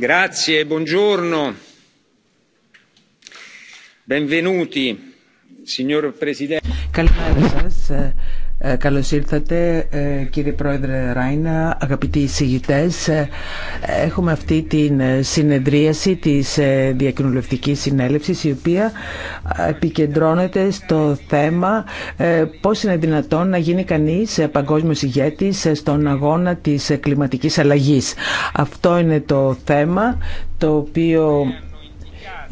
Grazie, buongiorno. Benvenuti, signor Presidente. Καλημέρα σας ε, ήρθατε ε, κύριε Πρόεδρε Ράινα, αγαπητοί Ε, Έχουμε αυτή την ε, συνεδρίαση της ε, Διακοινοβουλευτική Συνέλευσης η οποία επικεντρώνεται στο θέμα πώς είναι δυνατόν να γίνει κανείς παγκόσμιος ηγέτης στον αγώνα της κλιματική αλλαγής. Αυτό είναι το θέμα το οποίο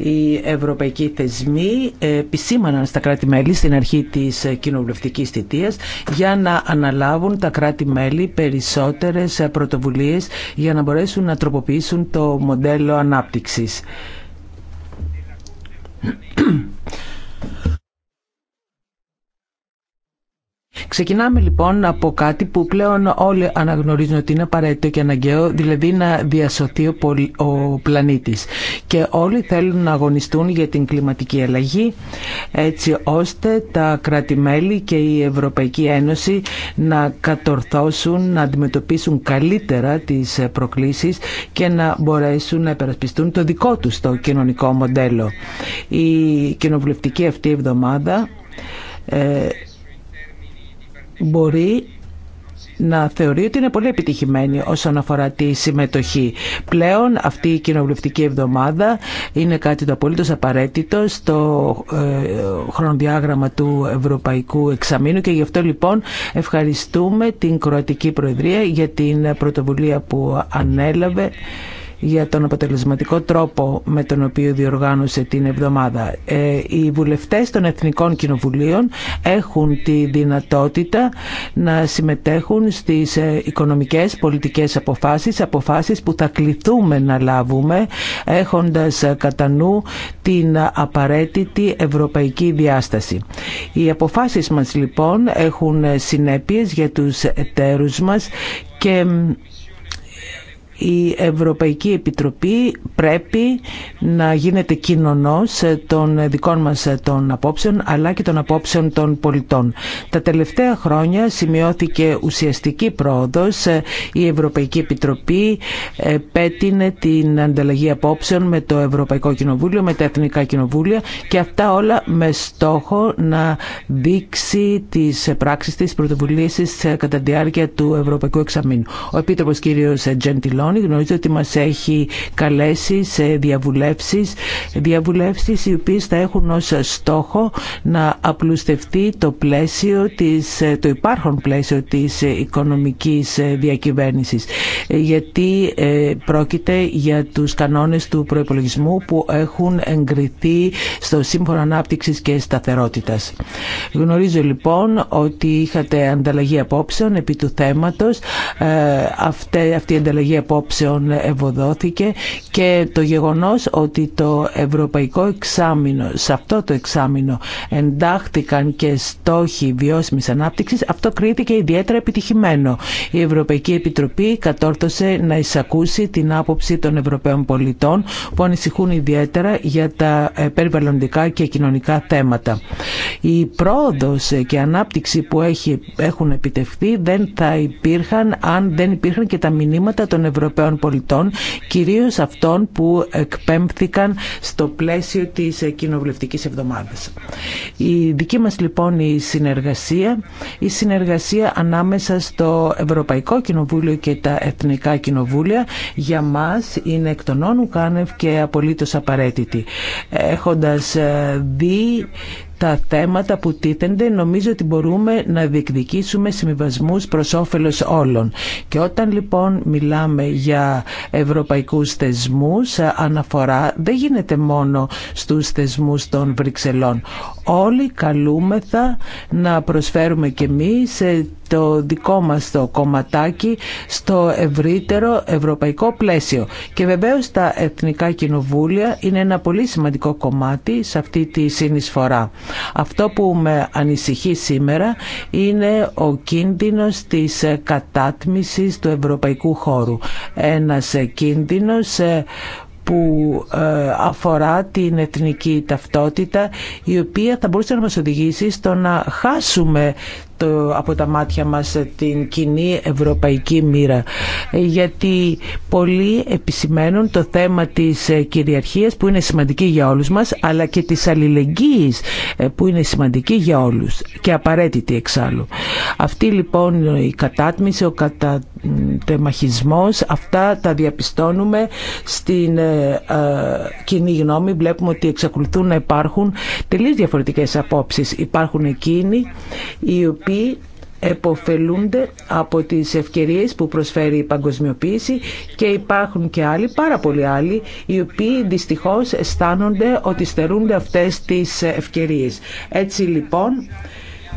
οι ευρωπαϊκοί θεσμοί ε, επισήμαναν στα κράτη-μέλη στην αρχή της ε, κοινοβουλευτικής θητείας για να αναλάβουν τα κράτη-μέλη περισσότερες ε, πρωτοβουλίες για να μπορέσουν να τροποποιήσουν το μοντέλο ανάπτυξης. Ξεκινάμε λοιπόν από κάτι που πλέον όλοι αναγνωρίζουν ότι είναι απαραίτητο και αναγκαίο, δηλαδή να διασωθεί ο, πλανήτης. Και όλοι θέλουν να αγωνιστούν για την κλιματική αλλαγή, έτσι ώστε τα κράτη-μέλη και η Ευρωπαϊκή Ένωση να κατορθώσουν, να αντιμετωπίσουν καλύτερα τις προκλήσεις και να μπορέσουν να επερασπιστούν το δικό τους το κοινωνικό μοντέλο. Η κοινοβουλευτική αυτή εβδομάδα ε, μπορεί να θεωρεί ότι είναι πολύ επιτυχημένη όσον αφορά τη συμμετοχή. Πλέον αυτή η κοινοβουλευτική εβδομάδα είναι κάτι το απολύτω απαραίτητο στο ε, χρονοδιάγραμμα του Ευρωπαϊκού Εξαμήνου και γι' αυτό λοιπόν ευχαριστούμε την Κροατική Προεδρία για την πρωτοβουλία που ανέλαβε για τον αποτελεσματικό τρόπο με τον οποίο διοργάνωσε την εβδομάδα. Ε, οι βουλευτές των Εθνικών Κοινοβουλίων έχουν τη δυνατότητα να συμμετέχουν στις ε, οικονομικές πολιτικές αποφάσεις, αποφάσεις που θα κληθούμε να λάβουμε έχοντας ε, κατά νου την απαραίτητη ευρωπαϊκή διάσταση. Οι αποφάσεις μας λοιπόν έχουν συνέπειες για τους εταίρους μας και η Ευρωπαϊκή Επιτροπή πρέπει να γίνεται κοινωνός των δικών μας των απόψεων αλλά και των απόψεων των πολιτών. Τα τελευταία χρόνια σημειώθηκε ουσιαστική πρόοδος. Η Ευρωπαϊκή Επιτροπή ε, πέτεινε την ανταλλαγή απόψεων με το Ευρωπαϊκό Κοινοβούλιο, με τα Εθνικά Κοινοβούλια και αυτά όλα με στόχο να δείξει τις πράξεις της πρωτοβουλίας κατά τη διάρκεια του Ευρωπαϊκού Εξαμήνου. Ο Επίτροπος Γνωρίζω ότι μας έχει καλέσει σε διαβουλεύσεις, διαβουλεύσεις οι οποίες θα έχουν ως στόχο να απλουστευτεί το, πλαίσιο της, το υπάρχον πλαίσιο της οικονομικής διακυβέρνησης. Γιατί ε, πρόκειται για τους κανόνες του προϋπολογισμού που έχουν εγκριθεί στο Σύμφωνο Ανάπτυξης και Σταθερότητας. Γνωρίζω λοιπόν ότι είχατε ανταλλαγή απόψεων επί του θέματος. Ε, αυτή η ανταλλαγή απόψεων απόψεων ευωδόθηκε και το γεγονός ότι το ευρωπαϊκό εξάμεινο, σε αυτό το εξάμεινο εντάχθηκαν και στόχοι βιώσιμης ανάπτυξης, αυτό κρίθηκε ιδιαίτερα επιτυχημένο. Η Ευρωπαϊκή Επιτροπή κατόρθωσε να εισακούσει την άποψη των Ευρωπαίων πολιτών που ανησυχούν ιδιαίτερα για τα ε, περιβαλλοντικά και κοινωνικά θέματα. Η πρόοδος και η ανάπτυξη που έχουν επιτευχθεί δεν θα υπήρχαν αν δεν υπήρχαν και τα μηνύματα των Ευρωπαίων Ευρωπαίων πολιτών, κυρίως αυτών που εκπέμπθηκαν στο πλαίσιο της κοινοβουλευτικής εβδομάδας. Η δική μας λοιπόν η συνεργασία, η συνεργασία ανάμεσα στο Ευρωπαϊκό Κοινοβούλιο και τα Εθνικά Κοινοβούλια για μας είναι εκ των όνου κάνευ και απολύτως απαραίτητη. Έχοντας ε, δει τα θέματα που τίθενται νομίζω ότι μπορούμε να διεκδικήσουμε συμβιβασμούς προς όφελος όλων. Και όταν λοιπόν μιλάμε για ευρωπαϊκούς θεσμούς, αναφορά δεν γίνεται μόνο στους θεσμούς των Βρυξελών. Όλοι καλούμεθα να προσφέρουμε και εμείς ε, το δικό μας το κομματάκι στο ευρύτερο ευρωπαϊκό πλαίσιο. Και βεβαίως τα Εθνικά Κοινοβούλια είναι ένα πολύ σημαντικό κομμάτι σε αυτή τη συνεισφορά. Αυτό που με ανησυχεί σήμερα είναι ο κίνδυνος της κατάτμισης του ευρωπαϊκού χώρου. Ένας κίνδυνος ε, που ε, αφορά την εθνική ταυτότητα η οποία θα μπορούσε να μας οδηγήσει στο να χάσουμε το, από τα μάτια μας την κοινή ευρωπαϊκή μοίρα. Γιατί πολλοί επισημαίνουν το θέμα της ε, κυριαρχίας που είναι σημαντική για όλους μας αλλά και της αλληλεγγύης ε, που είναι σημαντική για όλους και απαραίτητη εξάλλου. Αυτή λοιπόν η κατάτμιση, ο κατατεμαχισμός, αυτά τα διαπιστώνουμε στην ε, κοινή γνώμη. Βλέπουμε ότι εξακολουθούν να υπάρχουν τελείως διαφορετικές απόψεις. Υπάρχουν εκείνοι οι οποίοι οποίοι εποφελούνται από τις ευκαιρίες που προσφέρει η παγκοσμιοποίηση και υπάρχουν και άλλοι, πάρα πολλοί άλλοι, οι οποίοι δυστυχώς αισθάνονται ότι στερούνται αυτές τις ευκαιρίες. Έτσι λοιπόν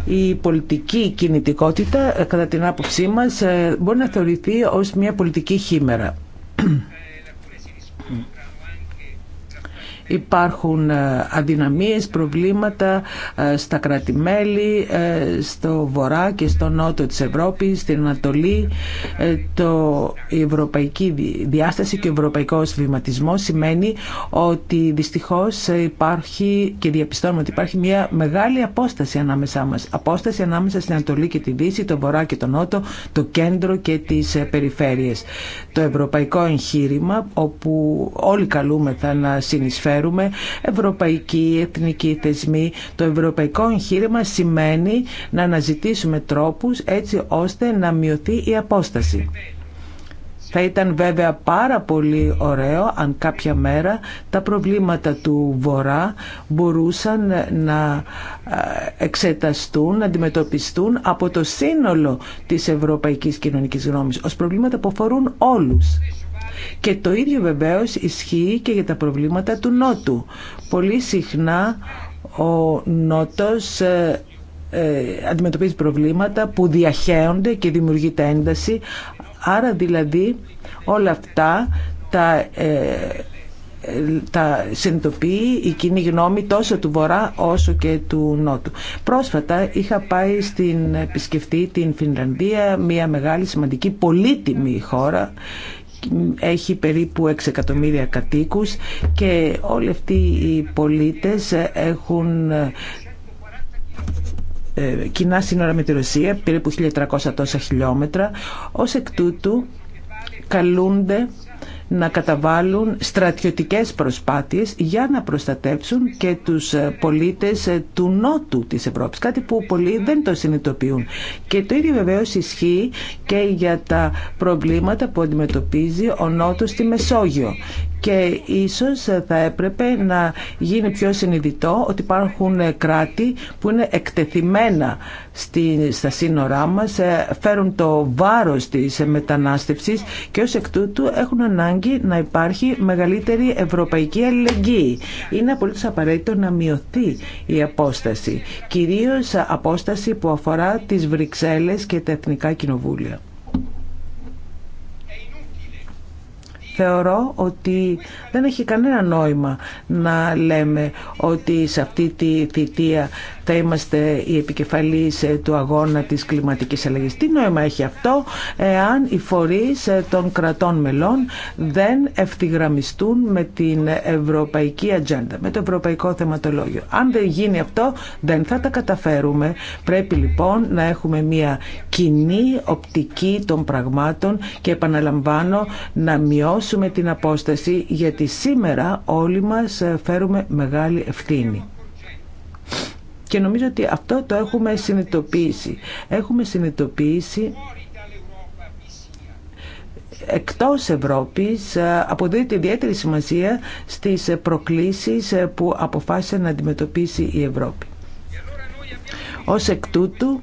η πολιτική κινητικότητα κατά την άποψή μας ε, μπορεί να θεωρηθεί ως μια πολιτική χήμερα. Υπάρχουν ε, αδυναμίες, προβλήματα ε, στα κράτη-μέλη, ε, στο βορρά και στο νότο της Ευρώπης, στην Ανατολή. Το, η ευρωπαϊκή διάσταση και ο ευρωπαϊκός βηματισμός σημαίνει ότι δυστυχώς υπάρχει και διαπιστώνουμε ότι υπάρχει μια μεγάλη απόσταση ανάμεσά μας. Απόσταση ανάμεσα στην Ανατολή και τη Δύση, το Βορρά και το Νότο, το κέντρο και τις περιφέρειες. Το ευρωπαϊκό εγχείρημα όπου όλοι καλούμεθα να συνεισφέρουν ξέρουμε, ευρωπαϊκοί, εθνικοί θεσμοί. Το ευρωπαϊκό εγχείρημα σημαίνει να αναζητήσουμε τρόπους έτσι ώστε να μειωθεί η απόσταση. Θα ήταν βέβαια πάρα πολύ ωραίο αν κάποια μέρα τα προβλήματα του Βορρά μπορούσαν να ε, εξεταστούν, να αντιμετωπιστούν από το σύνολο της ευρωπαϊκής κοινωνικής γνώμης ως προβλήματα που αφορούν όλους. Και το ίδιο βεβαίως ισχύει και για τα προβλήματα του Νότου. Πολύ συχνά ο Νότος ε, ε, αντιμετωπίζει προβλήματα που διαχέονται και δημιουργείται ένταση. Άρα δηλαδή όλα αυτά τα ε, τα συνειδητοποιεί η κοινή γνώμη τόσο του Βορρά όσο και του Νότου. Πρόσφατα είχα πάει στην επισκεφτή την Φινλανδία, μια μεγάλη σημαντική πολύτιμη χώρα έχει περίπου 6 εκατομμύρια κατοίκους και όλοι αυτοί οι πολίτες έχουν ε, κοινά σύνορα με τη Ρωσία, περίπου 1.300 τόσα χιλιόμετρα. Ως εκ τούτου καλούνται να καταβάλουν στρατιωτικές προσπάθειες για να προστατεύσουν και τους ε, πολίτες ε, του νότου της Ευρώπης. Κάτι που πολλοί δεν το συνειδητοποιούν. Και το ίδιο βεβαίως ισχύει και για τα προβλήματα που αντιμετωπίζει ο νότος στη Μεσόγειο και ίσως θα έπρεπε να γίνει πιο συνειδητό ότι υπάρχουν κράτη που είναι εκτεθειμένα στα σύνορά μας, ε, φέρουν το βάρος της μετανάστευσης και ως εκ τούτου έχουν ανάγκη να υπάρχει μεγαλύτερη ευρωπαϊκή αλληλεγγύη. Είναι απολύτως απαραίτητο να μειωθεί η απόσταση, κυρίως απόσταση που αφορά τις Βρυξέλλες και τα Εθνικά Κοινοβούλια. Θεωρώ ότι δεν έχει κανένα νόημα να λέμε ότι σε αυτή τη θητεία θα είμαστε οι επικεφαλής ε, του αγώνα της κλιματικής αλλαγής. Τι νόημα έχει αυτό εάν οι φορείς ε, των κρατών μελών δεν ευθυγραμμιστούν με την ευρωπαϊκή ατζέντα, με το ευρωπαϊκό θεματολόγιο. Αν δεν γίνει αυτό δεν θα τα καταφέρουμε. Πρέπει λοιπόν να έχουμε μια κοινή οπτική των πραγμάτων και επαναλαμβάνω να μειώσουμε την απόσταση γιατί σήμερα όλοι μας ε, φέρουμε μεγάλη ευθύνη. Και νομίζω ότι αυτό το έχουμε συνειδητοποιήσει. Έχουμε συνειδητοποιήσει εκτός Ευρώπης ε, αποδίδεται ιδιαίτερη σημασία στις προκλήσεις ε, που αποφάσισε να αντιμετωπίσει η Ευρώπη. Ως εκ τούτου,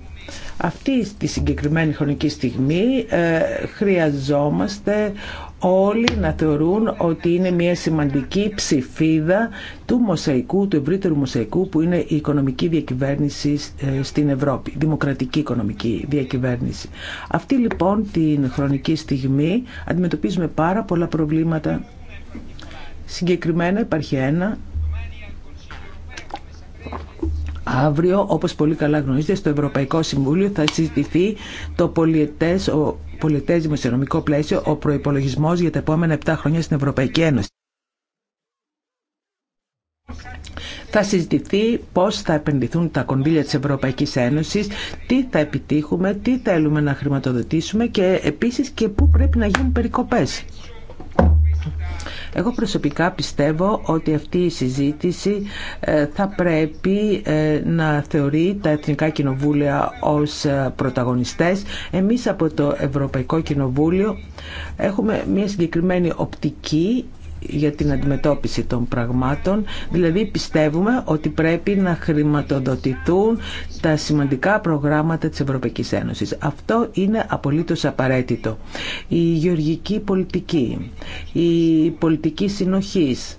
αυτή τη συγκεκριμένη χρονική στιγμή ε, χρειαζόμαστε όλοι να θεωρούν ότι είναι μια σημαντική ψηφίδα του μοσαϊκού, του ευρύτερου μοσαϊκού που είναι η οικονομική διακυβέρνηση ε, στην Ευρώπη, δημοκρατική οικονομική διακυβέρνηση. Αυτή λοιπόν την χρονική στιγμή αντιμετωπίζουμε πάρα πολλά προβλήματα. Συγκεκριμένα υπάρχει ένα Αύριο, όπως πολύ καλά γνωρίζετε, στο Ευρωπαϊκό Συμβούλιο θα συζητηθεί το πολιτές, ο δημοσιονομικό πλαίσιο, ο προϋπολογισμός για τα επόμενα 7 χρόνια στην Ευρωπαϊκή Ένωση. Θα συζητηθεί πώς θα επενδυθούν τα κονδύλια της Ευρωπαϊκής Ένωσης, τι θα επιτύχουμε, τι θέλουμε να χρηματοδοτήσουμε και επίσης και πού πρέπει να γίνουν περικοπές. Εγώ προσωπικά πιστεύω ότι αυτή η συζήτηση ε, θα πρέπει ε, να θεωρεί τα Εθνικά Κοινοβούλια ως ε, πρωταγωνιστές. Εμείς από το Ευρωπαϊκό Κοινοβούλιο έχουμε μια συγκεκριμένη οπτική για την αντιμετώπιση των πραγμάτων. Δηλαδή πιστεύουμε ότι πρέπει να χρηματοδοτηθούν τα σημαντικά προγράμματα της Ευρωπαϊκής Ένωσης. Αυτό είναι απολύτως απαραίτητο. Η γεωργική πολιτική, η πολιτική συνοχής,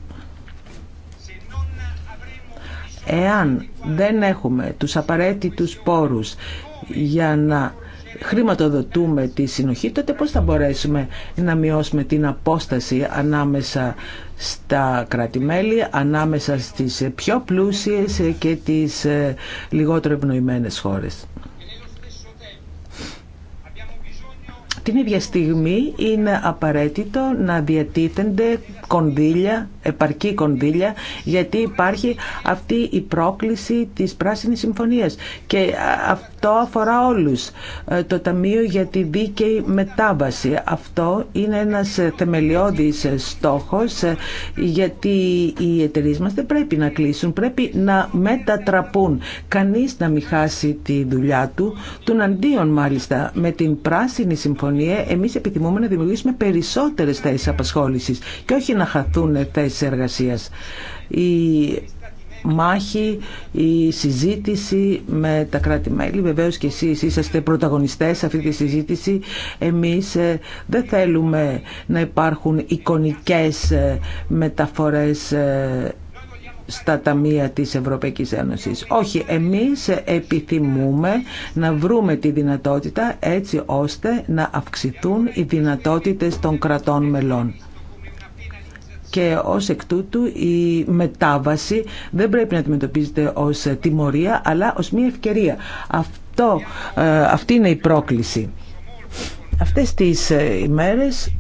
εάν δεν έχουμε τους απαραίτητους πόρους για να χρηματοδοτούμε τη συνοχή, τότε πώς θα μπορέσουμε να μειώσουμε την απόσταση ανάμεσα στα κρατη ανάμεσα στις πιο πλούσιες και τις ε, λιγότερο ευνοημένες χώρες. Την ίδια στιγμή είναι απαραίτητο να διατίθενται κονδύλια, επαρκή κονδύλια, γιατί υπάρχει αυτή η πρόκληση της Πράσινης Συμφωνίας. Και αυτό αφορά όλους. Ε, το Ταμείο για τη Δίκαιη Μετάβαση. Αυτό είναι ένας ε, θεμελιώδης ε, στόχος γιατί οι εταιρείε μας δεν πρέπει να κλείσουν, πρέπει να μετατραπούν. Κανείς να μην χάσει τη δουλειά του, τον αντίον μάλιστα. Με την Πράσινη Συμφωνία εμείς επιθυμούμε να δημιουργήσουμε περισσότερες θέσεις απασχόλησης και όχι να χαθούν θέσεις εργασίας μάχη, η συζήτηση με τα κράτη-μέλη. Βεβαίως και εσείς είσαστε πρωταγωνιστές σε αυτή τη συζήτηση. Εμείς ε, δεν θέλουμε να υπάρχουν εικονικές ε, μεταφορές ε, στα ταμεία της Ευρωπαϊκής Ένωσης. Όχι, εμείς επιθυμούμε να βρούμε τη δυνατότητα έτσι ώστε να αυξηθούν οι δυνατότητες των κρατών μελών και ως εκ τούτου η μετάβαση δεν πρέπει να αντιμετωπίζεται ως τιμωρία αλλά ως μια ευκαιρία. Αυτό, ε, αυτή είναι η πρόκληση. Αυτές τις ε, ημέρες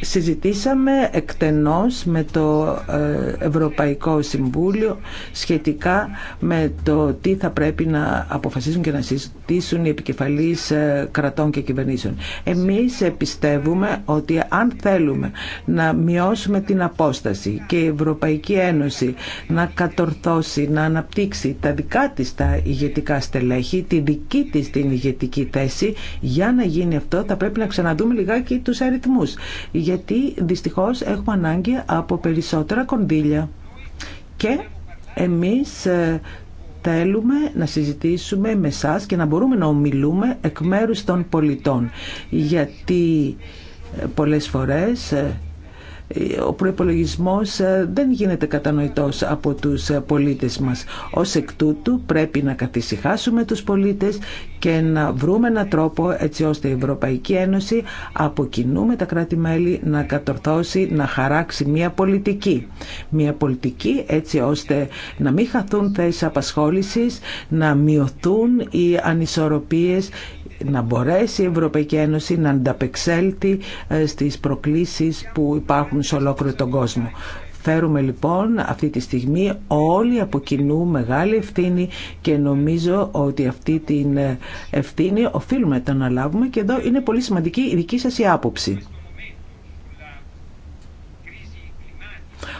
Συζητήσαμε εκτενώς με το ε, Ευρωπαϊκό Συμβούλιο σχετικά με το τι θα πρέπει να αποφασίσουν και να συζητήσουν οι επικεφαλείς ε, κρατών και κυβερνήσεων. Εμείς πιστεύουμε ότι αν θέλουμε να μειώσουμε την απόσταση και η Ευρωπαϊκή Ένωση να κατορθώσει, να αναπτύξει τα δικά της τα ηγετικά στελέχη, τη δική της την ηγετική θέση, για να γίνει αυτό θα πρέπει να ξαναδούμε λιγάκι τους αριθμούς γιατί δυστυχώς έχουμε ανάγκη από περισσότερα κονδύλια. Και εμείς ε, θέλουμε να συζητήσουμε με εσά και να μπορούμε να ομιλούμε εκ μέρους των πολιτών. Γιατί ε, πολλές φορές ε, ο προϋπολογισμός ε, δεν γίνεται κατανοητός από τους ε, πολίτες μας. Ως εκ τούτου πρέπει να καθησυχάσουμε τους πολίτες και να βρούμε έναν τρόπο έτσι ώστε η Ευρωπαϊκή Ένωση από κοινού με τα κράτη-μέλη να κατορθώσει, να χαράξει μια πολιτική. Μια πολιτική έτσι ώστε να μην χαθούν θέσεις απασχόλησης, να μειωθούν οι ανισορροπίες να μπορέσει η Ευρωπαϊκή Ένωση να ανταπεξέλθει ε, στις προκλήσεις που υπάρχουν σε ολόκληρο τον κόσμο. Φέρουμε λοιπόν αυτή τη στιγμή όλοι από κοινού μεγάλη ευθύνη και νομίζω ότι αυτή την ε, ευθύνη οφείλουμε να την αναλάβουμε και εδώ είναι πολύ σημαντική η δική σας η άποψη.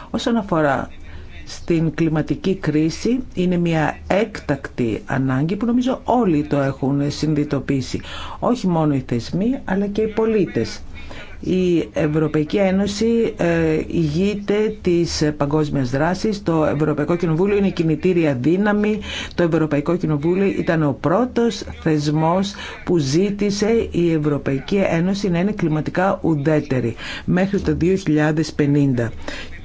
Όσον αφορά στην κλιματική κρίση είναι μια έκτακτη ανάγκη που νομίζω όλοι το έχουν συνειδητοποιήσει. Όχι μόνο οι θεσμοί αλλά και οι πολίτες. Η Ευρωπαϊκή Ένωση ε, ηγείται της παγκόσμιας δράσης. Το Ευρωπαϊκό Κοινοβούλιο είναι κινητήρια δύναμη. Το Ευρωπαϊκό Κοινοβούλιο ήταν ο πρώτος θεσμός που ζήτησε η Ευρωπαϊκή Ένωση να είναι κλιματικά ουδέτερη μέχρι το 2050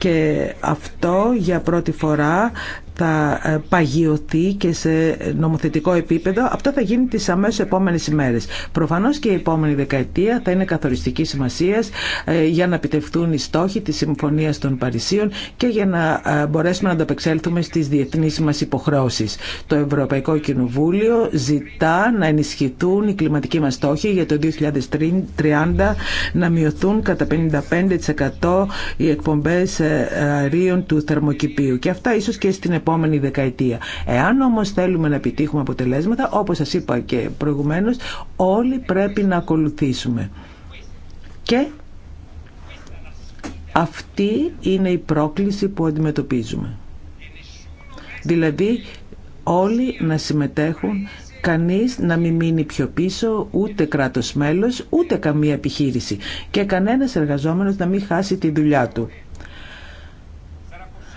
και αυτό για πρώτη φορά θα ε, παγιωθεί και σε νομοθετικό επίπεδο. Αυτό θα γίνει τις αμέσως επόμενες ημέρες. Προφανώς και η επόμενη δεκαετία θα είναι καθοριστική σημασίας ε, για να επιτευχθούν οι στόχοι της Συμφωνίας των Παρισίων και για να ε, μπορέσουμε να ανταπεξέλθουμε στις διεθνείς μας υποχρεώσεις. Το Ευρωπαϊκό Κοινοβούλιο ζητά να ενισχυθούν οι κλιματικοί μας στόχοι για το 2030 να μειωθούν κατά 55% οι εκπομπές αερίων του θερμοκηπίου και αυτά ίσως και στην επόμενη δεκαετία. Εάν όμως θέλουμε να επιτύχουμε αποτελέσματα, όπως σας είπα και προηγουμένως, όλοι πρέπει να ακολουθήσουμε. Και αυτή είναι η πρόκληση που αντιμετωπίζουμε. Δηλαδή όλοι να συμμετέχουν, κανείς να μην μείνει πιο πίσω, ούτε κράτος μέλος, ούτε καμία επιχείρηση και κανένας εργαζόμενος να μην χάσει τη δουλειά του.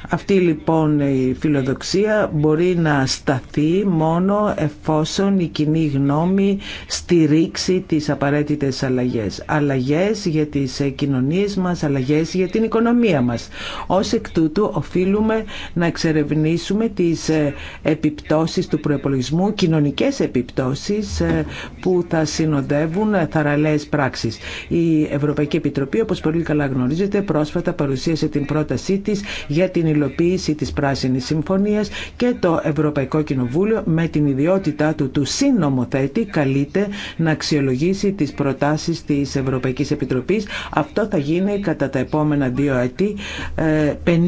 Αυτή λοιπόν η φιλοδοξία μπορεί να σταθεί μόνο εφόσον η κοινή γνώμη στηρίξει τις απαραίτητες αλλαγές. Αλλαγές για τις κοινωνίες μας, αλλαγές για την οικονομία μας. Ως εκ τούτου οφείλουμε να εξερευνήσουμε τις ε, επιπτώσεις του προεπολογισμού, κοινωνικές επιπτώσεις ε, που θα συνοδεύουν θαραλέες πράξεις. Η Ευρωπαϊκή Επιτροπή, όπως πολύ καλά γνωρίζετε, πρόσφατα παρουσίασε την πρότασή της για την υλοποίηση της Πράσινης Συμφωνίας και το Ευρωπαϊκό Κοινοβούλιο με την ιδιότητά του του συνομοθέτη καλείται να αξιολογήσει τις προτάσεις της Ευρωπαϊκής Επιτροπής. Αυτό θα γίνει κατά τα επόμενα δύο έτη. 50 ε,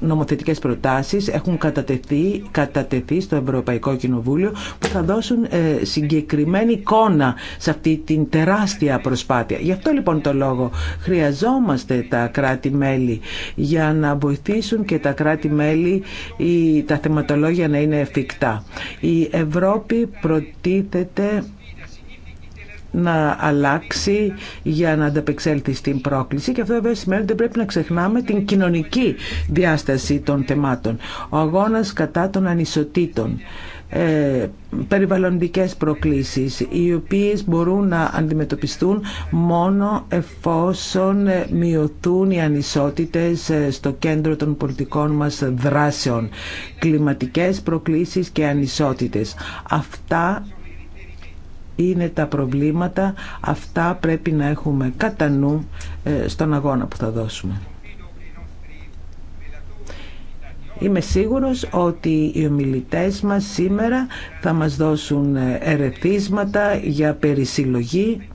νομοθετικές προτάσεις έχουν κατατεθεί, κατατεθεί στο Ευρωπαϊκό Κοινοβούλιο που θα δώσουν ε, συγκεκριμένη εικόνα σε αυτή την τεράστια προσπάθεια. Γι' αυτό λοιπόν το λόγο χρειαζόμαστε τα κράτη-μέλη για να βοηθήσουν και τα κράτη-μέλη τα θεματολόγια να είναι εφικτά. Η Ευρώπη προτίθεται να αλλάξει για να ανταπεξέλθει στην πρόκληση και αυτό βέβαια σημαίνει ότι πρέπει να ξεχνάμε την κοινωνική διάσταση των θεμάτων. Ο αγώνας κατά των ανισοτήτων ε, περιβαλλοντικές προκλήσεις οι οποίες μπορούν να αντιμετωπιστούν μόνο εφόσον ε, μειωθούν οι ανισότητες ε, στο κέντρο των πολιτικών μας δράσεων κλιματικές προκλήσεις και ανισότητες αυτά είναι τα προβλήματα αυτά πρέπει να έχουμε κατά νου στον αγώνα που θα δώσουμε Είμαι σίγουρος ότι οι ομιλητές μας σήμερα θα μας δώσουν ερεθίσματα για περισυλλογή.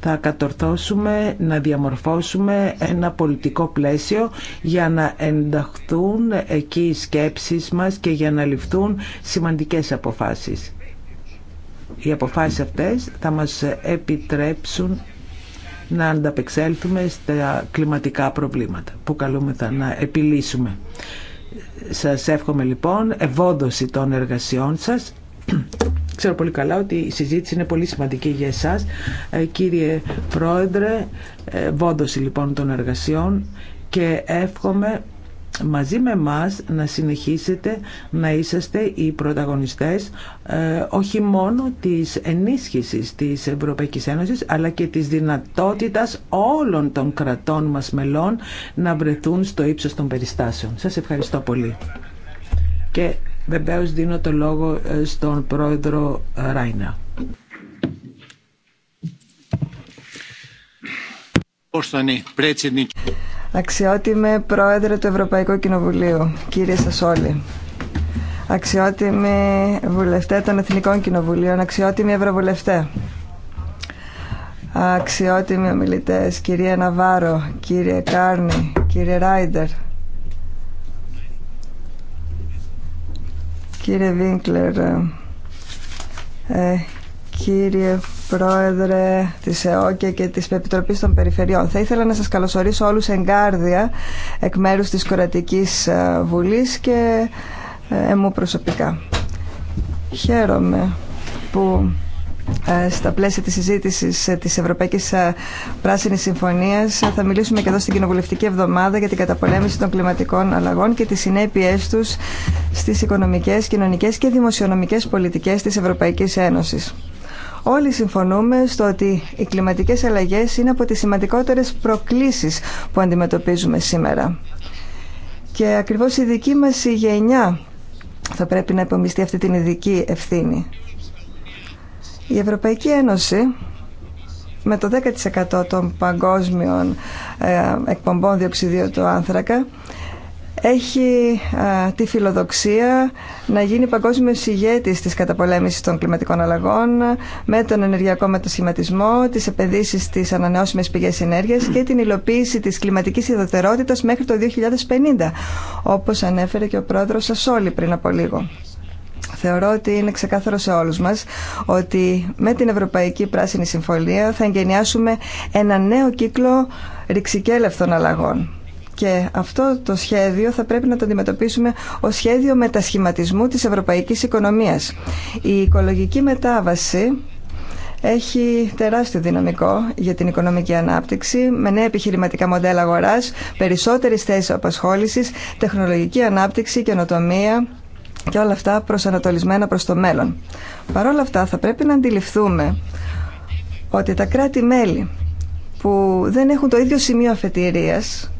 Θα κατορθώσουμε να διαμορφώσουμε ένα πολιτικό πλαίσιο για να ενταχθούν εκεί οι σκέψεις μας και για να ληφθούν σημαντικές αποφάσεις. Οι αποφάσεις αυτές θα μας επιτρέψουν να ανταπεξέλθουμε στα κλιματικά προβλήματα που καλούμεθα να επιλύσουμε. Σας εύχομαι λοιπόν ευόδοση των εργασιών σας. Ξέρω πολύ καλά ότι η συζήτηση είναι πολύ σημαντική για εσάς. Ε, κύριε Πρόεδρε, ε, ευόδοση λοιπόν των εργασιών και εύχομαι μαζί με μας να συνεχίσετε να είσαστε οι πρωταγωνιστές ε, όχι μόνο της ενίσχυσης της Ευρωπαϊκής Ένωσης αλλά και της δυνατότητας όλων των κρατών μας μελών να βρεθούν στο ύψος των περιστάσεων. Σας ευχαριστώ πολύ. Και βεβαίω δίνω το λόγο ε, στον πρόεδρο Ράινα. Αξιότιμε Πρόεδρε του Ευρωπαϊκού Κοινοβουλίου, κύριε Σασόλη. Αξιότιμοι Βουλευτέ των Εθνικών Κοινοβουλίων, αξιότιμοι Ευρωβουλευτέ. Αξιότιμοι ομιλητέ, κυρία Ναβάρο, κύριε Κάρνη, κύριε Ράιντερ, κύριε Βίνκλερ, ε, κύριε Πρόεδρε της ΕΟΚΕ και της Επιτροπής των Περιφερειών. Θα ήθελα να σας καλωσορίσω όλους εγκάρδια εκ μέρους της Κορατικής ε, Βουλής και ε, εμού προσωπικά. Χαίρομαι που ε, στα πλαίσια της συζήτησης της Ευρωπαϊκής Πράσινης Συμφωνίας θα μιλήσουμε και εδώ στην Κοινοβουλευτική Εβδομάδα για την καταπολέμηση των κλιματικών αλλαγών και τις συνέπειές τους στις οικονομικές, κοινωνικές και δημοσιονομικές πολιτικές της Ευρωπαϊκής Ένωσης. Όλοι συμφωνούμε στο ότι οι κλιματικές αλλαγές είναι από τις σημαντικότερες προκλήσεις που αντιμετωπίζουμε σήμερα. Και ακριβώς η δική μας η γενιά θα πρέπει να υπομειστεί αυτή την ειδική ευθύνη. Η Ευρωπαϊκή Ένωση με το 10% των παγκόσμιων ε, εκπομπών διοξιδίου του άνθρακα έχει τη φιλοδοξία να γίνει παγκόσμιο ηγέτη τη καταπολέμηση των κλιματικών αλλαγών με τον ενεργειακό μετασχηματισμό, τι επενδύσει στι ανανεώσιμε πηγέ ενέργεια και την υλοποίηση τη κλιματική ιδιωτερότητα μέχρι το 2050, όπω ανέφερε και ο πρόεδρο όλοι πριν από λίγο. Θεωρώ ότι είναι ξεκάθαρο σε όλους μας ότι με την Ευρωπαϊκή Πράσινη Συμφωνία θα εγγενιάσουμε ένα νέο κύκλο ρηξικέλευθων αλλαγών και αυτό το σχέδιο θα πρέπει να το αντιμετωπίσουμε ως σχέδιο μετασχηματισμού της ευρωπαϊκής οικονομίας. Η οικολογική μετάβαση έχει τεράστιο δυναμικό για την οικονομική ανάπτυξη με νέα επιχειρηματικά μοντέλα αγοράς, περισσότερες θέσεις απασχόλησης, τεχνολογική ανάπτυξη, καινοτομία και όλα αυτά προσανατολισμένα προς το μέλλον. Παρ' όλα αυτά θα πρέπει να αντιληφθούμε ότι τα κράτη-μέλη που δεν έχουν το ίδιο σημείο αφετηρίας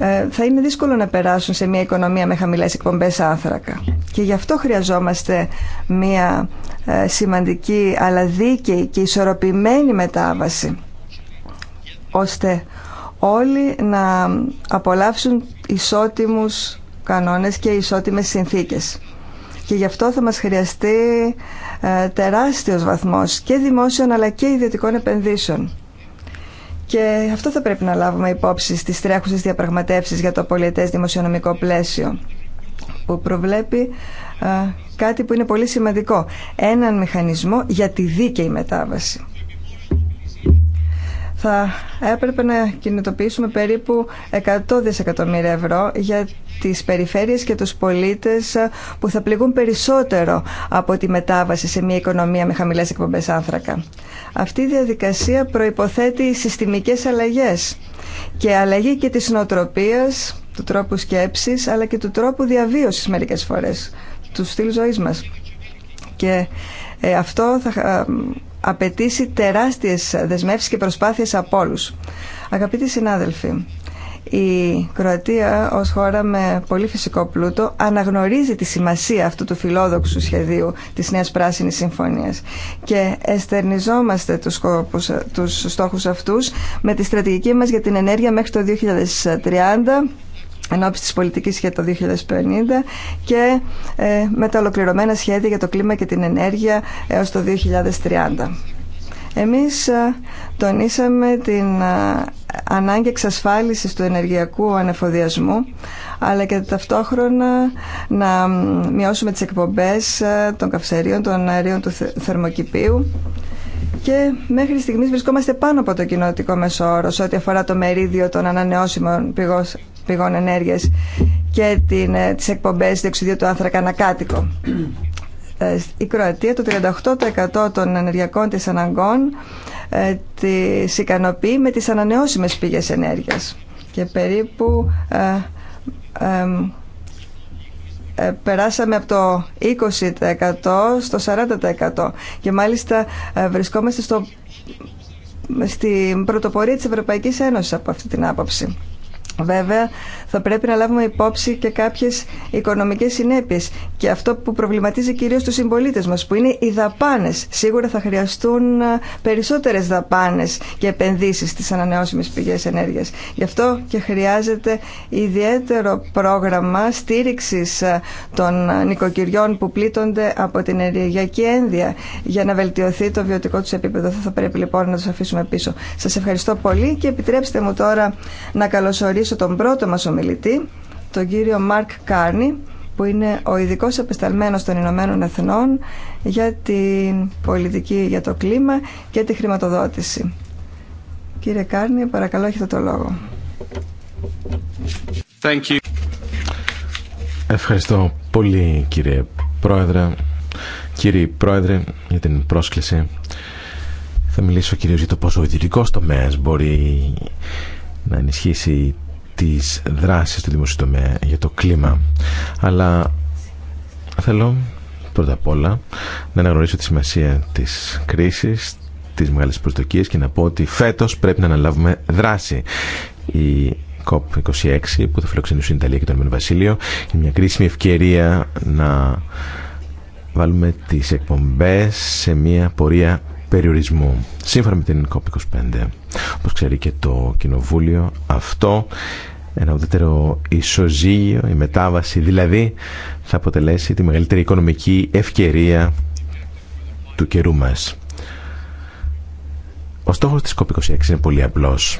ε, θα είναι δύσκολο να περάσουν σε μια οικονομία με χαμηλές εκπομπές άνθρακα. Και γι' αυτό χρειαζόμαστε μια ε, σημαντική αλλά δίκαιη και ισορροπημένη μετάβαση ώστε όλοι να απολαύσουν ισότιμους κανόνες και ισότιμες συνθήκες. Και γι' αυτό θα μας χρειαστεί ε, τεράστιος βαθμός και δημόσιων αλλά και ιδιωτικών επενδύσεων. Και αυτό θα πρέπει να λάβουμε υπόψη στις τρέχουσε διαπραγματεύσει για το πολιτέ δημοσιονομικό πλαίσιο που προβλέπει ε, κάτι που είναι πολύ σημαντικό. Έναν μηχανισμό για τη δίκαιη μετάβαση θα έπρεπε να κινητοποιήσουμε περίπου 100 δισεκατομμύρια ευρώ για τις περιφέρειες και τους πολίτες που θα πληγούν περισσότερο από τη μετάβαση σε μια οικονομία με χαμηλές εκπομπές άνθρακα. Αυτή η διαδικασία προϋποθέτει συστημικές αλλαγές και αλλαγή και της νοοτροπίας, του τρόπου σκέψης αλλά και του τρόπου διαβίωσης μερικές φορές, του στυλ ζωής μας. Και ε, αυτό θα ε, απαιτήσει τεράστιες δεσμεύσεις και προσπάθειες από όλους. Αγαπητοί συνάδελφοι, η Κροατία ως χώρα με πολύ φυσικό πλούτο αναγνωρίζει τη σημασία αυτού του φιλόδοξου σχεδίου της Νέας Πράσινης Συμφωνίας και εστερνιζόμαστε τους, σκόπους, τους στόχους αυτούς με τη στρατηγική μας για την ενέργεια μέχρι το 2030 ενώπιση της πολιτικής για το 2050 και ε, με τα ολοκληρωμένα σχέδια για το κλίμα και την ενέργεια έως το 2030. Εμείς ε, τονίσαμε την ε, ανάγκη εξασφάλισης του ενεργειακού ανεφοδιασμού αλλά και ταυτόχρονα να μειώσουμε τις εκπομπές των καυσερίων, των αερίων του θερμοκηπίου και μέχρι στιγμής βρισκόμαστε πάνω από το κοινότικό μέσο σε ό,τι αφορά το μερίδιο των ανανεώσιμων πηγών πηγών ενέργειας και την, ε, τις εκπομπές διοξιδίου του άνθρακα ανακάτοικο. Ε, η Κροατία το 38% των ενεργειακών της αναγκών ε, τις ικανοποιεί με τις ανανεώσιμες πηγές ενέργειας και περίπου περάσαμε από το 20% στο 40% και μάλιστα βρισκόμαστε στην πρωτοπορία της Ευρωπαϊκής Ένωσης από αυτή την άποψη. Βέβαια, θα πρέπει να λάβουμε υπόψη και κάποιε οικονομικέ συνέπειε και αυτό που προβληματίζει κυρίω του συμπολίτε μα, που είναι οι δαπάνε. Σίγουρα θα χρειαστούν ε, περισσότερε δαπάνε και επενδύσει στις ανανεώσιμες πηγέ ενέργεια. Γι' αυτό και χρειάζεται ιδιαίτερο πρόγραμμα στήριξη ε, των νοικοκυριών που πλήττονται από την ενεργειακή ένδια για να βελτιωθεί το βιωτικό του επίπεδο. Θα θα πρέπει λοιπόν να του αφήσουμε πίσω. Σα ευχαριστώ πολύ και επιτρέψτε μου τώρα να καλωσορίσω καλωσορίσω τον πρώτο μας ομιλητή, τον κύριο Μάρκ Κάρνι που είναι ο ειδικός απεσταλμένος των Ηνωμένων Εθνών για την πολιτική για το κλίμα και τη χρηματοδότηση. Κύριε Κάρνι, παρακαλώ έχετε το λόγο. Thank you. Ευχαριστώ πολύ κύριε Πρόεδρε, κύριε Πρόεδρε για την πρόσκληση. Θα μιλήσω κυρίως για το πόσο ο ιδιωτικός τομέας μπορεί να ενισχύσει ...της δράσης του δημοσίου τομέα για το κλίμα. Αλλά θέλω πρώτα απ' όλα να αναγνωρίσω τη σημασία της κρίσης, της μεγάλης προσδοκία και να πω ότι φέτος πρέπει να αναλάβουμε δράση. Η COP26 που θα φιλοξενήσουν η Ιταλία και το Ηνωμένο Βασίλειο είναι μια κρίσιμη ευκαιρία να βάλουμε τις εκπομπές σε μια πορεία περιορισμού. Σύμφωνα με την COP25, όπως ξέρει και το Κοινοβούλιο, αυτό ένα ουδέτερο ισοζύγιο, η μετάβαση δηλαδή, θα αποτελέσει τη μεγαλύτερη οικονομική ευκαιρία του καιρού μας. Ο στόχος της COP26 είναι πολύ απλός.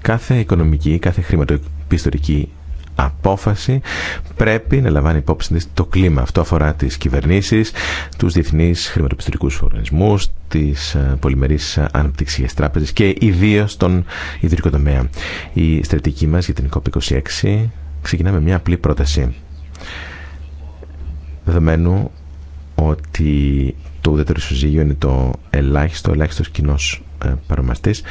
Κάθε οικονομική, κάθε χρηματοπιστωτική απόφαση πρέπει να λαμβάνει υπόψη το κλίμα. Αυτό αφορά τις κυβερνήσεις, τους διεθνείς χρηματοπιστωτικούς οργανισμούς, τις ε, πολυμερεί αναπτυξιακές τράπεζες και ιδίω τον ιδρυτικό τομέα. Η στρατηγική μας για την COP26 ξεκινά με μια απλή πρόταση. Δεδομένου ότι το ουδέτερο ισοζύγιο είναι το ελάχιστο, ελάχιστος κοινό ε, παρομαστής,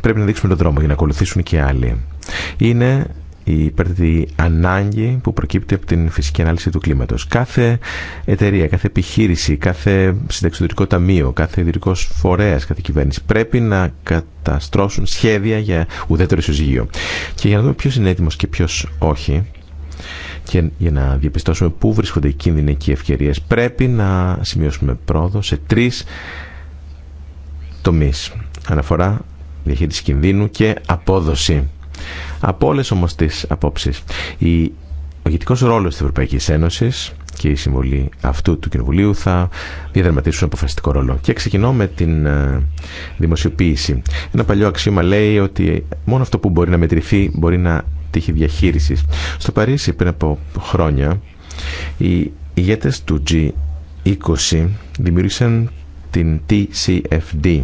πρέπει να δείξουμε τον δρόμο για να ακολουθήσουν και άλλοι είναι η υπέρτατη ανάγκη που προκύπτει από την φυσική ανάλυση του κλίματος. Κάθε εταιρεία, κάθε επιχείρηση, κάθε συνταξιδοτικό ταμείο, κάθε ιδρυτικός φορέας, κάθε κυβέρνηση πρέπει να καταστρώσουν σχέδια για ουδέτερο ισοζυγείο. Και για να δούμε ποιος είναι έτοιμος και ποιος όχι, και για να διαπιστώσουμε πού βρίσκονται οι κίνδυνοι και οι ευκαιρίες, πρέπει να σημειώσουμε πρόοδο σε τρει τομεί. Αναφορά, διαχείριση κινδύνου και απόδοση. Από όλε όμω τι απόψει, ο ηγετικό ρόλο τη Ευρωπαϊκή Ένωση και η συμβολή αυτού του Κοινοβουλίου θα διαδραματίσουν αποφασιστικό ρόλο. Και ξεκινώ με την ε, δημοσιοποίηση. Ένα παλιό αξίωμα λέει ότι μόνο αυτό που μπορεί να μετρηθεί μπορεί να τύχει διαχείριση. Στο Παρίσι πριν από χρόνια οι ηγέτε του G20 δημιούργησαν την TCFD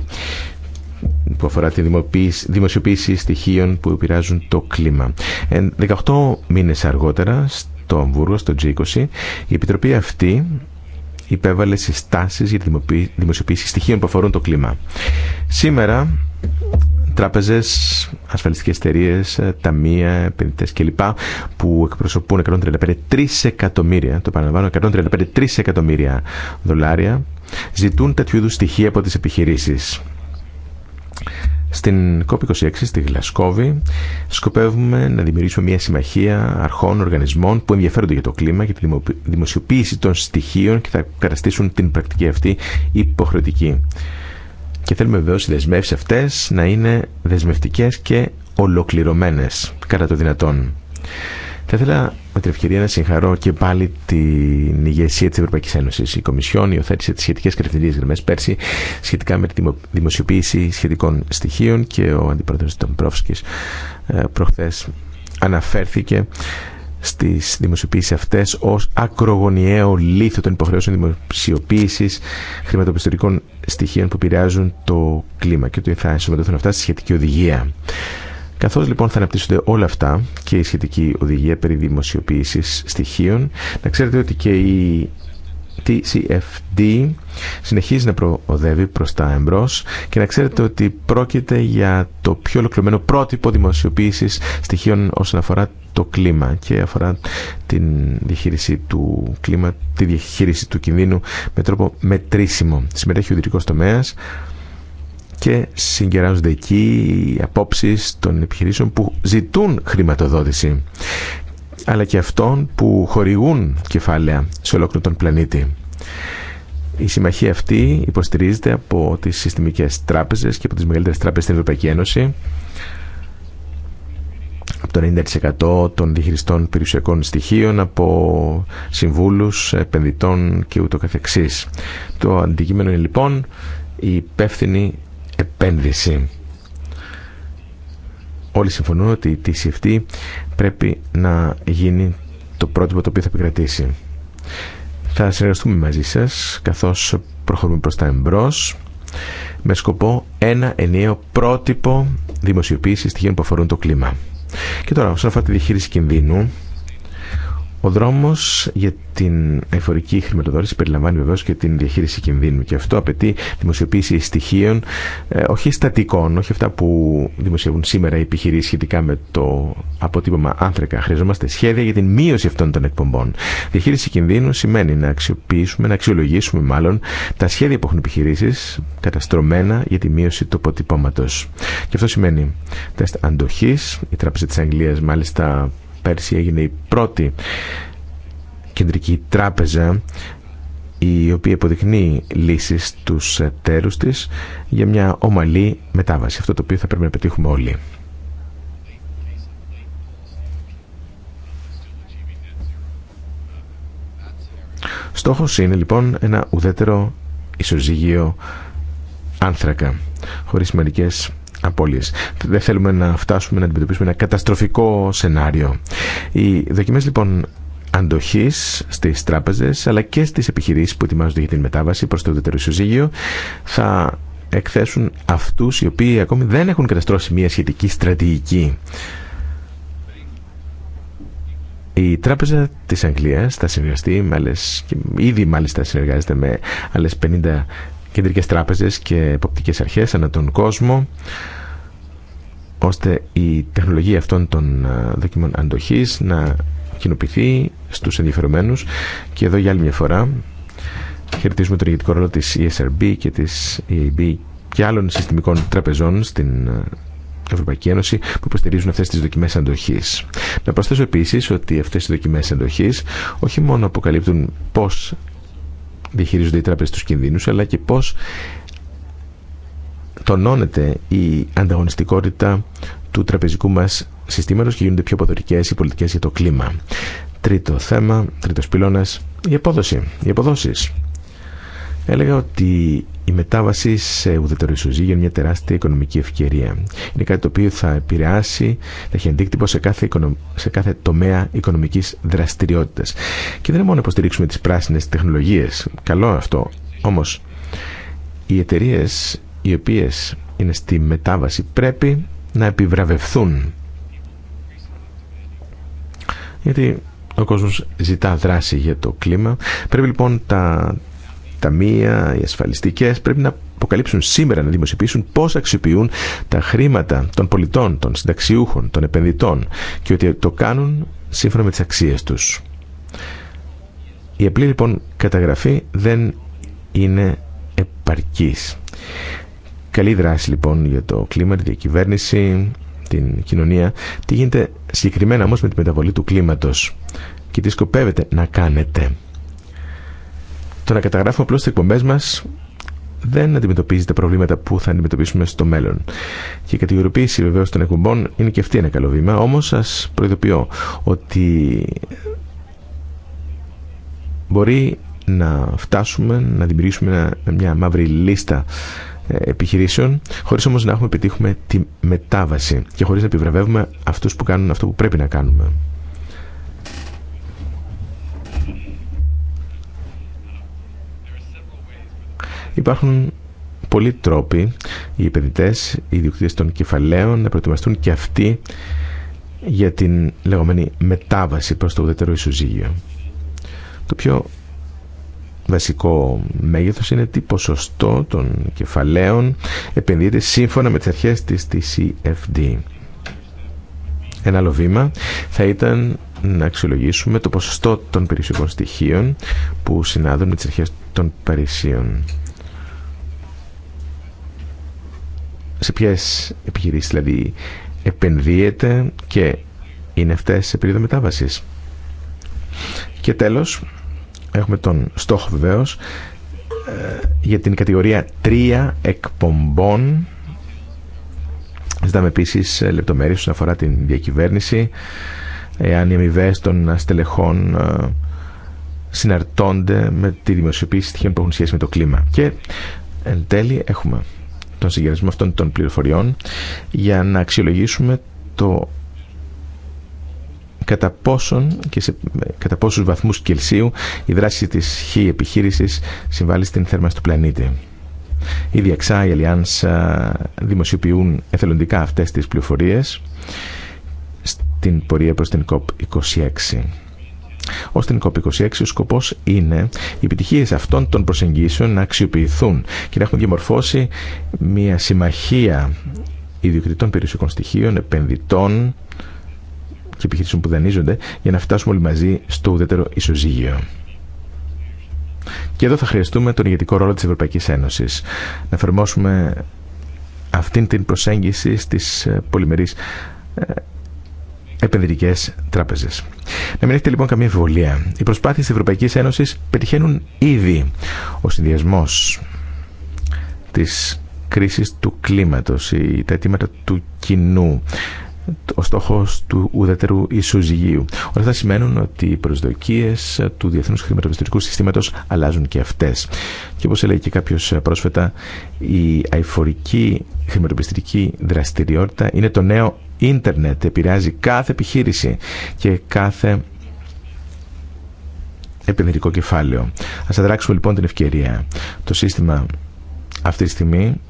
που αφορά τη δημοσιοποίηση στοιχείων που επηρεάζουν το κλίμα. 18 μήνες αργότερα, στο Αμβούργο, στο G20, η Επιτροπή αυτή υπέβαλε συστάσεις για τη δημοσιοποίηση στοιχείων που αφορούν το κλίμα. Σήμερα, τράπεζες, ασφαλιστικές εταιρείε, ε, ταμεία, επενδυτές κλπ. που εκπροσωπούν 135 εκατομμύρια, το παραλαμβάνω, 135 εκατομμύρια δολάρια, ζητούν τέτοιου είδου στοιχεία από τις επιχειρήσεις. Στην COP26 στη Γλασκόβη σκοπεύουμε να δημιουργήσουμε μια συμμαχία αρχών, οργανισμών που ενδιαφέρονται για το κλίμα και τη δημοσιοποίηση των στοιχείων και θα καταστήσουν την πρακτική αυτή υποχρεωτική. Και θέλουμε βεβαίω οι δεσμεύσει αυτέ να είναι δεσμευτικές και ολοκληρωμένε κατά το δυνατόν. Θα ήθελα με την ευκαιρία να συγχαρώ και πάλι την ηγεσία τη Ευρωπαϊκή Ένωση. Η Κομισιόν υιοθέτησε τι σχετικέ κατευθυντήριε γραμμέ πέρσι σχετικά με τη δημοσιοποίηση σχετικών στοιχείων και ο αντιπρόεδρο των Πρόφσκη ε, προχθέ αναφέρθηκε στι δημοσιοποιήσει αυτέ ω ακρογωνιαίο λίθο των υποχρεώσεων δημοσιοποίηση χρηματοπιστωτικών στοιχείων που επηρεάζουν το κλίμα και ότι θα ενσωματωθούν αυτά στη σχετική οδηγία. Καθώς λοιπόν θα αναπτύσσονται όλα αυτά και η σχετική οδηγία περί δημοσιοποίησης στοιχείων, να ξέρετε ότι και η TCFD συνεχίζει να προοδεύει προς τα εμπρός και να ξέρετε ότι πρόκειται για το πιο ολοκληρωμένο πρότυπο δημοσιοποίησης στοιχείων όσον αφορά το κλίμα και αφορά την διαχείριση του κλίμα, τη διαχείριση του κινδύνου με τρόπο μετρήσιμο. Συμμετέχει ο ιδρυτικός τομέας, και συγκεράζονται εκεί οι απόψεις των επιχειρήσεων που ζητούν χρηματοδότηση αλλά και αυτών που χορηγούν κεφάλαια σε ολόκληρο τον πλανήτη. Η συμμαχία αυτή υποστηρίζεται από τις συστημικές τράπεζες και από τις μεγαλύτερες τράπεζες στην Ευρωπαϊκή Ένωση από το 90% των διχειριστών περιουσιακών στοιχείων, από συμβούλους, επενδυτών και ούτω καθεξής. Το αντικείμενο είναι λοιπόν η υπεύθυνη επένδυση. Όλοι συμφωνούν ότι η αυτή πρέπει να γίνει το πρότυπο το οποίο θα επικρατήσει. Θα συνεργαστούμε μαζί σας καθώς προχωρούμε προς τα εμπρός με σκοπό ένα ενιαίο πρότυπο δημοσιοποίηση στοιχείων που αφορούν το κλίμα. Και τώρα, όσον αφορά τη διαχείριση κινδύνου, ο δρόμο για την εφορική χρηματοδότηση περιλαμβάνει βεβαίω και την διαχείριση κινδύνου και αυτό απαιτεί δημοσιοποίηση στοιχείων ε, όχι στατικών, όχι αυτά που δημοσιεύουν σήμερα οι επιχειρήσει σχετικά με το αποτύπωμα άνθρακα. Χρειαζόμαστε σχέδια για την μείωση αυτών των εκπομπών. Διαχείριση κινδύνου σημαίνει να αξιοποιήσουμε, να αξιολογήσουμε μάλλον τα σχέδια που έχουν επιχειρήσει καταστρωμένα για τη μείωση του αποτυπώματο. Και αυτό σημαίνει τεστ αντοχή. Η Τράπεζα τη Αγγλία μάλιστα πέρσι έγινε η πρώτη κεντρική τράπεζα η οποία υποδεικνύει λύσεις στους τέρους της για μια ομαλή μετάβαση. Αυτό το οποίο θα πρέπει να πετύχουμε όλοι. Στόχος είναι λοιπόν ένα ουδέτερο ισοζύγιο άνθρακα, χωρίς μερικές δεν θέλουμε να φτάσουμε να αντιμετωπίσουμε ένα καταστροφικό σενάριο. Οι δοκιμέ λοιπόν αντοχή στι τράπεζε, αλλά και στι επιχειρήσει που ετοιμάζονται για την μετάβαση προ το δεύτερο ισοζύγιο θα εκθέσουν αυτού οι οποίοι ακόμη δεν έχουν καταστρώσει μια σχετική στρατηγική. Η Τράπεζα της Αγγλίας θα συνεργαστεί με άλλες, ήδη μάλιστα συνεργάζεται με άλλες 50 κεντρικές τράπεζες και εποπτικές αρχές ανά τον κόσμο ώστε η τεχνολογία αυτών των ε, δοκιμών αντοχής να κοινοποιηθεί στους ενδιαφερομένους και εδώ για άλλη μια φορά χαιρετίζουμε τον ηγετικό ρόλο της ESRB και της EAB και άλλων συστημικών τραπεζών στην ε, Ευρωπαϊκή Ένωση που υποστηρίζουν αυτές τις δοκιμές αντοχής. Να προσθέσω επίσης ότι αυτές οι δοκιμές αντοχής όχι μόνο αποκαλύπτουν πώς διαχειρίζονται οι τράπεζε του κινδύνου, αλλά και πώ τονώνεται η ανταγωνιστικότητα του τραπεζικού μα συστήματο και γίνονται πιο αποδοτικέ οι πολιτικέ για το κλίμα. Τρίτο θέμα, τρίτο πυλώνα, η απόδοση, οι αποδόσει. Έλεγα ότι η μετάβαση σε ουδετερό ισοζύγιο είναι μια τεράστια οικονομική ευκαιρία. Είναι κάτι το οποίο θα επηρεάσει, θα έχει αντίκτυπο σε κάθε, σε κάθε τομέα οικονομική δραστηριότητα. Και δεν είναι μόνο να υποστηρίξουμε τι πράσινε τεχνολογίε. Καλό αυτό. Όμω, οι εταιρείε οι οποίε είναι στη μετάβαση πρέπει να επιβραβευθούν. Γιατί ο κόσμος ζητά δράση για το κλίμα. Πρέπει λοιπόν τα ταμεία, οι ασφαλιστικέ πρέπει να αποκαλύψουν σήμερα, να δημοσιοποιήσουν πώ αξιοποιούν τα χρήματα των πολιτών, των συνταξιούχων, των επενδυτών και ότι το κάνουν σύμφωνα με τις αξίες τους. Η απλή λοιπόν καταγραφή δεν είναι επαρκής. Καλή δράση λοιπόν για το κλίμα, τη διακυβέρνηση, την κοινωνία. Τι γίνεται συγκεκριμένα όμω με τη μεταβολή του κλίματο και τι σκοπεύετε να κάνετε. Το να καταγράφουμε απλώ τι εκπομπέ μα δεν αντιμετωπίζει τα προβλήματα που θα αντιμετωπίσουμε στο μέλλον. Και η κατηγοριοποίηση βεβαίω των εκπομπών είναι και αυτή ένα καλό βήμα, όμω σα προειδοποιώ ότι μπορεί να φτάσουμε να δημιουργήσουμε μια μαύρη λίστα ε, επιχειρήσεων, χωρίς όμως να έχουμε επιτύχουμε τη μετάβαση και χωρίς να επιβραβεύουμε αυτούς που κάνουν αυτό που πρέπει να κάνουμε. Υπάρχουν πολλοί τρόποι οι επενδυτέ, οι των κεφαλαίων να προετοιμαστούν και αυτοί για την λεγόμενη μετάβαση προς το ουδέτερο ισοζύγιο. Το πιο βασικό μέγεθος είναι τι ποσοστό των κεφαλαίων επενδύεται σύμφωνα με τις αρχές της TCFD. Ένα άλλο βήμα θα ήταν να αξιολογήσουμε το ποσοστό των περιουσιακών στοιχείων που συνάδουν με τις αρχές των Παρισίων. σε ποιε επιχειρήσει δηλαδή επενδύεται και είναι αυτέ σε περίοδο μετάβαση. Και τέλος, έχουμε τον στόχο βεβαίω ε, για την κατηγορία 3 εκπομπών. Ζητάμε επίση ε, λεπτομέρειε όσον αφορά την διακυβέρνηση, εάν οι αμοιβέ των στελεχών ε, συναρτώνται με τη δημοσιοποίηση στοιχείων που έχουν σχέση με το κλίμα. Και εν τέλει έχουμε τον συγκερασμό αυτών των πληροφοριών για να αξιολογήσουμε το κατά πόσον και σε, κατά πόσους βαθμούς Κελσίου η δράση της χ επιχείρησης συμβάλλει στην θέρμανση του πλανήτη. Η Διαξά, η Αλιάνς δημοσιοποιούν εθελοντικά αυτές τις πληροφορίες στην πορεία προς την COP26. Ω την COP26, ο σκοπό είναι οι επιτυχίε αυτών των προσεγγίσεων να αξιοποιηθούν και να έχουν διαμορφώσει μια συμμαχία ιδιοκτητών περιουσιακών στοιχείων, επενδυτών και επιχειρήσεων που δανείζονται για να φτάσουμε όλοι μαζί στο ουδέτερο ισοζύγιο. Και εδώ θα χρειαστούμε τον ηγετικό ρόλο της Ευρωπαϊκής Ένωσης. Να εφαρμόσουμε αυτήν την προσέγγιση στις πολυμερείς ε, επενδυτικέ τράπεζε. Να μην έχετε λοιπόν καμία αμφιβολία. Οι προσπάθειε τη Ευρωπαϊκή Ένωση πετυχαίνουν ήδη. Ο συνδυασμό τη κρίση του κλίματο, τα αιτήματα του κοινού, ο στόχος του ουδετερού ισοζυγίου. Όλα αυτά σημαίνουν ότι οι προσδοκίες του διεθνούς χρηματοπιστωτικού συστήματος αλλάζουν και αυτές. Και όπως έλεγε και κάποιος πρόσφατα, η αηφορική χρηματοπιστωτική δραστηριότητα είναι το νέο ίντερνετ, επηρεάζει κάθε επιχείρηση και κάθε επενδυτικό κεφάλαιο. Ας αδράξουμε λοιπόν την ευκαιρία. Το σύστημα αυτή τη στιγμή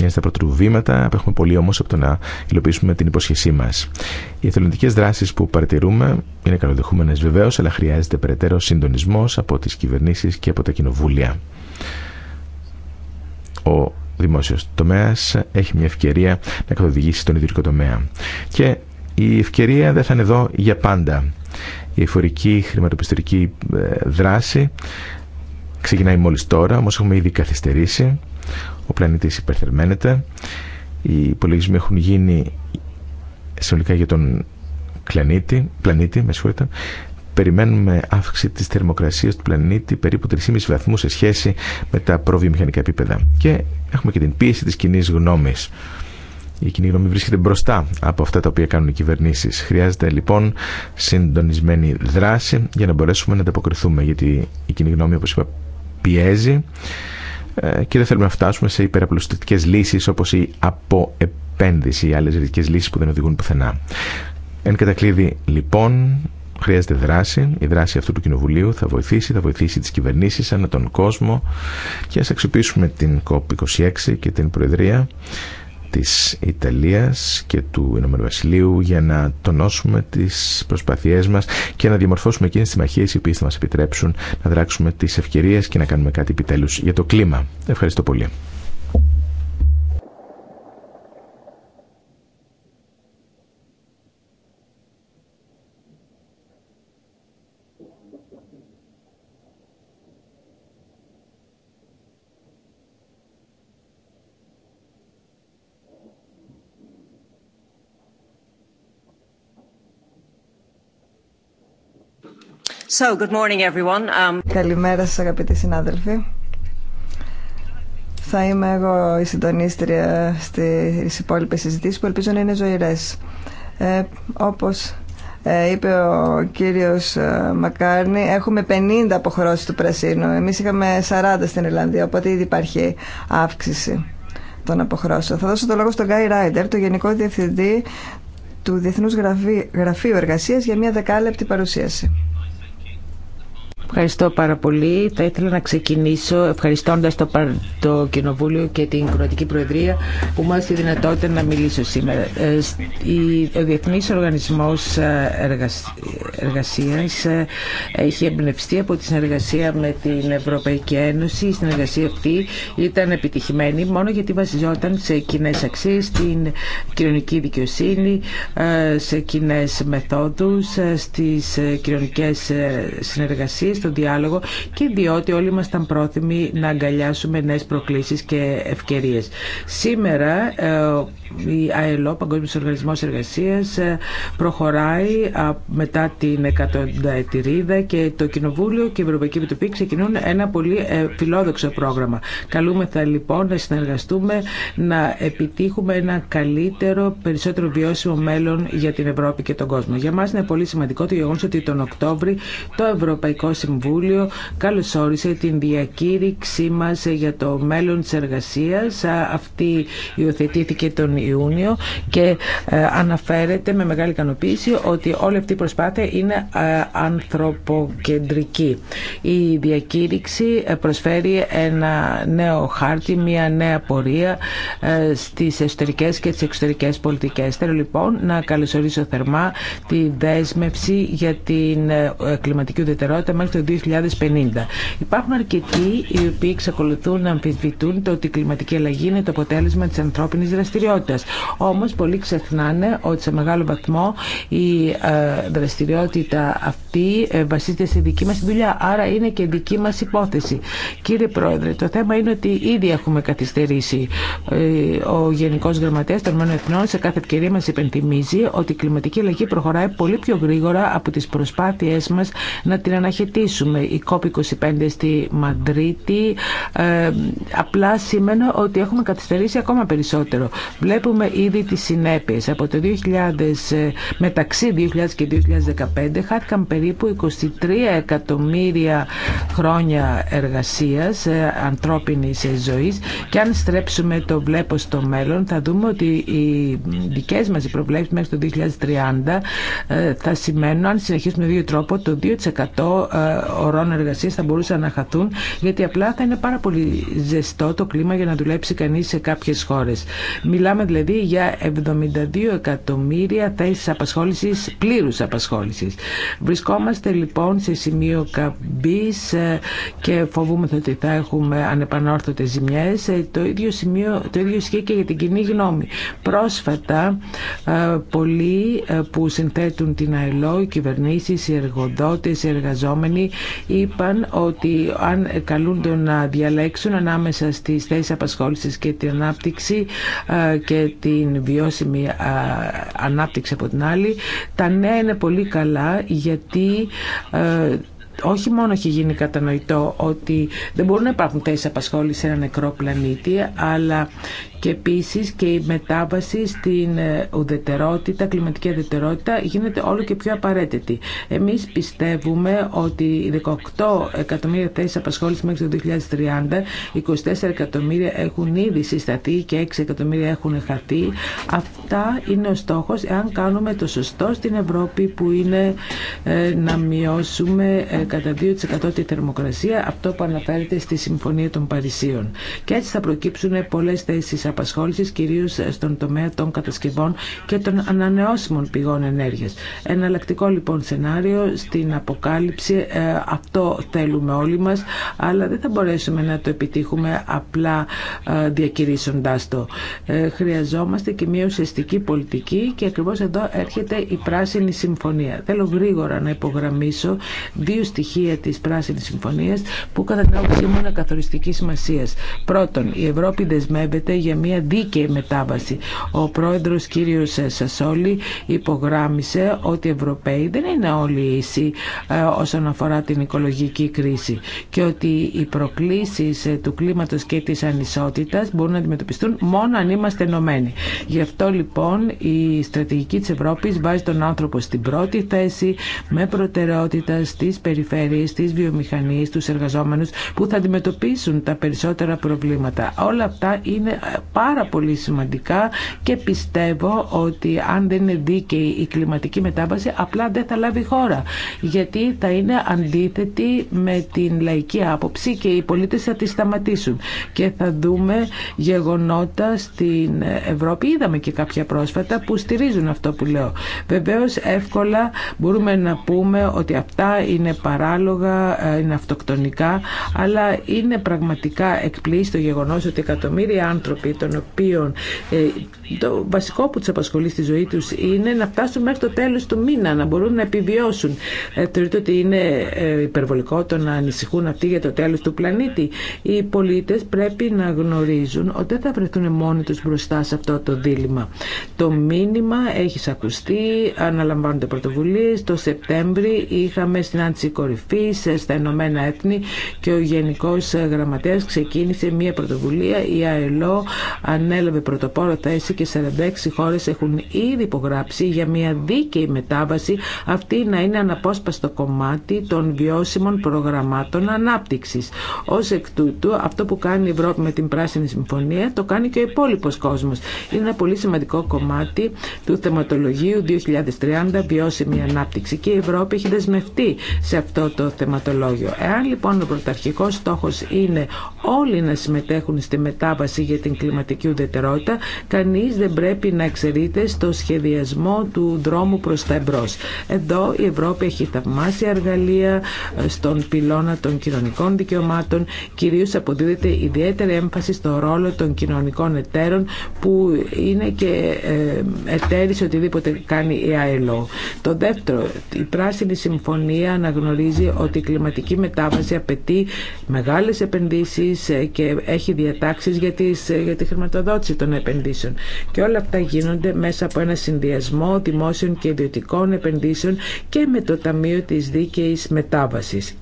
είναι στα πρώτα απέχουμε πολύ όμω από το να υλοποιήσουμε την υπόσχεσή μα. Οι εθελοντικέ δράσει που παρατηρούμε είναι καλοδεχούμενε βεβαίω, αλλά χρειάζεται περαιτέρω συντονισμό από τι κυβερνήσει και από τα κοινοβούλια. Ο δημόσιο τομέα έχει μια ευκαιρία να καθοδηγήσει τον ιδιωτικό τομέα. Και η ευκαιρία δεν θα είναι εδώ για πάντα. Η εφορική χρηματοπιστωτική ε, δράση ξεκινάει μόλις τώρα, όμως έχουμε ήδη καθυστερήσει ο πλανήτης υπερθερμαίνεται, οι υπολογισμοί έχουν γίνει συνολικά για τον πλανήτη, πλανήτη με συγχωρείτε, περιμένουμε αύξηση της θερμοκρασίας του πλανήτη περίπου 3,5 βαθμού σε σχέση με τα προβιομηχανικά επίπεδα. Και έχουμε και την πίεση της κοινή γνώμης. Η κοινή γνώμη βρίσκεται μπροστά από αυτά τα οποία κάνουν οι κυβερνήσει. Χρειάζεται λοιπόν συντονισμένη δράση για να μπορέσουμε να ανταποκριθούμε. Γιατί η κοινή γνώμη, όπω είπα, πιέζει ε, και δεν θέλουμε να φτάσουμε σε υπεραπλουστικές λύσεις όπως η αποεπένδυση ή άλλες ρητικές λύσεις που δεν οδηγούν πουθενά. Εν κατακλείδη λοιπόν χρειάζεται δράση. Η δράση αυτού του κοινοβουλίου θα βοηθήσει, θα βοηθήσει τις κυβερνήσεις ανά τον κόσμο και ας αξιοποιήσουμε την COP26 και την Προεδρία της Ιταλίας και του Ηνωμένου Βασιλείου για να τονώσουμε τις προσπαθειές μας και να διαμορφώσουμε εκείνες τις μαχίες οι οποίες θα μας επιτρέψουν να δράξουμε τις ευκαιρίες και να κάνουμε κάτι επιτέλους για το κλίμα. Ευχαριστώ πολύ. Um, Καλημέρα σας αγαπητοί συνάδελφοι. Θα είμαι εγώ η συντονίστρια στις υπόλοιπες συζητήσεις που ελπίζω να είναι ζωηρές. Ε, όπως ε, είπε ο κύριος ε, Μακάρνη, έχουμε 50 αποχρώσεις του πρασίνου. Εμείς είχαμε 40 στην Ιρλανδία, οπότε ήδη υπάρχει αύξηση των αποχρώσεων. Θα δώσω το λόγο στον Γκάι Ράιντερ, το Γενικό Διευθυντή του Διεθνούς Γραφείου Εργασίας, για μια δεκάλεπτη παρουσίαση. Ευχαριστώ πάρα πολύ. Θα ήθελα να ξεκινήσω ευχαριστώντας το, το Κοινοβούλιο και την Κροατική Προεδρία που μα έδωσε τη δυνατότητα να μιλήσω σήμερα. Ε, ο Διεθνής Οργανισμός ε, Εργασίας ε, έχει εμπνευστεί από τη συνεργασία με την Ευρωπαϊκή Ένωση. Η συνεργασία αυτή ήταν επιτυχημένη μόνο γιατί βασιζόταν σε κοινέ αξίες, στην κοινωνική δικαιοσύνη, σε κοινέ μεθόδους, στις κοινωνικές συνεργασίες στον διάλογο και διότι όλοι ήμασταν πρόθυμοι να αγκαλιάσουμε νέε προκλήσει και ευκαιρίε. Σήμερα ε, η ΑΕΛΟ, Παγκόσμιο Οργανισμό Εργασία ε, προχωράει μετά την εκατονταετηρίδα και το Κοινοβούλιο και η Ευρωπαϊκή Επιτροπή ξεκινούν ένα πολύ ε, φιλόδοξο πρόγραμμα. Καλούμεθα λοιπόν να συνεργαστούμε να επιτύχουμε ένα καλύτερο, περισσότερο βιώσιμο μέλλον για την Ευρώπη και τον κόσμο. Για είναι πολύ σημαντικό το γεγονό ότι τον Οκτώβρη το Ευρωπαϊκό Συμβούλιο καλωσόρισε την διακήρυξή μας για το μέλλον της εργασίας. Αυτή υιοθετήθηκε τον Ιούνιο και ε, αναφέρεται με μεγάλη ικανοποίηση ότι όλη αυτή η προσπάθεια είναι ε, ανθρωποκεντρική. Η διακήρυξη ε, προσφέρει ένα νέο χάρτη, μια νέα πορεία στις εσωτερικές και τις εξωτερικές πολιτικές. Θέλω λοιπόν να καλωσορίσω θερμά τη δέσμευση για την κλιματική ουδετερότητα το 2050. Υπάρχουν αρκετοί οι οποίοι εξακολουθούν να αμφισβητούν το ότι η κλιματική αλλαγή είναι το αποτέλεσμα τη ανθρώπινη δραστηριότητα. Όμω πολλοί ξεχνάνε ότι σε μεγάλο βαθμό η ε, δραστηριότητα αυτή ε, βασίζεται στη δική μα δουλειά, άρα είναι και δική μα υπόθεση. Κύριε Πρόεδρε, το θέμα είναι ότι ήδη έχουμε καθυστερήσει. Ε, ο Γενικό Γραμματέα των ΗΕ σε κάθε ευκαιρία μα υπενθυμίζει ότι η κλιματική αλλαγή προχωράει πολύ πιο γρήγορα από τι προσπάθειε μα να την αναχαιτήσουμε κλείσουμε Η COP25 στη Μαδρίτη ε, απλά σημαίνει ότι έχουμε καθυστερήσει ακόμα περισσότερο. Βλέπουμε ήδη τις συνέπειες. Από το 2000, ε, μεταξύ 2000 και 2015 χάθηκαν περίπου 23 εκατομμύρια χρόνια εργασίας ε, ανθρώπινης ζωής και αν στρέψουμε το βλέπω στο μέλλον θα δούμε ότι οι δικές μας οι προβλέψεις μέχρι το 2030 ε, θα σημαίνουν αν συνεχίσουμε με δύο τρόπο το 2% ορών εργασία θα μπορούσαν να χαθούν γιατί απλά θα είναι πάρα πολύ ζεστό το κλίμα για να δουλέψει κανεί σε κάποιε χώρε. Μιλάμε δηλαδή για 72 εκατομμύρια θέσεις απασχόληση, πλήρου απασχόληση. Βρισκόμαστε λοιπόν σε σημείο καμπή ε, και φοβούμαστε ότι θα έχουμε ανεπανόρθωτέ ζημιέ. Ε, το ίδιο, σημείο, το ίδιο ισχύει και για την κοινή γνώμη. Πρόσφατα ε, πολλοί που συνθέτουν την ΑΕΛΟ, οι κυβερνήσει, οι εργοδότε, οι εργαζόμενοι είπαν ότι αν καλούνται να διαλέξουν ανάμεσα στις θέσεις απασχόλησης και την ανάπτυξη ε, και την βιώσιμη ε, ανάπτυξη από την άλλη, τα νέα είναι πολύ καλά γιατί ε, όχι μόνο έχει γίνει κατανοητό ότι δεν μπορούν να υπάρχουν θέσει απασχόλησης σε ένα νεκρό πλανήτη, αλλά και επίση και η μετάβαση στην ε, ουδετερότητα, κλιματική ουδετερότητα γίνεται όλο και πιο απαραίτητη. Εμείς πιστεύουμε ότι 18 εκατομμύρια θέσει απασχόληση μέχρι το 2030, 24 εκατομμύρια έχουν ήδη συσταθεί και 6 εκατομμύρια έχουν χαθεί. Αυτά είναι ο στόχο εάν κάνουμε το σωστό στην Ευρώπη που είναι ε, να μειώσουμε ε, κατά 2% τη θερμοκρασία, αυτό που αναφέρεται στη Συμφωνία των Παρισίων. Και έτσι θα προκύψουν πολλέ θέσει. Απασχόληση κυρίω στον τομέα των κατασκευών και των ανανεώσιμων πηγών ενέργεια. Εναλλακτικό λοιπόν σενάριο στην αποκάλυψη, ε, αυτό θέλουμε όλοι μα, αλλά δεν θα μπορέσουμε να το επιτύχουμε απλά ε, διακηρύσσοντάς το. Ε, χρειαζόμαστε και μια ουσιαστική πολιτική και ακριβώ εδώ έρχεται η Πράσινη Συμφωνία. Θέλω γρήγορα να υπογραμμίσω δύο στοιχεία τη πράσινη συμφωνία που κατά την άποψή μου είναι καθοριστική σημασία. Πρώτον, η Ευρώπη δεσμεύεται για μια δίκαιη μετάβαση. Ο πρόεδρος κύριος Σασόλη υπογράμμισε ότι οι Ευρωπαίοι δεν είναι όλοι ίσοι ε, όσον αφορά την οικολογική κρίση και ότι οι προκλήσεις ε, του κλίματος και της ανισότητας μπορούν να αντιμετωπιστούν μόνο αν είμαστε ενωμένοι. Γι' αυτό λοιπόν η στρατηγική της Ευρώπης βάζει τον άνθρωπο στην πρώτη θέση με προτεραιότητα στις περιφέρειες, στις βιομηχανίες, στους εργαζόμενους που θα αντιμετωπίσουν τα περισσότερα προβλήματα. Όλα αυτά είναι πάρα πολύ σημαντικά και πιστεύω ότι αν δεν είναι δίκαιη η κλιματική μετάβαση απλά δεν θα λάβει χώρα γιατί θα είναι αντίθετη με την λαϊκή άποψη και οι πολίτες θα τη σταματήσουν και θα δούμε γεγονότα στην Ευρώπη είδαμε και κάποια πρόσφατα που στηρίζουν αυτό που λέω βεβαίως εύκολα μπορούμε να πούμε ότι αυτά είναι παράλογα είναι αυτοκτονικά αλλά είναι πραγματικά εκπλήσει το γεγονός ότι εκατομμύρια άνθρωποι των οποίων ε, το βασικό που του απασχολεί στη ζωή του είναι να φτάσουν μέχρι το τέλο του μήνα, να μπορούν να επιβιώσουν. Ε, Θεωρείτε ότι είναι ε, υπερβολικό το να ανησυχούν αυτοί για το τέλο του πλανήτη. Οι πολίτε πρέπει να γνωρίζουν ότι δεν θα βρεθούν μόνοι του μπροστά σε αυτό το δίλημα. Το μήνυμα έχει ακουστεί, αναλαμβάνονται πρωτοβουλίε. Το Σεπτέμβρη είχαμε συνάντηση κορυφή στα Ηνωμένα Έθνη και ο γενικό Γραμματέας ξεκίνησε μια πρωτοβουλία, η ΑΕΛΟ ανέλαβε πρωτοπόρο θέση και 46 χώρες έχουν ήδη υπογράψει για μια δίκαιη μετάβαση αυτή να είναι αναπόσπαστο κομμάτι των βιώσιμων προγραμμάτων ανάπτυξης. Ως εκ τούτου αυτό που κάνει η Ευρώπη με την Πράσινη Συμφωνία το κάνει και ο υπόλοιπο κόσμος. Είναι ένα πολύ σημαντικό κομμάτι του θεματολογίου 2030 βιώσιμη ανάπτυξη και η Ευρώπη έχει δεσμευτεί σε αυτό το θεματολόγιο. Εάν λοιπόν ο πρωταρχικός στόχος είναι όλοι να συμμετέχουν στη μετάβαση για την κλιματική ουδετερότητα, κανείς δεν πρέπει να εξαιρείται στο σχεδιασμό του δρόμου προς τα εμπρός. Εδώ η Ευρώπη έχει θαυμάσια εργαλεία ε, στον πυλώνα των κοινωνικών δικαιωμάτων, κυρίως αποδίδεται ιδιαίτερη έμφαση στο ρόλο των κοινωνικών εταίρων που είναι και ε, εταίροι σε οτιδήποτε κάνει η ILO. Το δεύτερο, η Πράσινη Συμφωνία αναγνωρίζει ότι η κλιματική μετάβαση απαιτεί μεγάλες επενδύσεις ε, και έχει διατάξεις για, τις, για τη χρηματοδότηση των επενδύσεων. Και όλα αυτά γίνονται μέσα από ένα συνδυασμό δημόσιων και ιδιωτικών επενδύσεων και με το Ταμείο της Δίκαιης Μετάβασης.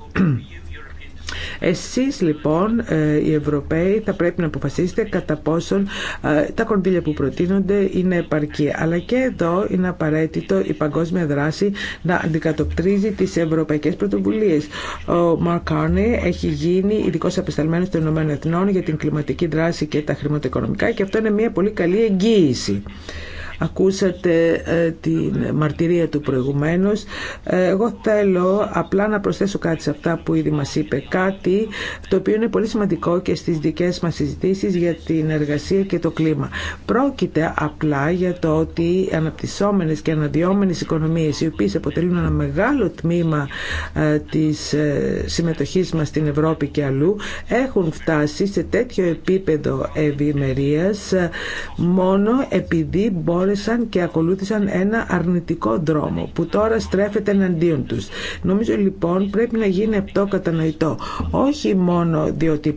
Εσείς λοιπόν ε, οι Ευρωπαίοι θα πρέπει να αποφασίσετε κατά πόσον ε, τα κονδύλια που προτείνονται είναι επαρκή. Αλλά και εδώ είναι απαραίτητο η παγκόσμια δράση να αντικατοπτρίζει τις ευρωπαϊκές πρωτοβουλίες. Ο Μαρκ Κάρνι έχει γίνει ειδικό απεσταλμένος των ΗΕ για την κλιματική δράση και τα χρηματοοικονομικά και αυτό είναι μια πολύ καλή εγγύηση. Ακούσατε ε, την μαρτυρία του προηγουμένως. Ε, εγώ θέλω απλά να προσθέσω κάτι σε αυτά που ήδη μας είπε. Κάτι το οποίο είναι πολύ σημαντικό και στις δικές μας συζητήσεις για την εργασία και το κλίμα. Πρόκειται απλά για το ότι αναπτυσσόμενες και αναδυόμενες οικονομίες οι οποίες αποτελούν ένα μεγάλο τμήμα ε, της συμμετοχής μας στην Ευρώπη και αλλού έχουν φτάσει σε τέτοιο επίπεδο ευημερίας μόνο επειδή μπορεί και ακολούθησαν ένα αρνητικό δρόμο που τώρα στρέφεται εναντίον τους. Νομίζω λοιπόν πρέπει να γίνει αυτό κατανοητό. Όχι μόνο διότι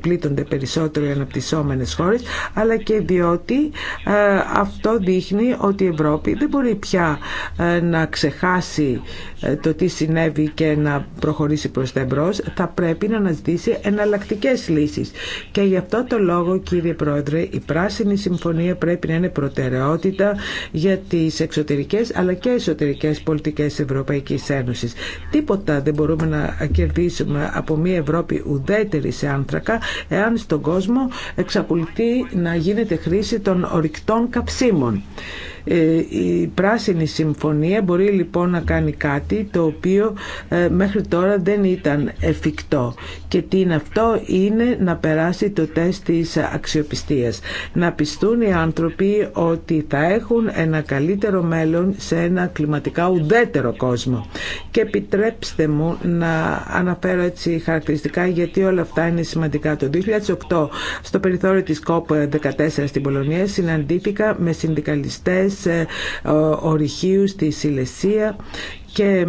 πλήττονται, περισσότερο οι αναπτυσσόμενες χώρες, αλλά και διότι ε, αυτό δείχνει ότι η Ευρώπη δεν μπορεί πια ε, να ξεχάσει ε, το τι συνέβη και να προχωρήσει προς τα εμπρός, θα πρέπει να αναζητήσει εναλλακτικέ λύσεις. Και γι' αυτό το λόγο, κύριε Πρόεδρε, η Πράσινη Συμφωνία πρέπει να είναι προτεραιότητα για τις εξωτερικές αλλά και εσωτερικές πολιτικές Ευρωπαϊκής Ένωσης. Τίποτα δεν μπορούμε να κερδίσουμε από μια Ευρώπη ουδέτερη σε άνθρακα εάν στον κόσμο εξακολουθεί να γίνεται χρήση των ορυκτών καψίμων. Ε, η Πράσινη Συμφωνία μπορεί λοιπόν να κάνει κάτι το οποίο ε, μέχρι τώρα δεν ήταν εφικτό. Και τι είναι αυτό, είναι να περάσει το τεστ της αξιοπιστίας. Να πιστούν οι άνθρωποι ότι θα έχουν ένα καλύτερο μέλλον σε ένα κλιματικά ουδέτερο κόσμο. Και επιτρέψτε μου να αναφέρω έτσι χαρακτηριστικά γιατί όλα αυτά είναι σημαντικά. Το 2008 στο περιθώριο της COP14 στην Πολωνία συναντήθηκα με συνδικαλιστές σε ορυχείου στη Σιλεσία και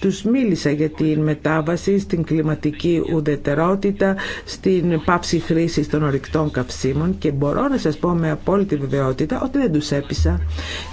τους μίλησα για την μετάβαση στην κλιματική ουδετερότητα, στην πάψη χρήση των ορυκτών καυσίμων και μπορώ να σας πω με απόλυτη βεβαιότητα ότι δεν τους έπεισα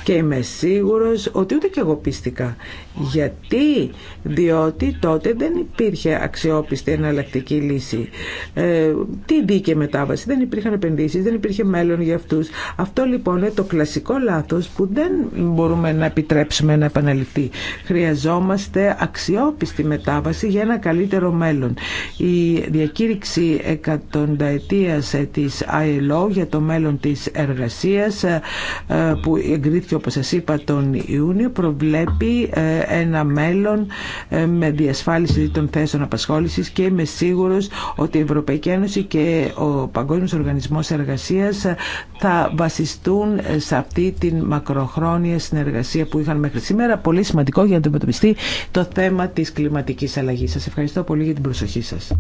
και είμαι σίγουρος ότι ούτε και εγώ πίστηκα. Γιατί, διότι τότε δεν υπήρχε αξιόπιστη εναλλακτική λύση. Ε, τι δίκαιη μετάβαση, δεν υπήρχαν επενδύσεις, δεν υπήρχε μέλλον για αυτούς. Αυτό λοιπόν είναι το κλασικό λάθος που δεν μπορούμε να επιτρέψουμε να επαναληφθεί. Χρειαζόμαστε αξιόπιστη μετάβαση για ένα καλύτερο μέλλον. Η διακήρυξη εκατονταετίας ε, της ILO για το μέλλον της εργασίας ε, ε, που εγκρίθηκε όπως σας είπα τον Ιούνιο προβλέπει ένα μέλλον ε, με διασφάλιση των θέσεων απασχόλησης και είμαι σίγουρος ότι η Ευρωπαϊκή Ένωση και ο Παγκόσμιος Οργανισμός Εργασίας ε, θα βασιστούν ε, σε αυτή την μακροχρόνια συνεργασία που είχαν μέχρι σήμερα. Πολύ σημαντικό για να αντιμετωπιστεί το θέμα της κλιματικής αλλαγής. Σας ευχαριστώ πολύ για την προσοχή σας.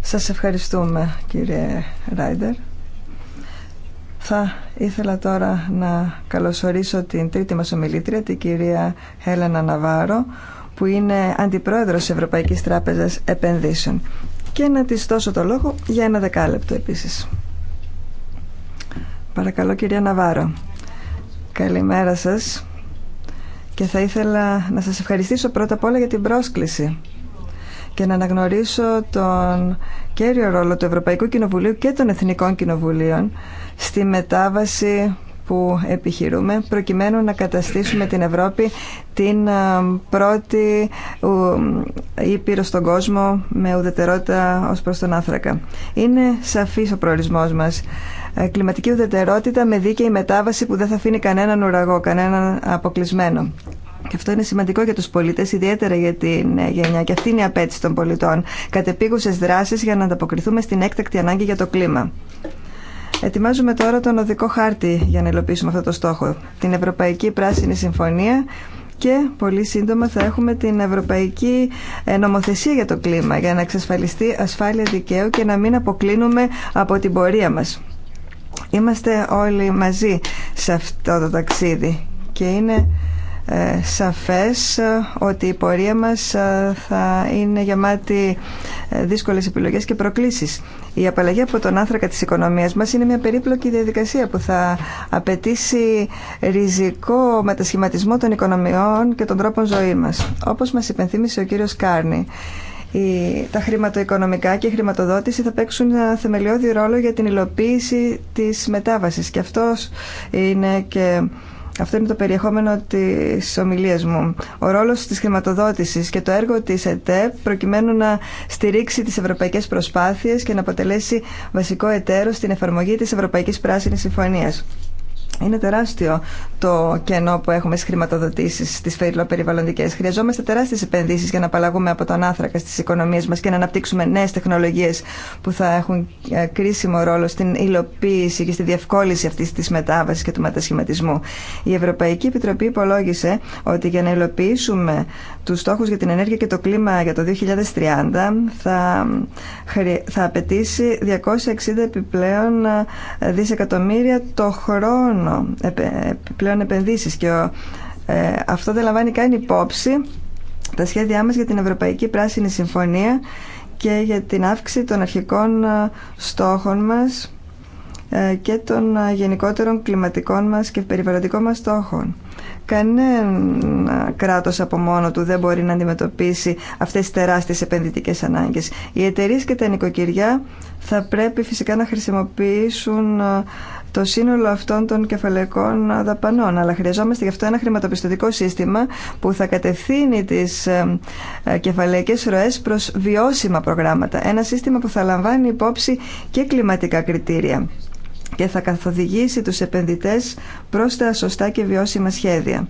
Σας ευχαριστούμε κύριε Ράιντερ. Θα ήθελα τώρα να καλωσορίσω την τρίτη μας ομιλήτρια, την κυρία Έλενα Ναβάρο, που είναι αντιπρόεδρος της Ευρωπαϊκής Τράπεζας Επενδύσεων. Και να της δώσω το λόγο για ένα δεκάλεπτο επίσης. Παρακαλώ κυρία Ναβάρο. Καλημέρα σας. Και θα ήθελα να σας ευχαριστήσω πρώτα απ' όλα για την πρόσκληση και να αναγνωρίσω τον κέριο ρόλο του Ευρωπαϊκού Κοινοβουλίου και των Εθνικών Κοινοβουλίων στη μετάβαση που επιχειρούμε προκειμένου να καταστήσουμε την Ευρώπη την ε, πρώτη ε, ήπειρο στον κόσμο με ουδετερότητα ως προς τον άνθρακα. Είναι σαφής ο προορισμός μας. Ε, κλιματική ουδετερότητα με δίκαιη μετάβαση που δεν θα αφήνει κανέναν ουραγό, κανέναν αποκλεισμένο. Και αυτό είναι σημαντικό για του πολίτε, ιδιαίτερα για την ε, γενιά. Και αυτή είναι η απέτηση των πολιτών. Κατεπίγουσε δράσει για να ανταποκριθούμε στην έκτακτη ανάγκη για το κλίμα. Ετοιμάζουμε τώρα τον οδικό χάρτη για να υλοποιήσουμε αυτό το στόχο. Την Ευρωπαϊκή Πράσινη Συμφωνία και πολύ σύντομα θα έχουμε την Ευρωπαϊκή ε, Νομοθεσία για το κλίμα για να εξασφαλιστεί ασφάλεια δικαίου και να μην αποκλίνουμε από την πορεία μας. Είμαστε όλοι μαζί σε αυτό το ταξίδι και είναι ε, σαφές ε, ότι η πορεία μας ε, θα είναι γεμάτη δύσκολες επιλογές και προκλήσεις. Η απαλλαγή από τον άνθρακα της οικονομίας μας είναι μια περίπλοκη διαδικασία που θα απαιτήσει ριζικό μετασχηματισμό των οικονομιών και των τρόπων ζωής μας. Όπως μας υπενθύμησε ο κύριος Κάρνη, τα χρηματοοικονομικά και η χρηματοδότηση θα παίξουν ένα θεμελιώδη ρόλο για την υλοποίηση της μετάβασης και αυτός είναι και αυτό είναι το περιεχόμενο της ομιλίας μου. Ο ρόλος της χρηματοδότησης και το έργο της ΕΤΕΠ προκειμένου να στηρίξει τις ευρωπαϊκές προσπάθειες και να αποτελέσει βασικό εταίρο στην εφαρμογή της Ευρωπαϊκής Πράσινης Συμφωνίας. Είναι τεράστιο το κενό που έχουμε στι χρηματοδοτήσει στι περιβαλλοντικέ. Χρειαζόμαστε τεράστιε επενδύσει για να απαλλαγούμε από τον άθρακα στι οικονομίε μα και να αναπτύξουμε νέε τεχνολογίε που θα έχουν ε, κρίσιμο ρόλο στην υλοποίηση και στη διευκόλυνση αυτή τη μετάβαση και του μετασχηματισμού. Η Ευρωπαϊκή Επιτροπή υπολόγισε ότι για να υλοποιήσουμε του στόχου για την ενέργεια και το κλίμα για το 2030 θα, θα απαιτήσει 260 επιπλέον ε, δισεκατομμύρια το χρόνο πλέον επιπλέον επενδύσεις και ε, αυτό δεν λαμβάνει καν υπόψη τα σχέδιά μας για την Ευρωπαϊκή Πράσινη Συμφωνία και για την αύξηση των αρχικών ε, στόχων μας ε, και των γενικότερων κλιματικών μας και περιβαλλοντικών μας στόχων. Κανένα κράτος από μόνο του δεν μπορεί να αντιμετωπίσει αυτές τις τεράστιες επενδυτικές ανάγκες. Οι εταιρείε και τα νοικοκυριά θα πρέπει φυσικά να χρησιμοποιήσουν το σύνολο αυτών των κεφαλαϊκών δαπανών. Αλλά χρειαζόμαστε γι' αυτό ένα χρηματοπιστωτικό σύστημα που θα κατευθύνει τι ε, ε, κεφαλαϊκέ ροέ προ βιώσιμα προγράμματα. Ένα σύστημα που θα λαμβάνει υπόψη και κλιματικά κριτήρια και θα καθοδηγήσει τους επενδυτές προς τα σωστά και βιώσιμα σχέδια.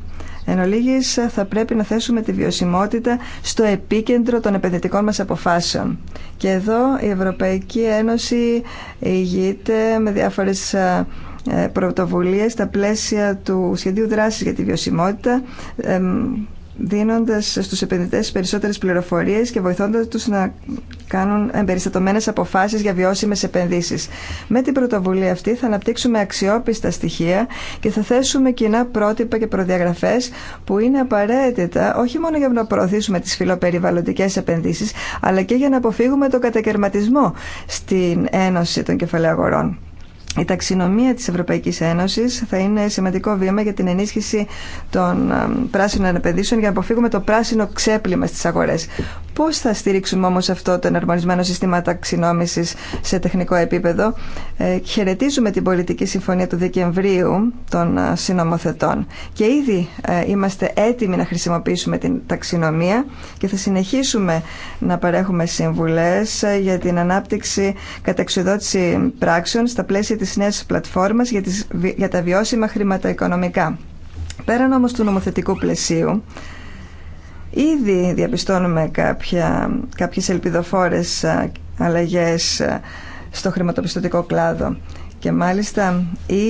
Εν ολίγης, θα πρέπει να θέσουμε τη βιωσιμότητα στο επίκεντρο των επενδυτικών μας αποφάσεων. Και εδώ η Ευρωπαϊκή Ένωση ηγείται με διάφορες ε, πρωτοβουλίες στα πλαίσια του σχεδίου δράσης για τη βιωσιμότητα δίνοντας στους επενδυτές περισσότερες πληροφορίες και βοηθώντας τους να κάνουν εμπεριστατωμένε αποφάσεις για βιώσιμες επενδύσεις. Με την πρωτοβουλία αυτή θα αναπτύξουμε αξιόπιστα στοιχεία και θα θέσουμε κοινά πρότυπα και προδιαγραφές που είναι απαραίτητα όχι μόνο για να προωθήσουμε τις φιλοπεριβαλλοντικέ επενδύσει, αλλά και για να αποφύγουμε τον κατακαιρματισμό στην Ένωση των Κεφαλαίων Αγορών. Η ταξινομία της Ευρωπαϊκής Ένωσης θα είναι σημαντικό βήμα για την ενίσχυση των πράσινων επενδύσεων για να αποφύγουμε το πράσινο ξέπλυμα στις αγορές. Πώς θα στηρίξουμε όμως αυτό το εναρμονισμένο σύστημα ταξινόμησης σε τεχνικό επίπεδο. Ε, χαιρετίζουμε την πολιτική συμφωνία του Δεκεμβρίου των ε, συνομοθετών και ήδη ε, είμαστε έτοιμοι να χρησιμοποιήσουμε την ταξινομία και θα συνεχίσουμε να παρέχουμε συμβουλές για την ανάπτυξη καταξιδότηση πράξεων στα πλαίσια της νέας πλατφόρμας για, τις, για τα βιώσιμα χρηματοοικονομικά. Πέραν όμως του νομοθετικού πλαισίου, ήδη διαπιστώνουμε κάποια, κάποιες ελπιδοφόρες αλλαγές στο χρηματοπιστωτικό κλάδο. Και μάλιστα οι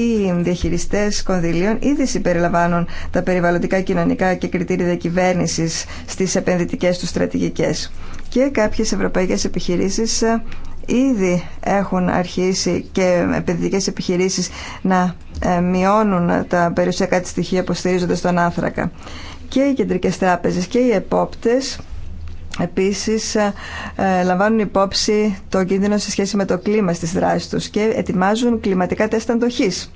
διαχειριστές κονδυλίων ήδη συμπεριλαμβάνουν τα περιβαλλοντικά, κοινωνικά και κριτήρια κυβέρνησης στις επενδυτικές του στρατηγικές. Και κάποιες ευρωπαϊκές επιχειρήσεις ήδη έχουν αρχίσει και επενδυτικές επιχειρήσεις να ε, μειώνουν τα περιουσιακά της στοιχεία που στηρίζονται στον άνθρακα. Και οι κεντρικές τράπεζες και οι επόπτες Επίσης, ε, ε, λαμβάνουν υπόψη το κίνδυνο σε σχέση με το κλίμα στις δράσεις τους και ετοιμάζουν κλιματικά τεστ αντοχής.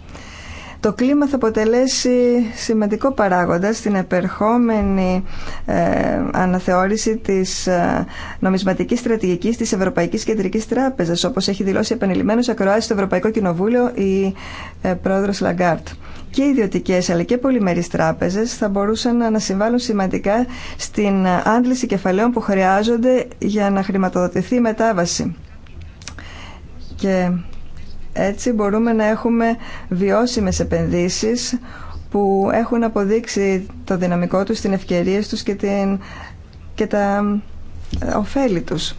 Το κλίμα θα αποτελέσει σημαντικό παράγοντα στην επερχόμενη ε, αναθεώρηση της ε, νομισματικής στρατηγικής της Ευρωπαϊκής Κεντρικής Τράπεζας, όπως έχει δηλώσει επανειλημμένω ακροάσει στο Ευρωπαϊκό Κοινοβούλιο η ε, πρόεδρος Λαγκάρτ. Και ιδιωτικέ αλλά και πολυμερει τράπεζε, θα μπορούσαν να συμβάλλουν σημαντικά στην άντληση κεφαλαίων που χρειάζονται για να χρηματοδοτηθεί η μετάβαση. Και έτσι μπορούμε να έχουμε βιώσιμες επενδύσεις που έχουν αποδείξει το δυναμικό τους, την ευκαιρία τους και, την, και τα ε, ωφέλη τους.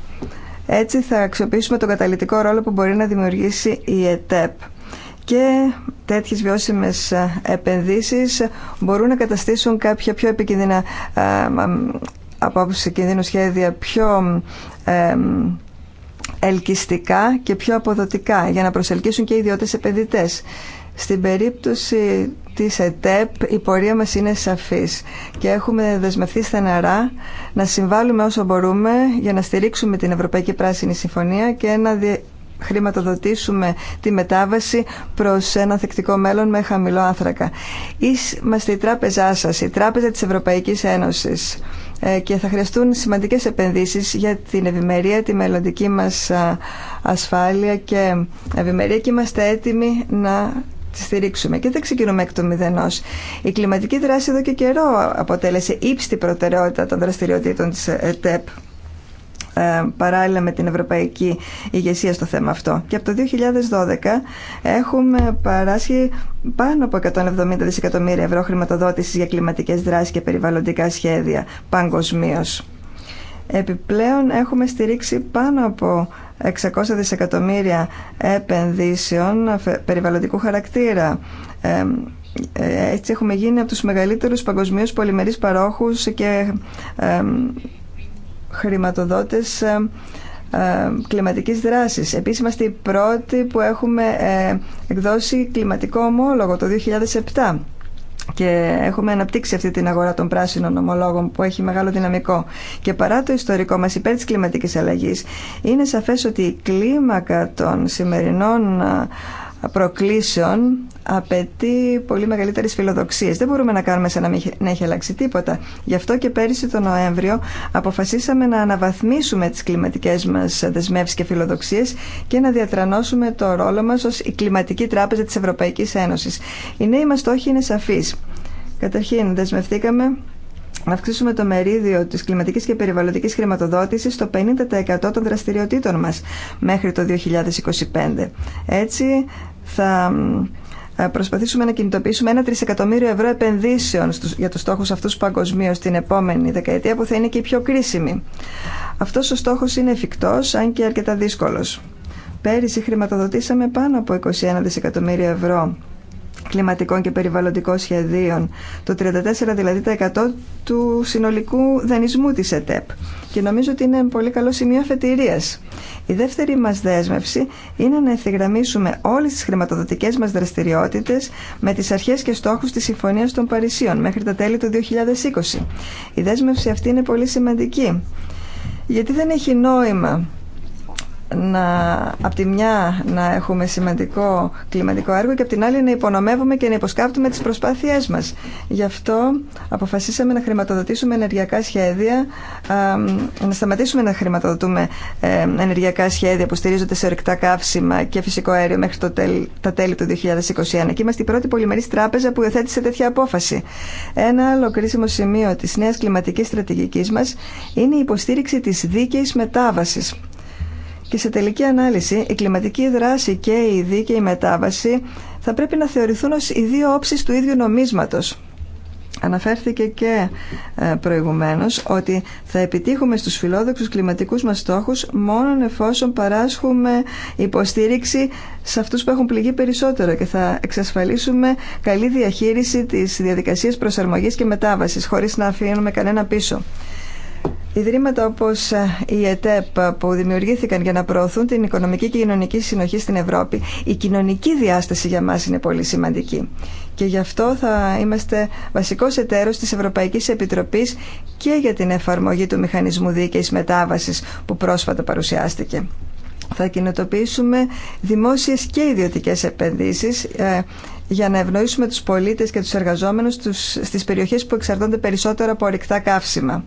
Έτσι θα αξιοποιήσουμε τον καταλητικό ρόλο που μπορεί να δημιουργήσει η ΕΤΕΠ. Και τέτοιες βιώσιμες ε, επενδύσεις μπορούν να καταστήσουν κάποια πιο επικίνδυνα ε, από άποψη κινδύνου σχέδια πιο ελκυστικά και πιο αποδοτικά για να προσελκύσουν και οι ιδιώτες επενδυτές. Στην περίπτωση της ΕΤΕΠ η πορεία μας είναι σαφής και έχουμε δεσμευθεί στεναρά να συμβάλλουμε όσο μπορούμε για να στηρίξουμε την Ευρωπαϊκή Πράσινη Συμφωνία και να χρηματοδοτήσουμε τη μετάβαση προς ένα θεκτικό μέλλον με χαμηλό άνθρακα. Είμαστε η τράπεζά σας, η τράπεζα της Ευρωπαϊκής Ένωσης ε, και θα χρειαστούν σημαντικές επενδύσεις για την ευημερία, τη μελλοντική μας ασφάλεια και ευημερία και είμαστε έτοιμοι να τη στηρίξουμε και δεν ξεκινούμε εκ του μηδενό. Η κλιματική δράση εδώ και καιρό αποτέλεσε ύψη προτεραιότητα των δραστηριοτήτων της ΕΤΕΠ ε, παράλληλα με την ευρωπαϊκή ηγεσία στο θέμα αυτό. Και από το 2012 έχουμε παράσχει πάνω από 170 δισεκατομμύρια ευρώ χρηματοδότησης για κλιματικές δράσεις και περιβαλλοντικά σχέδια παγκοσμίω. Επιπλέον έχουμε στηρίξει πάνω από 600 δισεκατομμύρια επενδύσεων περιβαλλοντικού χαρακτήρα. Ε, ε, έτσι έχουμε γίνει από τους μεγαλύτερους παγκοσμίους πολυμερείς παρόχους και χρηματοδότες ε, ε, κλιματικής δράσης. Επίσης είμαστε οι πρώτοι που έχουμε ε, εκδώσει κλιματικό ομόλογο το 2007 και έχουμε αναπτύξει αυτή την αγορά των πράσινων ομολόγων που έχει μεγάλο δυναμικό. Και παρά το ιστορικό μας υπέρ της κλιματικής αλλαγής, είναι σαφές ότι η κλίμακα των σημερινών προκλήσεων απαιτεί πολύ μεγαλύτερε φιλοδοξίε. Δεν μπορούμε να κάνουμε σαν να μην έχει αλλάξει τίποτα. Γι' αυτό και πέρυσι τον Νοέμβριο αποφασίσαμε να αναβαθμίσουμε τι κλιματικέ μα δεσμεύσει και φιλοδοξίε και να διατρανώσουμε το ρόλο μα ω η κλιματική τράπεζα τη Ευρωπαϊκή Ένωση. Οι νέοι μα στόχοι είναι σαφεί. Καταρχήν, δεσμευτήκαμε να αυξήσουμε το μερίδιο τη κλιματική και περιβαλλοντική χρηματοδότηση στο 50% των δραστηριοτήτων μα μέχρι το 2025. Έτσι θα ε, προσπαθήσουμε να κινητοποιήσουμε ένα τρισεκατομμύριο ευρώ επενδύσεων για τους στόχους αυτούς παγκοσμίω την επόμενη δεκαετία που θα είναι και η πιο κρίσιμη. Αυτός ο στόχος είναι εφικτός, αν και αρκετά δύσκολος. Πέρυσι χρηματοδοτήσαμε πάνω από 21 δισεκατομμύρια ευρώ κλιματικών και περιβαλλοντικών σχεδίων. Το 34 δηλαδή τα 100 του συνολικού δανεισμού της ΕΤΕΠ. Και νομίζω ότι είναι πολύ καλό σημείο αφετηρίας. Η δεύτερη μας δέσμευση είναι να ευθυγραμμίσουμε όλες τις χρηματοδοτικές μας δραστηριότητες με τις αρχές και στόχους της Συμφωνίας των Παρισίων μέχρι τα τέλη του 2020. Η δέσμευση αυτή είναι πολύ σημαντική. Γιατί δεν έχει νόημα να, από τη μια να έχουμε σημαντικό κλιματικό έργο και από την άλλη να υπονομεύουμε και να υποσκάπτουμε τις προσπάθειές μας. Γι' αυτό αποφασίσαμε να χρηματοδοτήσουμε ενεργειακά σχέδια, να σταματήσουμε να χρηματοδοτούμε ε, ενεργειακά σχέδια που στηρίζονται σε ορυκτά καύσιμα και φυσικό αέριο μέχρι το τέλ, τα τέλη του 2021. Και είμαστε η πρώτη πολυμερής τράπεζα που υιοθέτησε τέτοια απόφαση. Ένα άλλο κρίσιμο σημείο της νέας κλιματικής στρατηγικής μας είναι η υποστήριξη της δίκαιης μετάβασης και σε τελική ανάλυση, η κλιματική δράση και η η μετάβαση θα πρέπει να θεωρηθούν ως οι δύο όψεις του ίδιου νομίσματος. Αναφέρθηκε και ε, προηγουμένως ότι θα επιτύχουμε στους φιλόδοξους κλιματικούς μας στόχους μόνο εφόσον παράσχουμε υποστήριξη σε αυτούς που έχουν πληγεί περισσότερο και θα εξασφαλίσουμε καλή διαχείριση της διαδικασίας προσαρμογής και μετάβασης χωρίς να αφήνουμε κανένα πίσω. Ιδρύματα όπως ε, η ΕΤΕΠ ε, που δημιουργήθηκαν για να προωθούν την οικονομική και κοινωνική συνοχή στην Ευρώπη, η κοινωνική διάσταση για μας είναι πολύ σημαντική. Και γι' αυτό θα είμαστε βασικός εταίρος της Ευρωπαϊκής Επιτροπής και για την εφαρμογή του Μηχανισμού Δίκαιης Μετάβασης που πρόσφατα παρουσιάστηκε. Θα κοινοτοποιήσουμε δημόσιες και ιδιωτικές επενδύσεις ε, για να ευνοήσουμε τους πολίτες και τους εργαζόμενους στις περιοχές που εξαρτώνται περισσότερο από ορυκτά καύσιμα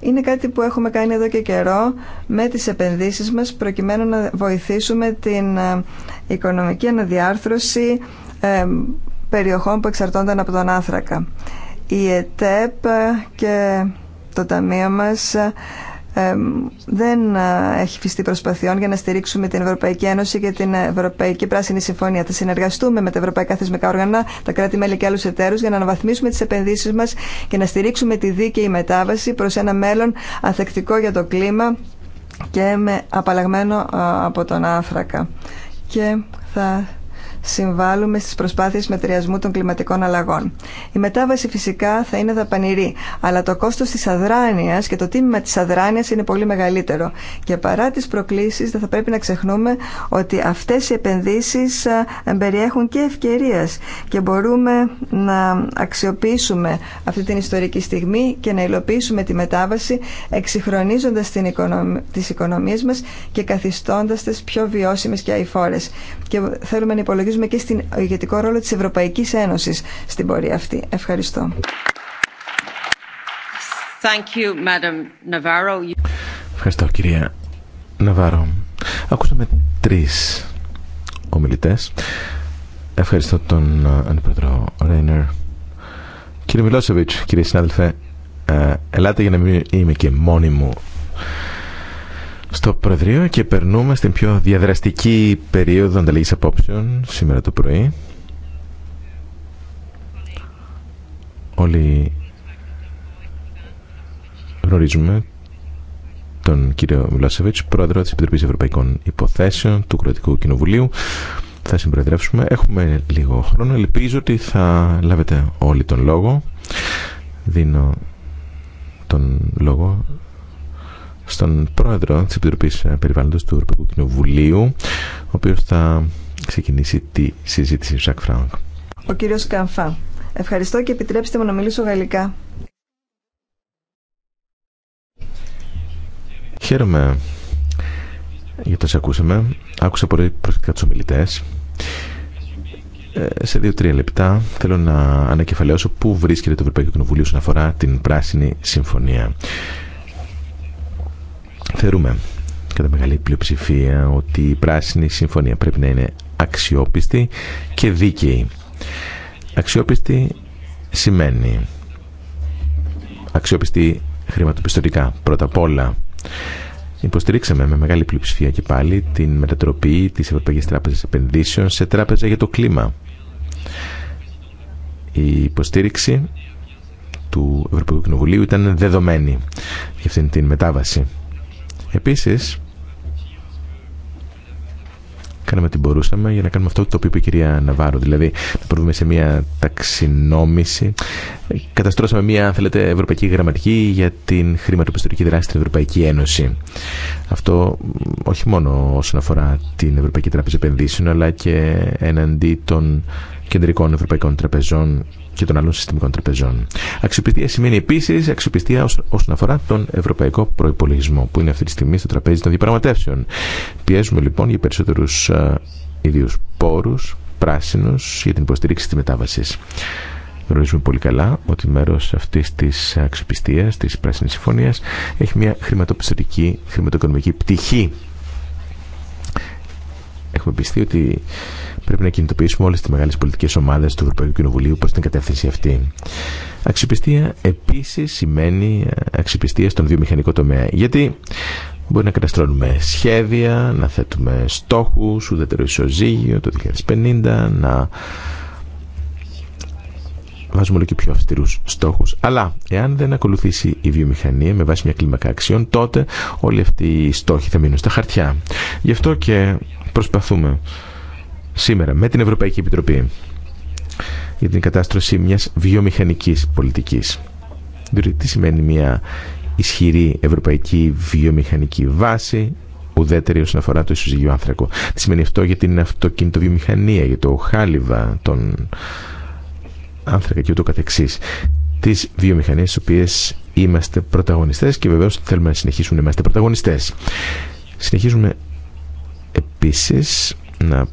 είναι κάτι που έχουμε κάνει εδώ και καιρό με τις επενδύσεις μας προκειμένου να βοηθήσουμε την ε, οικονομική αναδιάρθρωση ε, περιοχών που εξαρτώνταν από τον άνθρακα. Η ΕΤΕΠ ε, και το Ταμείο μας δεν ε, έχει φυστεί προσπαθειών για να στηρίξουμε την Ευρωπαϊκή Ένωση και την Ευρωπαϊκή Πράσινη Συμφωνία. Θα συνεργαστούμε με τα ευρωπαϊκά θεσμικά όργανα, τα κράτη-μέλη και άλλου εταίρου για να αναβαθμίσουμε τι επενδύσει μα και να στηρίξουμε τη δίκαιη μετάβαση προ ένα μέλλον ανθεκτικό για το κλίμα και με απαλλαγμένο ε, από τον άνθρακα. Και θα συμβάλλουμε στις προσπάθειες μετριασμού των κλιματικών αλλαγών. Η μετάβαση φυσικά θα είναι δαπανηρή, αλλά το κόστο τη αδράνεια και το τίμημα τη αδράνειας είναι πολύ μεγαλύτερο. Και παρά τι προκλήσει, δεν θα πρέπει να ξεχνούμε ότι αυτέ οι επενδύσει περιέχουν και ευκαιρίες και μπορούμε να αξιοποιήσουμε αυτή την ιστορική στιγμή και να υλοποιήσουμε τη μετάβαση εξυγχρονίζοντα τι οικονομίε μα και καθιστώντα τι πιο βιώσιμε και αηφόρε. Και θέλουμε να υπολογίσουμε και στην ε, ηγετικό ρόλο της Ευρωπαϊκής Ένωσης στην πορεία αυτή. Ευχαριστώ. Ευχαριστώ κυρία Ναβάρο. Ακούσαμε τρεις ομιλητές. Ευχαριστώ τον ε, Αντιπρόεδρο Ρέινερ. Κύριε Μιλόσεβιτς, κύριε συνάδελφε, ε, ελάτε για να μην είμαι και μόνη μου στο Προεδρείο και περνούμε στην πιο διαδραστική περίοδο ανταλλαγής απόψεων σήμερα το πρωί. Όλοι γνωρίζουμε τον κύριο Μιλόσεβιτς, πρόεδρο της Επιτροπής Ευρωπαϊκών Υποθέσεων του Κροατικού Κοινοβουλίου. Θα συμπροεδρεύσουμε. Έχουμε λίγο χρόνο. Ελπίζω ότι θα λάβετε όλοι τον λόγο. Δίνω τον λόγο στον πρόεδρο της Επιτροπής ε, Περιβάλλοντος του Ευρωπαϊκού Κοινοβουλίου, ο οποίος θα ξεκινήσει τη συζήτηση του Ζακ Φράγκ. Ο κύριο Καμφά. Ευχαριστώ και επιτρέψτε μου να μιλήσω γαλλικά. Χαίρομαι για το σε ακούσαμε. Άκουσα πολύ προσεκτικά τους ομιλητές. Ε, σε δύο-τρία λεπτά θέλω να ανακεφαλαιώσω πού βρίσκεται το Ευρωπαϊκό Κοινοβούλιο όσον αφορά την Πράσινη Συμφωνία. Θεωρούμε κατά μεγάλη πλειοψηφία ότι η πράσινη συμφωνία πρέπει να είναι αξιόπιστη και δίκαιη. Αξιόπιστη σημαίνει αξιόπιστη χρηματοπιστωτικά πρώτα απ' όλα. Υποστηρίξαμε με μεγάλη πλειοψηφία και πάλι την μετατροπή της Ευρωπαϊκής Τράπεζας Επενδύσεων σε τράπεζα για το κλίμα. Η υποστήριξη του Ευρωπαϊκού Κοινοβουλίου ήταν δεδομένη για αυτήν την μετάβαση. Επίσης, κάναμε ό,τι μπορούσαμε για να κάνουμε αυτό το οποίο είπε η κυρία Ναβάρο. Δηλαδή, να προβούμε σε μια ταξινόμηση. Καταστρώσαμε μια, αν θέλετε, ευρωπαϊκή γραμματική για την χρηματοπιστωτική δράση στην Ευρωπαϊκή Ένωση. Αυτό όχι μόνο όσον αφορά την Ευρωπαϊκή Τράπεζα Επενδύσεων, αλλά και εναντί των κεντρικών ευρωπαϊκών τραπεζών και των άλλων συστημικών τραπεζών. Αξιοπιστία σημαίνει επίση αξιοπιστία όσον αφορά τον ευρωπαϊκό προπολογισμό, που είναι αυτή τη στιγμή στο τραπέζι των διαπραγματεύσεων. Πιέζουμε λοιπόν για περισσότερου ιδίου πόρου, πράσινου, για την υποστήριξη τη μετάβαση. Γνωρίζουμε πολύ καλά ότι μέρο αυτή τη αξιοπιστία, τη πράσινη συμφωνία, έχει μια χρηματοπιστωτική, χρηματοοικονομική πτυχή έχουμε πιστεί ότι πρέπει να κινητοποιήσουμε όλε τι μεγάλε πολιτικέ ομάδε του Ευρωπαϊκού Κοινοβουλίου προ την κατεύθυνση αυτή. Αξιοπιστία επίση σημαίνει ε, αξιοπιστία στον βιομηχανικό τομέα. Γιατί μπορεί να καταστρώνουμε σχέδια, να θέτουμε στόχου, ουδετερό ισοζύγιο το 2050, να βάζουμε όλο και πιο αυστηρού στόχου. Αλλά εάν δεν ακολουθήσει η βιομηχανία με βάση μια κλίμακα αξιών, τότε όλοι αυτοί οι στόχοι θα μείνουν στα χαρτιά. Γι' αυτό και προσπαθούμε σήμερα με την Ευρωπαϊκή Επιτροπή για την κατάστρωση μιας βιομηχανικής πολιτικής. Δηλαδή τι σημαίνει μια ισχυρή ευρωπαϊκή βιομηχανική βάση, ουδέτερη όσον αφορά το ισοζυγείο άνθρακο. Τι σημαίνει αυτό για την αυτοκίνητο βιομηχανία, για το χάλιβα, τον άνθρακα και ούτω καθεξής τις βιομηχανίες στις οποίες είμαστε πρωταγωνιστές και βεβαίως θέλουμε να συνεχίσουν να είμαστε πρωταγωνιστές. Συνεχίζουμε επίσης να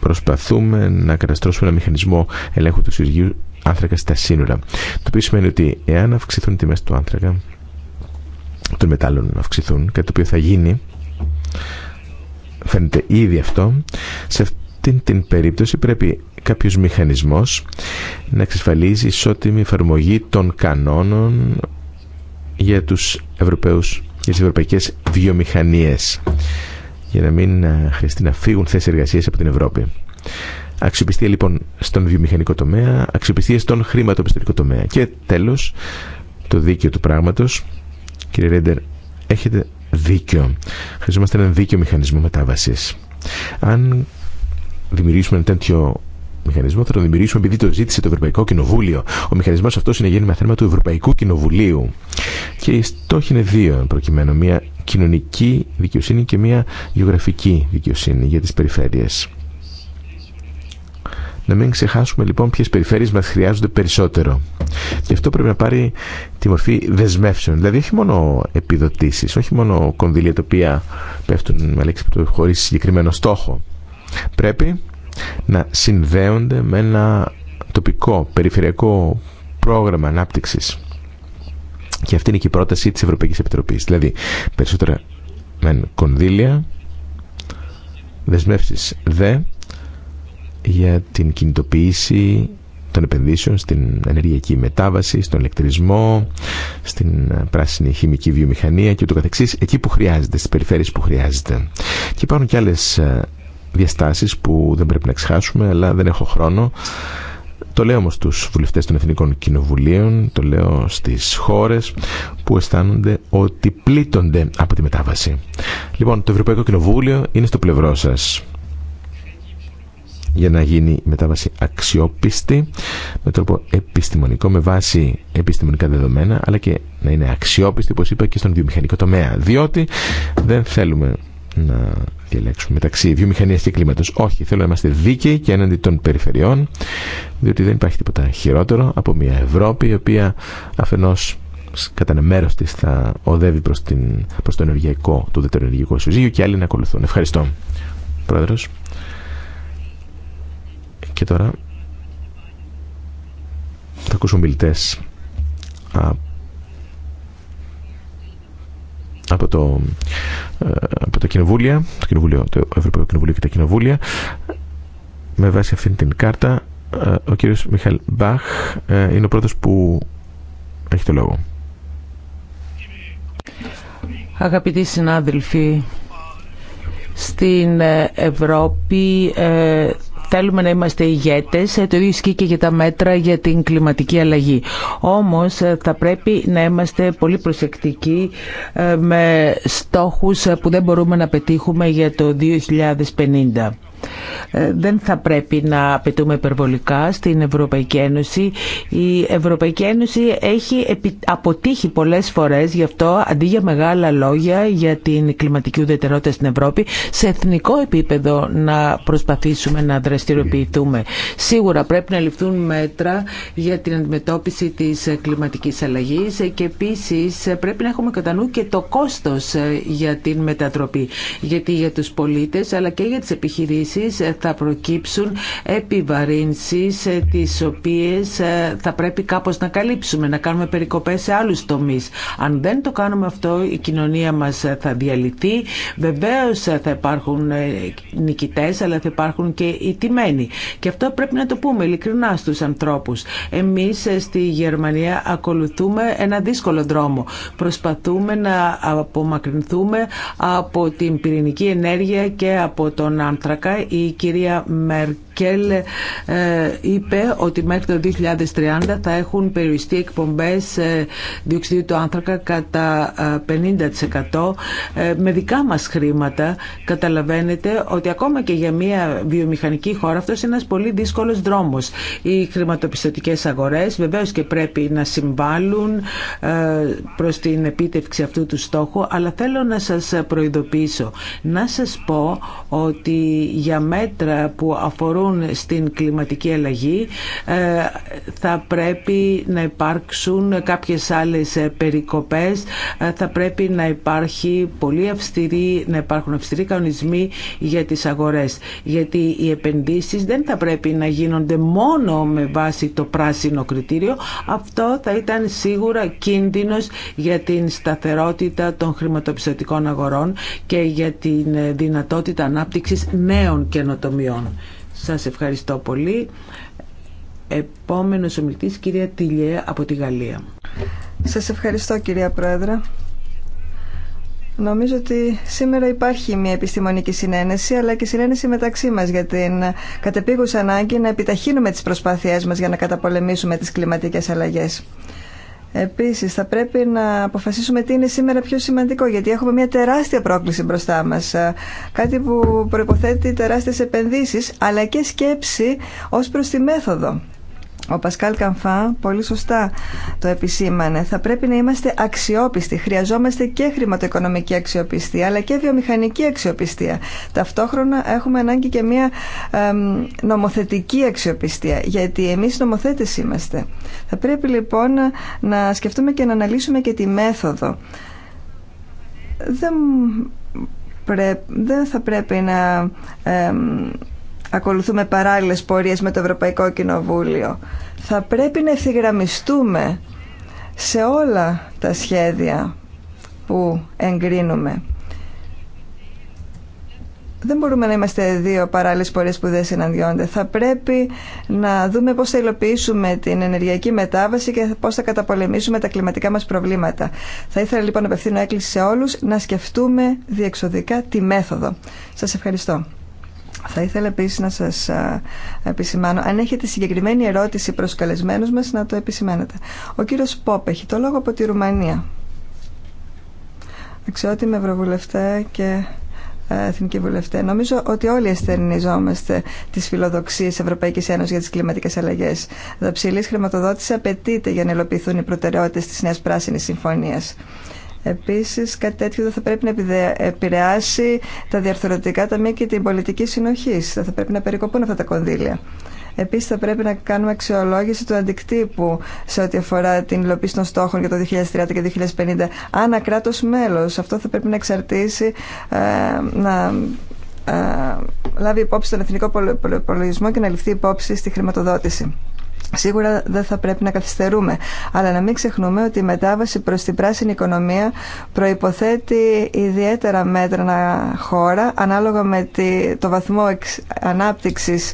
προσπαθούμε να καταστρώσουμε ένα μηχανισμό ελέγχου του συζυγίου άνθρακα στα σύνορα. Το οποίο σημαίνει ότι εάν αυξηθούν οι τιμές του άνθρακα, των μετάλλων αυξηθούν, κάτι το οποίο θα γίνει, φαίνεται ήδη αυτό, σε αυτήν την περίπτωση πρέπει κάποιος μηχανισμός να εξασφαλίζει ισότιμη εφαρμογή των κανόνων για τους Ευρωπαίους για τις ευρωπαϊκές βιομηχανίες για να μην ε, χρειαστεί να φύγουν θέσει εργασίας από την Ευρώπη. Αξιοπιστία λοιπόν στον βιομηχανικό τομέα, αξιοπιστία στον χρηματοπιστωτικό τομέα. Και τέλος, το δίκαιο του πράγματος. Κύριε Ρέντερ, έχετε δίκιο. Χρειαζόμαστε έναν δίκαιο μηχανισμό μετάβασης. Αν δημιουργήσουμε ένα τέτοιο μηχανισμό, θα το δημιουργήσουμε επειδή το ζήτησε το Ευρωπαϊκό Κοινοβούλιο. Ο μηχανισμό αυτό είναι γέννημα θέμα του Ευρωπαϊκού Κοινοβουλίου. Και οι στόχοι είναι δύο προκειμένου. Μια κοινωνική δικαιοσύνη και μια γεωγραφική δικαιοσύνη για τι περιφέρειε. Να μην ξεχάσουμε λοιπόν ποιε περιφέρειε μα χρειάζονται περισσότερο. Και αυτό πρέπει να πάρει τη μορφή δεσμεύσεων. Δηλαδή, όχι μόνο επιδοτήσει, όχι μόνο κονδύλια τα οποία πέφτουν με λέξη χωρί συγκεκριμένο στόχο πρέπει να συνδέονται με ένα τοπικό, περιφερειακό πρόγραμμα ανάπτυξης. Και αυτή είναι και η πρόταση της Ευρωπαϊκής Επιτροπής. Δηλαδή, περισσότερα με κονδύλια, δεσμεύσεις δε, για την κινητοποίηση των επενδύσεων στην ενεργειακή μετάβαση, στον ηλεκτρισμό, στην πράσινη χημική βιομηχανία και ούτω καθεξής, εκεί που χρειάζεται, στις περιφέρειες που χρειάζεται. Και υπάρχουν και άλλες ε, διαστάσεις που δεν πρέπει να ξεχάσουμε αλλά δεν έχω χρόνο το λέω όμως στους βουλευτές των Εθνικών Κοινοβουλίων το λέω στις χώρες που αισθάνονται ότι πλήττονται από τη μετάβαση λοιπόν το Ευρωπαϊκό Κοινοβούλιο είναι στο πλευρό σας για να γίνει η μετάβαση αξιόπιστη με τρόπο επιστημονικό, με βάση επιστημονικά δεδομένα, αλλά και να είναι αξιόπιστη, όπως είπα, και στον βιομηχανικό τομέα. Διότι δεν θέλουμε να διαλέξουμε μεταξύ βιομηχανία και κλίματο. Όχι, θέλω να είμαστε δίκαιοι και έναντι των περιφερειών, διότι δεν υπάρχει τίποτα χειρότερο από μια Ευρώπη η οποία αφενό κατά ένα μέρο τη θα οδεύει προ προς το ενεργειακό, το ενεργειακό ισοζύγιο και άλλοι να ακολουθούν. Ευχαριστώ, Πρόεδρο. Και τώρα θα ακούσουμε μιλητέ από από το, ε, από τα κοινοβούλια, το, κοινοβούλιο, το Ευρωπαϊκό Κοινοβούλιο και τα κοινοβούλια. Με βάση αυτήν την κάρτα, ε, ο κύριος Μιχαήλ Μπαχ ε, είναι ο πρώτος που έχει το λόγο. Αγαπητοί συνάδελφοι, στην Ευρώπη Θέλουμε να είμαστε ηγέτες, ε, το ίδιο ισχύει και για τα μέτρα για την κλιματική αλλαγή. Όμως ε, θα πρέπει να είμαστε πολύ προσεκτικοί ε, με στόχους που δεν μπορούμε να πετύχουμε για το 2050. Ε, δεν θα πρέπει να απαιτούμε υπερβολικά στην Ευρωπαϊκή Ένωση. Η Ευρωπαϊκή Ένωση έχει αποτύχει πολλές φορές, γι' αυτό αντί για μεγάλα λόγια για την κλιματική ουδετερότητα στην Ευρώπη, σε εθνικό επίπεδο να προσπαθήσουμε να δραστηριοποιηθούμε. Σίγουρα πρέπει να ληφθούν μέτρα για την αντιμετώπιση της κλιματικής αλλαγής και επίσης πρέπει να έχουμε κατά νου και το κόστος ε, για την μετατροπή. Γιατί για τους πολίτες αλλά και για τις επιχειρήσεις ε, θα προκύψουν επιβαρύνσεις ε, τις οποίες ε, θα πρέπει κάπως να καλύψουμε, να κάνουμε περικοπές σε άλλους τομείς. Αν δεν το κάνουμε αυτό η κοινωνία μας θα διαλυθεί. Βεβαίως θα υπάρχουν νικητές αλλά θα υπάρχουν και οι τιμένοι. Και αυτό πρέπει να το πούμε ειλικρινά στους ανθρώπους. Εμείς στη Γερμανία ακολουθούμε ένα δύσκολο δρόμο. Προσπαθούμε να απομακρυνθούμε από την πυρηνική ενέργεια και από τον άνθρακα η κυρία Μέρκελ Μέρκελ ε, είπε ότι μέχρι το 2030 θα έχουν περιοριστεί εκπομπές ε, διοξιδίου του άνθρακα κατά 50% ε, με δικά μας χρήματα. Καταλαβαίνετε ότι ακόμα και για μια βιομηχανική χώρα αυτό είναι ένας πολύ δύσκολος δρόμος. Οι χρηματοπιστωτικές αγορές βεβαίως και πρέπει να συμβάλλουν προς την επίτευξη αυτού του στόχου, αλλά θέλω να σας προειδοποιήσω, να σας πω ότι για μέτρα που αφορούν στην κλιματική αλλαγή ε, θα πρέπει να υπάρξουν κάποιες άλλες ε, περικοπές ε, θα πρέπει να υπάρχει πολύ αυστηρή, να υπάρχουν αυστηροί κανονισμοί για τις αγορές γιατί οι επενδύσεις δεν θα πρέπει να γίνονται μόνο με βάση το πράσινο κριτήριο αυτό θα ήταν σίγουρα κίνδυνος για την σταθερότητα των χρηματοπιστωτικών αγορών και για την δυνατότητα ανάπτυξης νέων καινοτομιών. Σας ευχαριστώ πολύ. Επόμενος ομιλητής, κυρία Τιλιέ από τη Γαλλία. Σας ευχαριστώ κυρία Πρόεδρε. Νομίζω ότι σήμερα υπάρχει μια επιστημονική συνένεση, αλλά και συνένεση μεταξύ μα για την κατεπίγουσα ανάγκη να επιταχύνουμε τι προσπάθειέ μα για να καταπολεμήσουμε τι κλιματικέ αλλαγέ. Επίσης, θα πρέπει να αποφασίσουμε τι είναι σήμερα πιο σημαντικό, γιατί έχουμε μια τεράστια πρόκληση μπροστά μας. Ε, κάτι που προϋποθέτει τεράστιες επενδύσεις, αλλά και σκέψη ως προς τη μέθοδο. Ο Πασκάλ Καμφά πολύ σωστά το επισήμανε. Θα πρέπει να είμαστε αξιόπιστοι. Χρειαζόμαστε και χρηματοοικονομική αξιοπιστία, αλλά και βιομηχανική αξιοπιστία. Ταυτόχρονα έχουμε ανάγκη και μια νομοθετική αξιοπιστία, γιατί εμείς νομοθέτες είμαστε. Θα πρέπει λοιπόν να σκεφτούμε και να αναλύσουμε και τη μέθοδο. Δεν, δεν θα πρέπει να ακολουθούμε παράλληλες πορείες με το Ευρωπαϊκό Κοινοβούλιο. Θα πρέπει να ευθυγραμμιστούμε σε όλα τα σχέδια που εγκρίνουμε. Δεν μπορούμε να είμαστε δύο παράλληλες πορείες που δεν συναντιόνται. Θα πρέπει να δούμε πώς θα υλοποιήσουμε την ενεργειακή μετάβαση και πώς θα καταπολεμήσουμε τα κλιματικά μας προβλήματα. Θα ήθελα λοιπόν να απευθύνω έκκληση σε όλους να σκεφτούμε διεξοδικά τη μέθοδο. Σας ευχαριστώ. Θα ήθελα επίση να σα επισημάνω, αν έχετε συγκεκριμένη ερώτηση προ καλεσμένου μα, να το επισημάνετε. Ο κύριο Πόπ έχει το λόγο από τη Ρουμανία. Αξιότιμη Ευρωβουλευτέ και ε, Εθνική Βουλευτέ, νομίζω ότι όλοι εστερνιζόμαστε τι φιλοδοξίε Ευρωπαϊκή Ένωση για τι κλιματικέ αλλαγέ. Δαψιλή χρηματοδότηση απαιτείται για να υλοποιηθούν οι προτεραιότητε τη Νέα Πράσινη Συμφωνία. Επίσης κάτι τέτοιο δεν θα πρέπει να επηρεάσει τα διαρθρωτικά ταμεία και την πολιτική συνοχή. Θα πρέπει να περικοπούν αυτά τα κονδύλια. Επίσης θα πρέπει να κάνουμε αξιολόγηση του αντικτύπου σε ό,τι αφορά την υλοποίηση των στόχων για το 2030 και 2050. Ανά κράτος μέλος. Αυτό θα πρέπει να εξαρτήσει ε, να ε, λάβει υπόψη τον εθνικό προπολογισμό και να ληφθεί υπόψη στη χρηματοδότηση. Σίγουρα δεν θα πρέπει να καθυστερούμε, αλλά να μην ξεχνούμε ότι η μετάβαση προς την πράσινη οικονομία προϋποθέτει ιδιαίτερα μέτρα χώρα ανάλογα με το βαθμό ανάπτυξης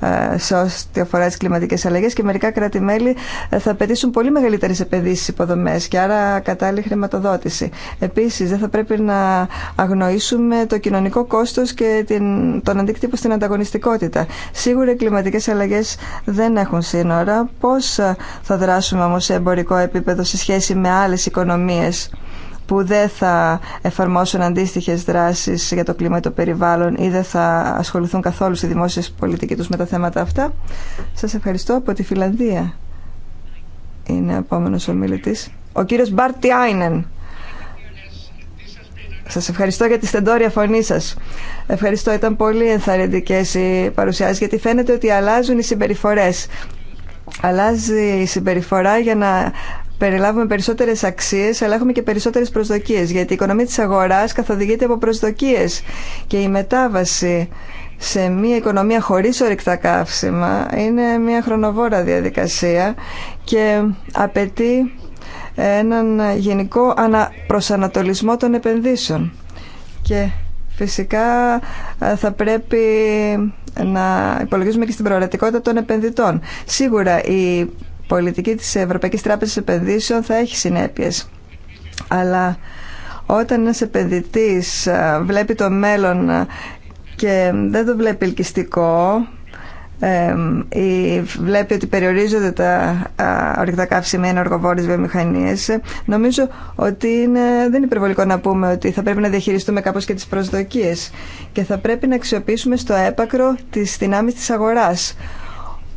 ε, σε ό,τι αφορά τι κλιματικέ αλλαγέ και μερικά κράτη-μέλη ε, θα απαιτήσουν πολύ μεγαλύτερε επενδύσει υποδομέ και άρα κατάλληλη χρηματοδότηση. Επίση, δεν θα πρέπει να αγνοήσουμε το κοινωνικό κόστο και την, τον αντίκτυπο στην ανταγωνιστικότητα. Σίγουρα οι κλιματικέ αλλαγέ δεν έχουν σύνορα. Πώ θα δράσουμε όμω σε εμπορικό επίπεδο σε σχέση με άλλε οικονομίε που δεν θα εφαρμόσουν αντίστοιχε δράσει για το κλίμα και το περιβάλλον ή δεν θα ασχοληθούν καθόλου στη δημόσια πολιτική του με τα θέματα αυτά. Σα ευχαριστώ από τη Φιλανδία. Είναι ο επόμενο ομιλητή. Ο κύριο Μπάρτι Άινεν. Σας ευχαριστώ για τη στεντόρια φωνή σα. Ευχαριστώ, ήταν πολύ ενθαρρυντικές οι παρουσιάσει, γιατί φαίνεται ότι αλλάζουν οι συμπεριφορέ. Αλλάζει η συμπεριφορά για να περιλάβουμε περισσότερε αξίε, αλλά έχουμε και περισσότερε προσδοκίε. Γιατί η οικονομία τη αγορά καθοδηγείται από προσδοκίε και η μετάβαση σε μια οικονομία χωρί ορυκτά καύσιμα είναι μια χρονοβόρα διαδικασία και απαιτεί έναν γενικό προσανατολισμό των επενδύσεων. Και φυσικά ε, θα πρέπει να υπολογίζουμε και στην προορατικότητα των επενδυτών. Σίγουρα η πολιτική της Ευρωπαϊκής Τράπεζας Επενδύσεων θα έχει συνέπειες. Αλλά όταν ένας επενδυτής ε, βλέπει το μέλλον ε, και δεν το βλέπει ελκυστικό ε, ή βλέπει ότι περιορίζονται τα ορυκτά καύσιμα ή ενεργοβόρες βιομηχανίες νομίζω ότι δεν είναι υπερβολικό να πούμε ότι θα πρέπει να διαχειριστούμε κάπως και τις προσδοκίες και θα πρέπει να αξιοποιήσουμε στο έπακρο τις δυνάμεις της αγοράς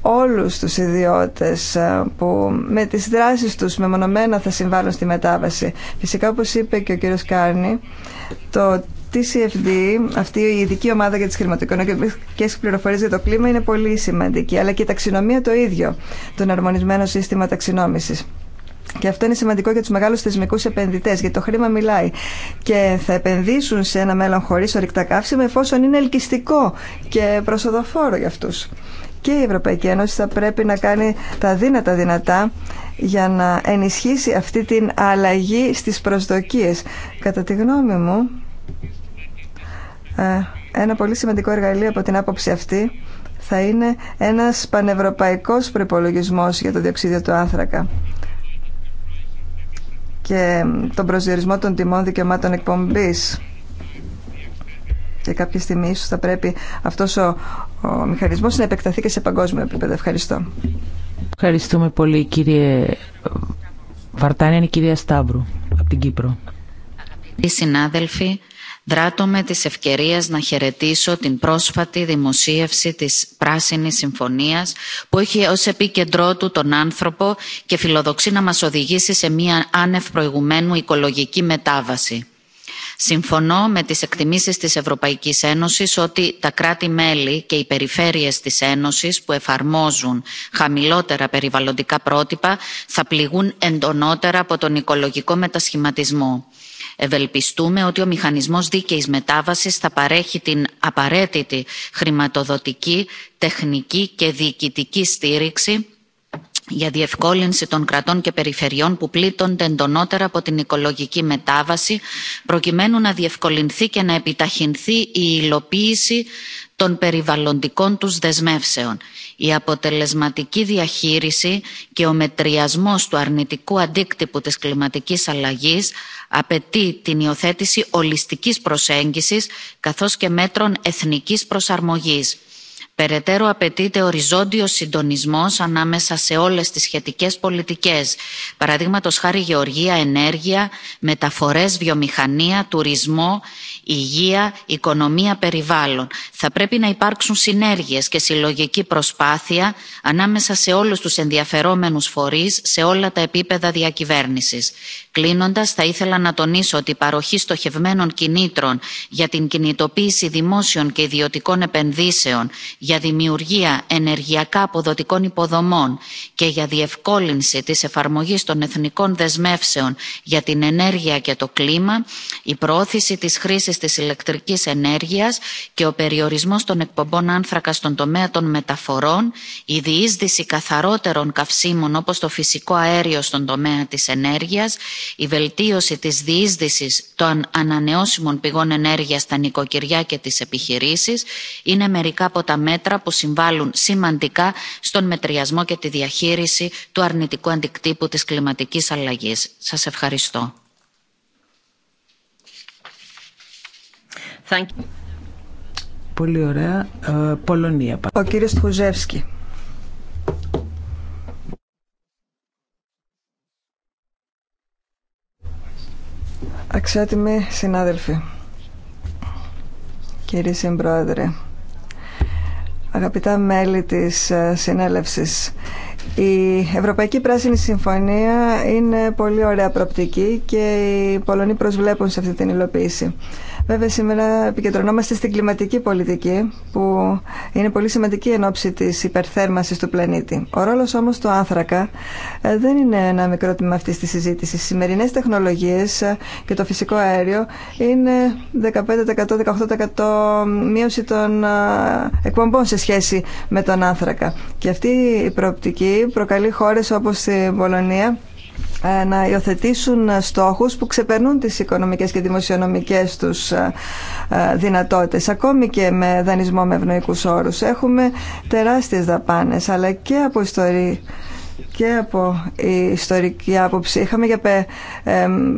όλους τους ιδιώτες ε, που με τις δράσεις τους μεμονωμένα θα συμβάλλουν στη μετάβαση. Φυσικά όπως είπε και ο κύριος Κάρνη, το TCFD, αυτή η ειδική ομάδα για τις χρηματοοικονομικές πληροφορίες για το κλίμα είναι πολύ σημαντική, αλλά και η ταξινομία το ίδιο, το εναρμονισμένο σύστημα ταξινόμησης. Και αυτό είναι σημαντικό για του μεγάλου θεσμικού επενδυτέ, γιατί το χρήμα μιλάει. Και θα επενδύσουν σε ένα μέλλον χωρί ορυκτά καύσιμα, εφόσον είναι ελκυστικό και προσοδοφόρο για αυτού και η Ευρωπαϊκή Ένωση θα πρέπει να κάνει τα δύνατα δυνατά για να ενισχύσει αυτή την αλλαγή στις προσδοκίες. Κατά τη γνώμη μου, ε, ένα πολύ σημαντικό εργαλείο από την άποψη αυτή θα είναι ένας πανευρωπαϊκός προϋπολογισμός για το διοξίδιο του άνθρακα και τον προσδιορισμό των τιμών δικαιωμάτων εκπομπής και κάποια στιγμή ίσως θα πρέπει αυτός ο, ο μηχανισμός να επεκταθεί και σε παγκόσμιο επίπεδο. Ευχαριστώ. Ευχαριστούμε πολύ κύριε βαρτάνιαν και η κυρία Σταύρου από την Κύπρο. Αγαπητοί συνάδελφοι, δράτω με της ευκαιρίας να χαιρετήσω την πρόσφατη δημοσίευση της Πράσινης Συμφωνίας που έχει ως επίκεντρό του τον άνθρωπο και φιλοδοξεί να μας οδηγήσει σε μια άνευ προηγουμένου οικολογική μετάβαση συμφωνώ με τις εκτιμήσεις της ευρωπαϊκής ένωσης ότι τα κράτη μέλη και οι περιφέρειες της ένωσης που εφαρμόζουν χαμηλότερα περιβαλλοντικά πρότυπα θα πληγούν εντονότερα από τον οικολογικό μετασχηματισμό. ευελπιστούμε ότι ο μηχανισμός δίκαιης μετάβασης θα παρέχει την απαραίτητη χρηματοδοτική τεχνική και διοικητική στήριξη για διευκόλυνση των κρατών και περιφερειών που πλήττονται εντονότερα από την οικολογική μετάβαση προκειμένου να διευκολυνθεί και να επιταχυνθεί η υλοποίηση των περιβαλλοντικών τους δεσμεύσεων. Η αποτελεσματική διαχείριση και ο μετριασμός του αρνητικού αντίκτυπου της κλιματικής αλλαγής απαιτεί την υιοθέτηση ολιστικής προσέγγισης καθώς και μέτρων εθνικής προσαρμογής περαιτέρω απαιτείται οριζόντιος συντονισμός ανάμεσα σε όλες τις σχετικές πολιτικές Παραδείγματο χάρη γεωργία ενέργεια μεταφορές βιομηχανία τουρισμό υγεία οικονομία περιβάλλον. θα πρέπει να υπάρξουν συνέργειες και συλλογική προσπάθεια ανάμεσα σε όλους τους ενδιαφερόμενους φορείς σε όλα τα επίπεδα διακυβέρνησης. Κλείνοντα θα ήθελα να τονίσω ότι η παροχή στοχευμένων κινήτρων για την κινητοποίηση δημόσιων και ιδιωτικών επενδύσεων, για δημιουργία ενεργειακά αποδοτικών υποδομών και για διευκόλυνση της εφαρμογή των εθνικών δεσμεύσεων για την ενέργεια και το κλίμα, η προώθηση της χρήση της ηλεκτρική ενέργεια και ο περιορισμό των εκπομπών άνθρακα στον τομέα των μεταφορών, η διείσδυση καθαρότερων καυσίμων όπω το φυσικό αέριο στον τομέα τη ενέργεια η βελτίωση της διείσδυσης των ανανεώσιμων πηγών ενέργειας στα νοικοκυριά και τις επιχειρήσεις είναι μερικά από τα μέτρα που συμβάλλουν σημαντικά στον μετριασμό και τη διαχείριση του αρνητικού αντικτύπου της κλιματικής αλλαγής. Σας ευχαριστώ. Πολύ ωραία. Ε, Πολωνία. Ο κύριος Αξιότιμοι συνάδελφοι, κύριοι Συμπρόεδρε, αγαπητά μέλη της ε, συνέλευσης, η Ευρωπαϊκή Πράσινη Συμφωνία είναι πολύ ωραία προπτική και οι Πολωνοί προσβλέπουν σε αυτή την υλοποίηση. Βέβαια σήμερα επικεντρωνόμαστε στην κλιματική πολιτική που είναι πολύ σημαντική εν ώψη της υπερθέρμανσης του πλανήτη. Ο ρόλος όμως του άνθρακα ε, δεν είναι ένα μικρό τμήμα αυτής της συζήτησης. Οι σημερινές τεχνολογίες ε, και το φυσικό αέριο είναι 15-18% μείωση των ε, εκπομπών σε σχέση με τον άνθρακα. Και αυτή η προοπτική προκαλεί χώρες όπως η Πολωνία ε, να υιοθετήσουν στόχους που ξεπερνούν τις οικονομικές και δημοσιονομικές τους ε, ε, δυνατότητες ακόμη και με δανεισμό με ευνοϊκούς όρους έχουμε τεράστιες δαπάνες αλλά και από και από η ιστορική άποψη. Είχαμε για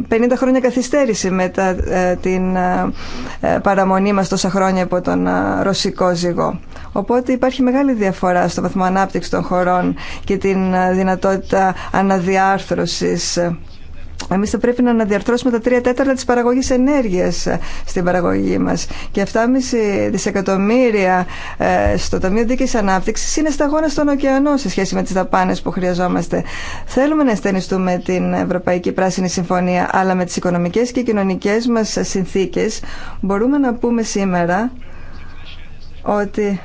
50 χρόνια καθυστέρηση μετά την παραμονή μας τόσα χρόνια από τον ρωσικό ζυγό. Οπότε υπάρχει μεγάλη διαφορά στο βαθμό ανάπτυξη των χωρών και την ε, δυνατότητα αναδιάρθρωσης. Εμεί θα πρέπει να αναδιαρθρώσουμε τα τρία τέταρτα τη παραγωγή ενέργεια ε, στην παραγωγή μα. Και 7,5 δισεκατομμύρια ε, στο Ταμείο Δίκαιη Ανάπτυξη είναι σταγόνα στον ωκεανό σε σχέση με τι δαπάνε που χρειαζόμαστε. Θέλουμε να αισθενιστούμε την Ευρωπαϊκή Πράσινη Συμφωνία, αλλά με τι οικονομικέ και κοινωνικέ μα συνθήκε μπορούμε να πούμε σήμερα ότι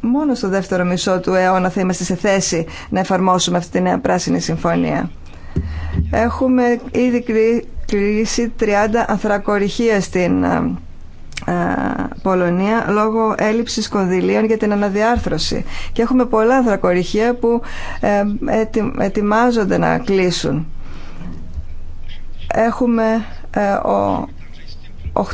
μόνο στο δεύτερο μισό του αιώνα θα είμαστε σε θέση να εφαρμόσουμε αυτή τη νέα πράσινη συμφωνία. Έχουμε ήδη κλείσει 30 ανθρακοριχεία στην Πολωνία λόγω έλλειψης κονδυλίων για την αναδιάρθρωση και έχουμε πολλά ανθρακοριχεία που ε, ετοιμάζονται να κλείσουν. Έχουμε ε, ο 8.000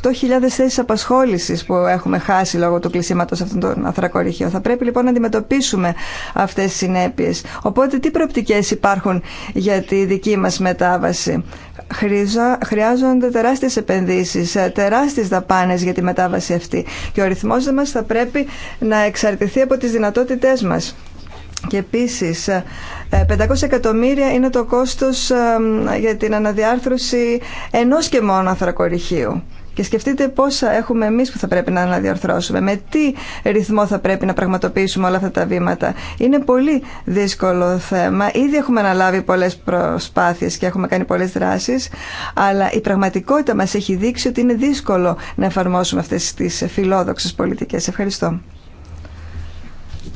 θέσει απασχόληση που έχουμε χάσει λόγω του κλεισίματο αυτών των αθρακοριχείων. Θα πρέπει λοιπόν να αντιμετωπίσουμε αυτέ τι συνέπειε. Οπότε, τι προοπτικέ υπάρχουν για τη δική μα μετάβαση. Χρειάζονται τεράστιε επενδύσει, ε, τεράστιε δαπάνε για τη μετάβαση αυτή. Και ο ρυθμό μα θα πρέπει να εξαρτηθεί από τι δυνατότητέ μα. Και επίσης, 500 ε, εκατομμύρια είναι το κόστος ε, για την αναδιάρθρωση ενός και μόνο αθρακοριχείου. Και σκεφτείτε πόσα έχουμε εμεί που θα πρέπει να αναδιορθώσουμε. με τι ρυθμό θα πρέπει να πραγματοποιήσουμε όλα αυτά τα βήματα. Είναι πολύ δύσκολο θέμα. Ήδη έχουμε αναλάβει πολλέ προσπάθειε και έχουμε κάνει πολλέ δράσει, αλλά η πραγματικότητα μα έχει δείξει ότι είναι δύσκολο να εφαρμόσουμε αυτέ τι φιλόδοξε πολιτικέ. Ευχαριστώ.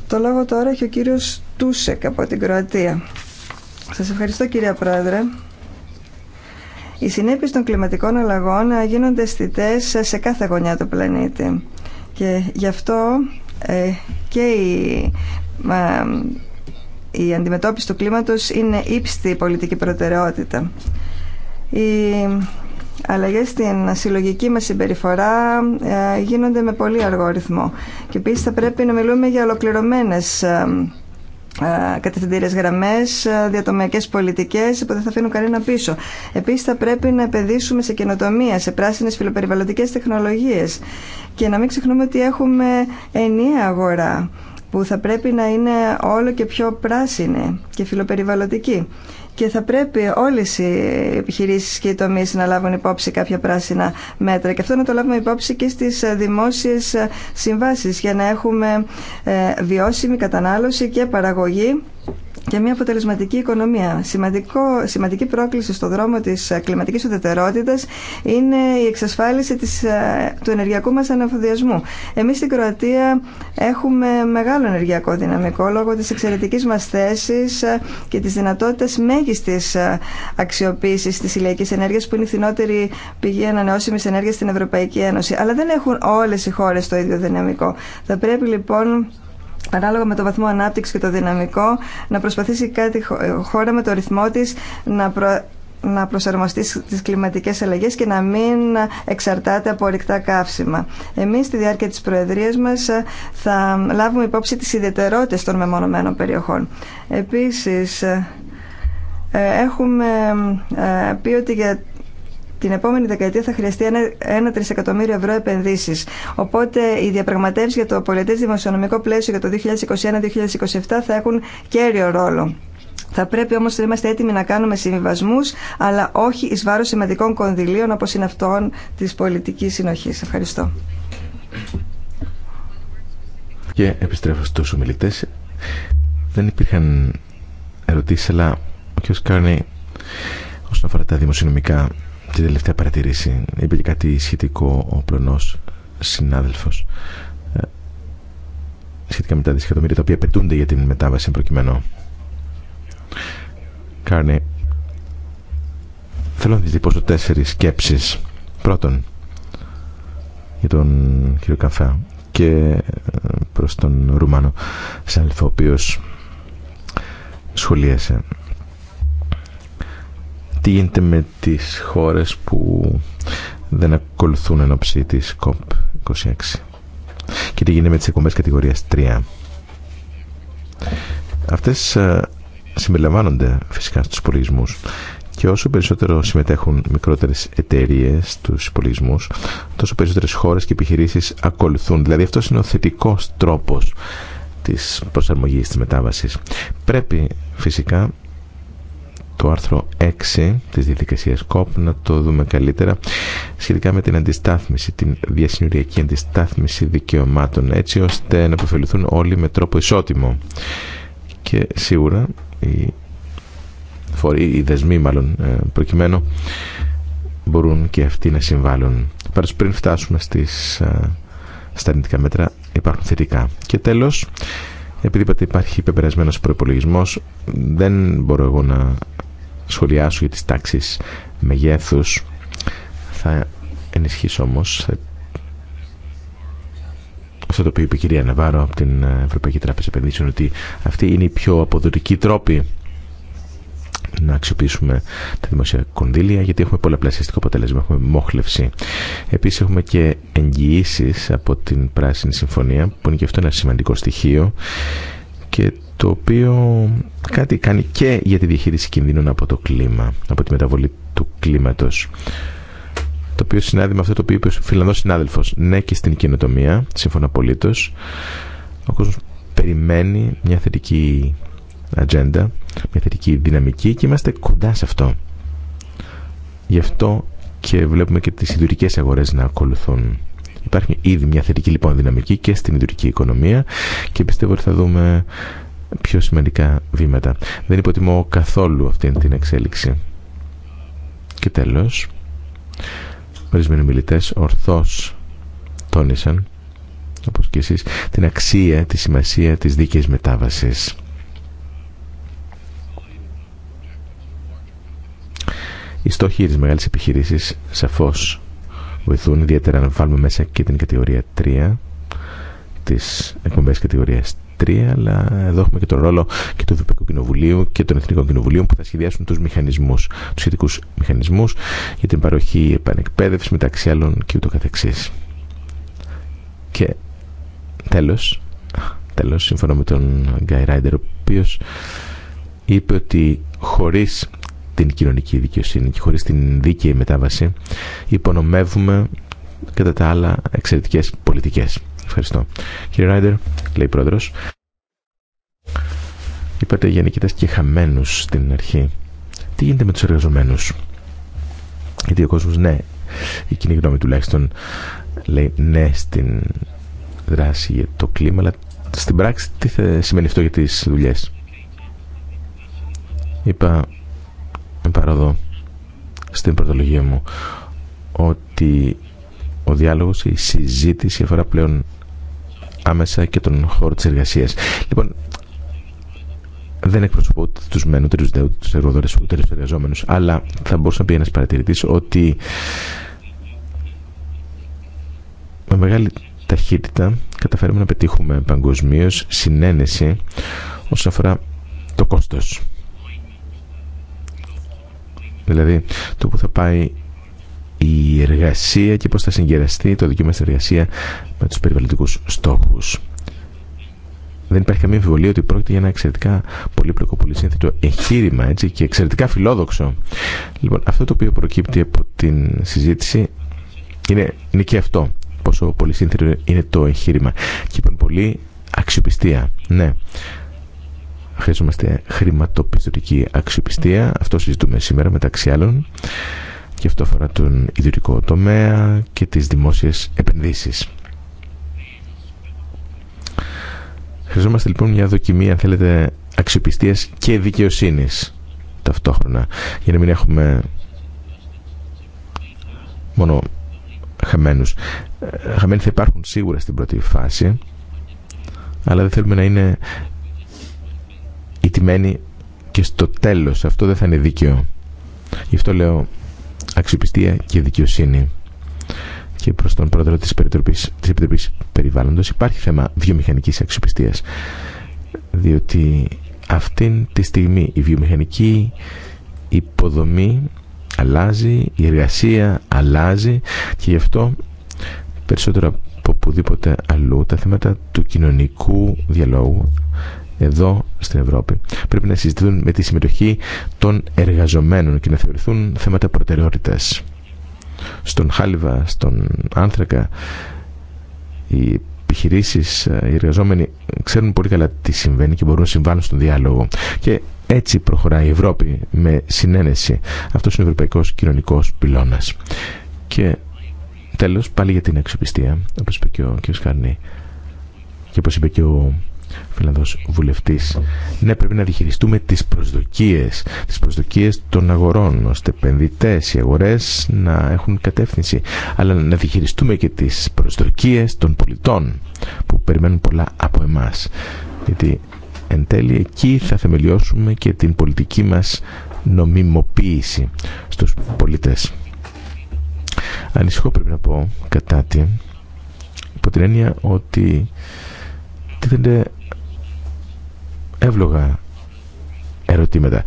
Το λόγο τώρα έχει ο κύριος Τούσεκ από την Κροατία. Σας ευχαριστώ κύριε Πρόεδρε. Οι συνέπειες των κλιματικών αλλαγών ε, γίνονται αισθητέ ε, σε κάθε γωνιά του πλανήτη. Και γι' αυτό ε, και η, αντιμετώπιση του κλίματος είναι ύψιστη πολιτική προτεραιότητα. Οι αλλαγές στην συλλογική μας συμπεριφορά γίνονται με πολύ αργό ρυθμό. Και επίσης θα πρέπει να μιλούμε για ολοκληρωμένες ε, κατευθυντήριες γραμμές, ε, διατομιακές πολιτικές που δεν θα αφήνουν κανένα πίσω. Επίσης θα πρέπει να επενδύσουμε σε καινοτομία, σε πράσινες φιλοπεριβαλλοντικές τεχνολογίες και να μην ξεχνούμε ότι έχουμε ενιαία αγορά που θα πρέπει να είναι όλο και πιο πράσινη και φιλοπεριβαλλοντική. Και θα πρέπει όλες οι επιχειρήσεις και οι τομείς να λάβουν υπόψη κάποια πράσινα μέτρα. Και αυτό να το λάβουμε υπόψη και στις ε, δημόσιες ε, συμβάσεις για να έχουμε ε, βιώσιμη κατανάλωση και παραγωγή και μια αποτελεσματική οικονομία. Σημαντικό, σημαντική πρόκληση στον δρόμο τη ε, κλιματική ουδετερότητα είναι η εξασφάλιση της, ε, του ενεργειακού μα αναφοδιασμού. Εμεί στην Κροατία έχουμε μεγάλο ενεργειακό δυναμικό λόγω τη εξαιρετική μα θέση ε, και τη δυνατότητα μέγιστη αξιοποίηση τη ηλιακή ενέργεια που είναι η φθηνότερη πηγή ανανεώσιμη ενέργεια στην Ευρωπαϊκή Ένωση. Αλλά δεν έχουν όλε οι χώρε το ίδιο δυναμικό. Θα πρέπει λοιπόν ανάλογα με το βαθμό ανάπτυξη και το δυναμικό, να προσπαθήσει κάτι ε, χώρα με το ρυθμό της να, να προσαρμοστεί στις κλιματικές αλλαγές και να μην εξαρτάται από ορυκτά καύσιμα. Εμείς στη διάρκεια της Προεδρίας μας ε, θα λάβουμε υπόψη τις ιδιαιτερότητες των μεμονωμένων περιοχών. Επίσης, ε, έχουμε πει ότι για την επόμενη δεκαετία θα χρειαστεί ένα, ένα τρισεκατομμύριο ευρώ επενδύσεις. Οπότε οι διαπραγματεύσεις για το πολιτές δημοσιονομικό πλαίσιο για το 2021-2027 θα έχουν κέριο ρόλο. Θα πρέπει όμως να είμαστε έτοιμοι να κάνουμε συμβιβασμούς, αλλά όχι εις βάρος σημαντικών κονδυλίων όπως είναι αυτών της πολιτικής συνοχής. Ευχαριστώ. Και επιστρέφω στους ομιλητές. Δεν υπήρχαν ερωτήσεις, αλλά ο κ. Κάρνη όσον αφορά τα δημοσιονομικά και τελευταία παρατηρήση. Είπε και κάτι σχετικό ο πλονός συνάδελφος ε, σχετικά με τα δισεκατομμύρια τα οποία πετούνται για την μετάβαση προκειμένου. Κάρνε, θέλω να διτυπώσω λοιπόν τέσσερις σκέψεις. Πρώτον, για τον κύριο Καφέ, και ε, προς τον Ρουμάνο, σαν ο σχολίασε τι γίνεται με τις χώρες που δεν ακολουθούν εν ώψη της COP26 και τι γίνεται με τις εκπομπές κατηγορίας 3. Αυτές ε, συμπεριλαμβάνονται φυσικά στους πολιτισμούς και όσο περισσότερο συμμετέχουν μικρότερες εταιρείε στους πολιτισμού, τόσο περισσότερες χώρες και επιχειρήσεις ακολουθούν. Δηλαδή αυτό είναι ο θετικός τρόπος της προσαρμογής της μετάβασης. Πρέπει φυσικά το άρθρο 6 της διαδικασίας ΚΟΠ να το δούμε καλύτερα σχετικά με την αντιστάθμιση, την διασυνοριακή αντιστάθμιση δικαιωμάτων έτσι ώστε να αποφεληθούν όλοι με τρόπο ισότιμο. Και σίγουρα οι φορεί, οι δεσμοί μάλλον ε, προκειμένου μπορούν και αυτοί να συμβάλλουν. Πάντως πριν φτάσουμε στις, ε, στα αρνητικά μέτρα υπάρχουν θετικά. Και τέλος, επειδή είπατε υπάρχει υπεπερασμένος προπολογισμό, δεν μπορώ εγώ να σχολιάσω για τις τάξεις μεγέθους θα ενισχύσω όμως αυτό το οποίο είπε η κυρία Νεβάρο από την Ευρωπαϊκή Τράπεζα Επενδύσεων ότι αυτή είναι η πιο αποδοτική τρόπη να αξιοποιήσουμε τα δημοσία κονδύλια γιατί έχουμε πολλαπλασιαστικό αποτέλεσμα, έχουμε μόχλευση. Επίσης έχουμε και εγγυήσει από την Πράσινη Συμφωνία που είναι και αυτό ένα σημαντικό στοιχείο και το οποίο κάτι κάνει και για τη διαχείριση κινδύνων από το κλίμα, από τη μεταβολή του κλίματος. Το οποίο συνάδει με αυτό το οποίο είπε ο Φιλανδός συνάδελφος. Ναι και στην καινοτομία, σύμφωνα απολύτως, ο κόσμος περιμένει μια θετική ατζέντα, μια θετική δυναμική και είμαστε κοντά σε αυτό. Γι' αυτό και βλέπουμε και τις ιδιωτικές αγορές να ακολουθούν. Υπάρχει ήδη μια θετική λοιπόν δυναμική και στην ιδιωτική οικονομία και πιστεύω ότι θα δούμε πιο σημαντικά βήματα. Δεν υποτιμώ καθόλου αυτή την εξέλιξη. Και τέλος, ορισμένοι μιλητές ορθώς τόνισαν, όπως και εσείς, την αξία, τη σημασία της δίκαιης μετάβασης. Οι στόχοι τη μεγάλη επιχειρήση σαφώ βοηθούν, ιδιαίτερα να βάλουμε μέσα και την κατηγορία 3, εκπομπές εκπομπέ κατηγορία αλλά εδώ έχουμε και τον ρόλο και του Ευρωπαϊκού Κοινοβουλίου και των Εθνικών Κοινοβουλίων που θα σχεδιάσουν του μηχανισμού, του σχετικού μηχανισμού για την παροχή επανεκπαίδευση μεταξύ άλλων και ούτω καθεξής. Και τέλος, τέλος σύμφωνα με τον Guy Ryder ο οποίο είπε ότι χωρίς την κοινωνική δικαιοσύνη και χωρίς την δίκαιη μετάβαση υπονομεύουμε κατά τα άλλα εξαιρετικές πολιτικές. Ευχαριστώ. Κύριε Ράιντερ, λέει πρόεδρο. Είπατε γενικητέ και χαμένου στην αρχή. Τι γίνεται με του εργαζομένου. Γιατί ο κόσμο, ναι, η κοινή γνώμη τουλάχιστον λέει ναι στην δράση για το κλίμα, αλλά στην πράξη τι θα σημαίνει αυτό για τι δουλειέ. Είπα με παραδό στην πρωτολογία μου ότι ο διάλογος, η συζήτηση αφορά πλέον άμεσα και τον χώρο της εργασίας. Λοιπόν, δεν εκπροσωπώ ούτε του μεν, ούτε του του εργοδότε, ούτε του εργαζόμενου. Αλλά θα μπορούσε να πει ένα παρατηρητή ότι με μεγάλη ταχύτητα καταφέρουμε να πετύχουμε παγκοσμίω συνένεση όσον αφορά το κόστος. Δηλαδή, το που θα πάει η εργασία και πώς θα συγκεραστεί το δική μας εργασία με τους περιβαλλοντικούς στόχους. Δεν υπάρχει καμία εμφιβολία ότι πρόκειται για ένα εξαιρετικά πολύπλοκο, πολύ εγχείρημα έτσι, και εξαιρετικά φιλόδοξο. Λοιπόν, αυτό το οποίο προκύπτει από την συζήτηση είναι, είναι και αυτό. Πόσο πολυσύνθετο είναι το εγχείρημα. Και είπαν πολύ αξιοπιστία. Ναι, χρειαζόμαστε χρηματοπιστωτική αξιοπιστία. Αυτό συζητούμε σήμερα μεταξύ άλλων και αυτό αφορά τον ιδιωτικό τομέα και τις δημόσιες επενδύσεις. Χρειαζόμαστε λοιπόν μια δοκιμή, αν θέλετε, αξιοπιστίας και δικαιοσύνης ταυτόχρονα, για να μην έχουμε μόνο χαμένους. Ε, χαμένοι θα υπάρχουν σίγουρα στην πρώτη φάση, αλλά δεν θέλουμε να είναι ιτημένοι και στο τέλος. Αυτό δεν θα είναι δίκαιο. Γι' αυτό λέω αξιοπιστία και δικαιοσύνη. Και προ τον πρόεδρο τη Επιτροπή Περιβάλλοντο υπάρχει θέμα βιομηχανική αξιοπιστία. Διότι αυτή τη στιγμή η βιομηχανική υποδομή αλλάζει, η εργασία αλλάζει και γι' αυτό περισσότερο από οπουδήποτε αλλού τα θέματα του κοινωνικού διαλόγου εδώ στην Ευρώπη. Πρέπει να συζητηθούν με τη συμμετοχή των εργαζομένων και να θεωρηθούν θέματα προτεραιότητας. Στον Χάλιβα, στον Άνθρακα, οι επιχειρήσει, ε, οι εργαζόμενοι ξέρουν πολύ καλά τι συμβαίνει και μπορούν να συμβάνουν στον διάλογο. Και έτσι προχωράει η Ευρώπη με συνένεση. Αυτό είναι ο ευρωπαϊκό κοινωνικό πυλώνα. Και τέλο, πάλι για την αξιοπιστία, όπω είπε και ο κ. Σκαρνή και όπω είπε και ο Φιλανδός βουλευτής. Ναι, πρέπει να διχειριστούμε τις προσδοκίες, τις προσδοκίες των αγορών, ώστε επενδυτέ οι αγορές να έχουν κατεύθυνση, αλλά να διχειριστούμε και τις προσδοκίες των πολιτών που περιμένουν πολλά από εμάς. Γιατί εν τέλει εκεί θα θεμελιώσουμε και την πολιτική μας νομιμοποίηση στους πολίτες. Ανησυχώ πρέπει να πω κατά υπό την έννοια ότι τίθενται εύλογα ερωτήματα.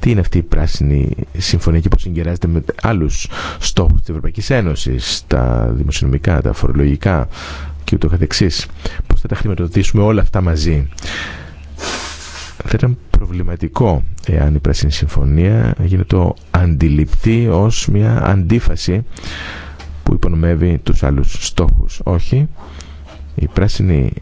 Τι είναι αυτή η πράσινη συμφωνία και πώς συγκεράζεται με άλλους στόχους της Ευρωπαϊκής Ένωσης, τα δημοσιονομικά, τα φορολογικά και ούτω καθεξής. Πώς θα τα χρηματοδοτήσουμε όλα αυτά μαζί. Θα ήταν προβληματικό εάν η πράσινη συμφωνία γίνεται αντιληπτή ως μια αντίφαση που υπονομεύει τους άλλους στόχους. Όχι, η πράσινη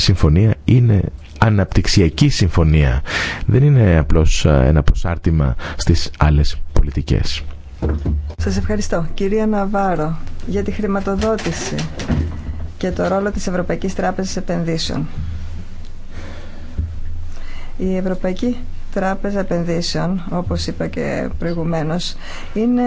συμφωνία είναι αναπτυξιακή συμφωνία. Δεν είναι απλώς ένα προσάρτημα στις άλλες πολιτικές. Σας ευχαριστώ. Κυρία Ναβάρο, για τη χρηματοδότηση και το ρόλο της Ευρωπαϊκής Τράπεζας Επενδύσεων. Η Ευρωπαϊκή Τράπεζα Επενδύσεων, όπως είπα και προηγουμένως, είναι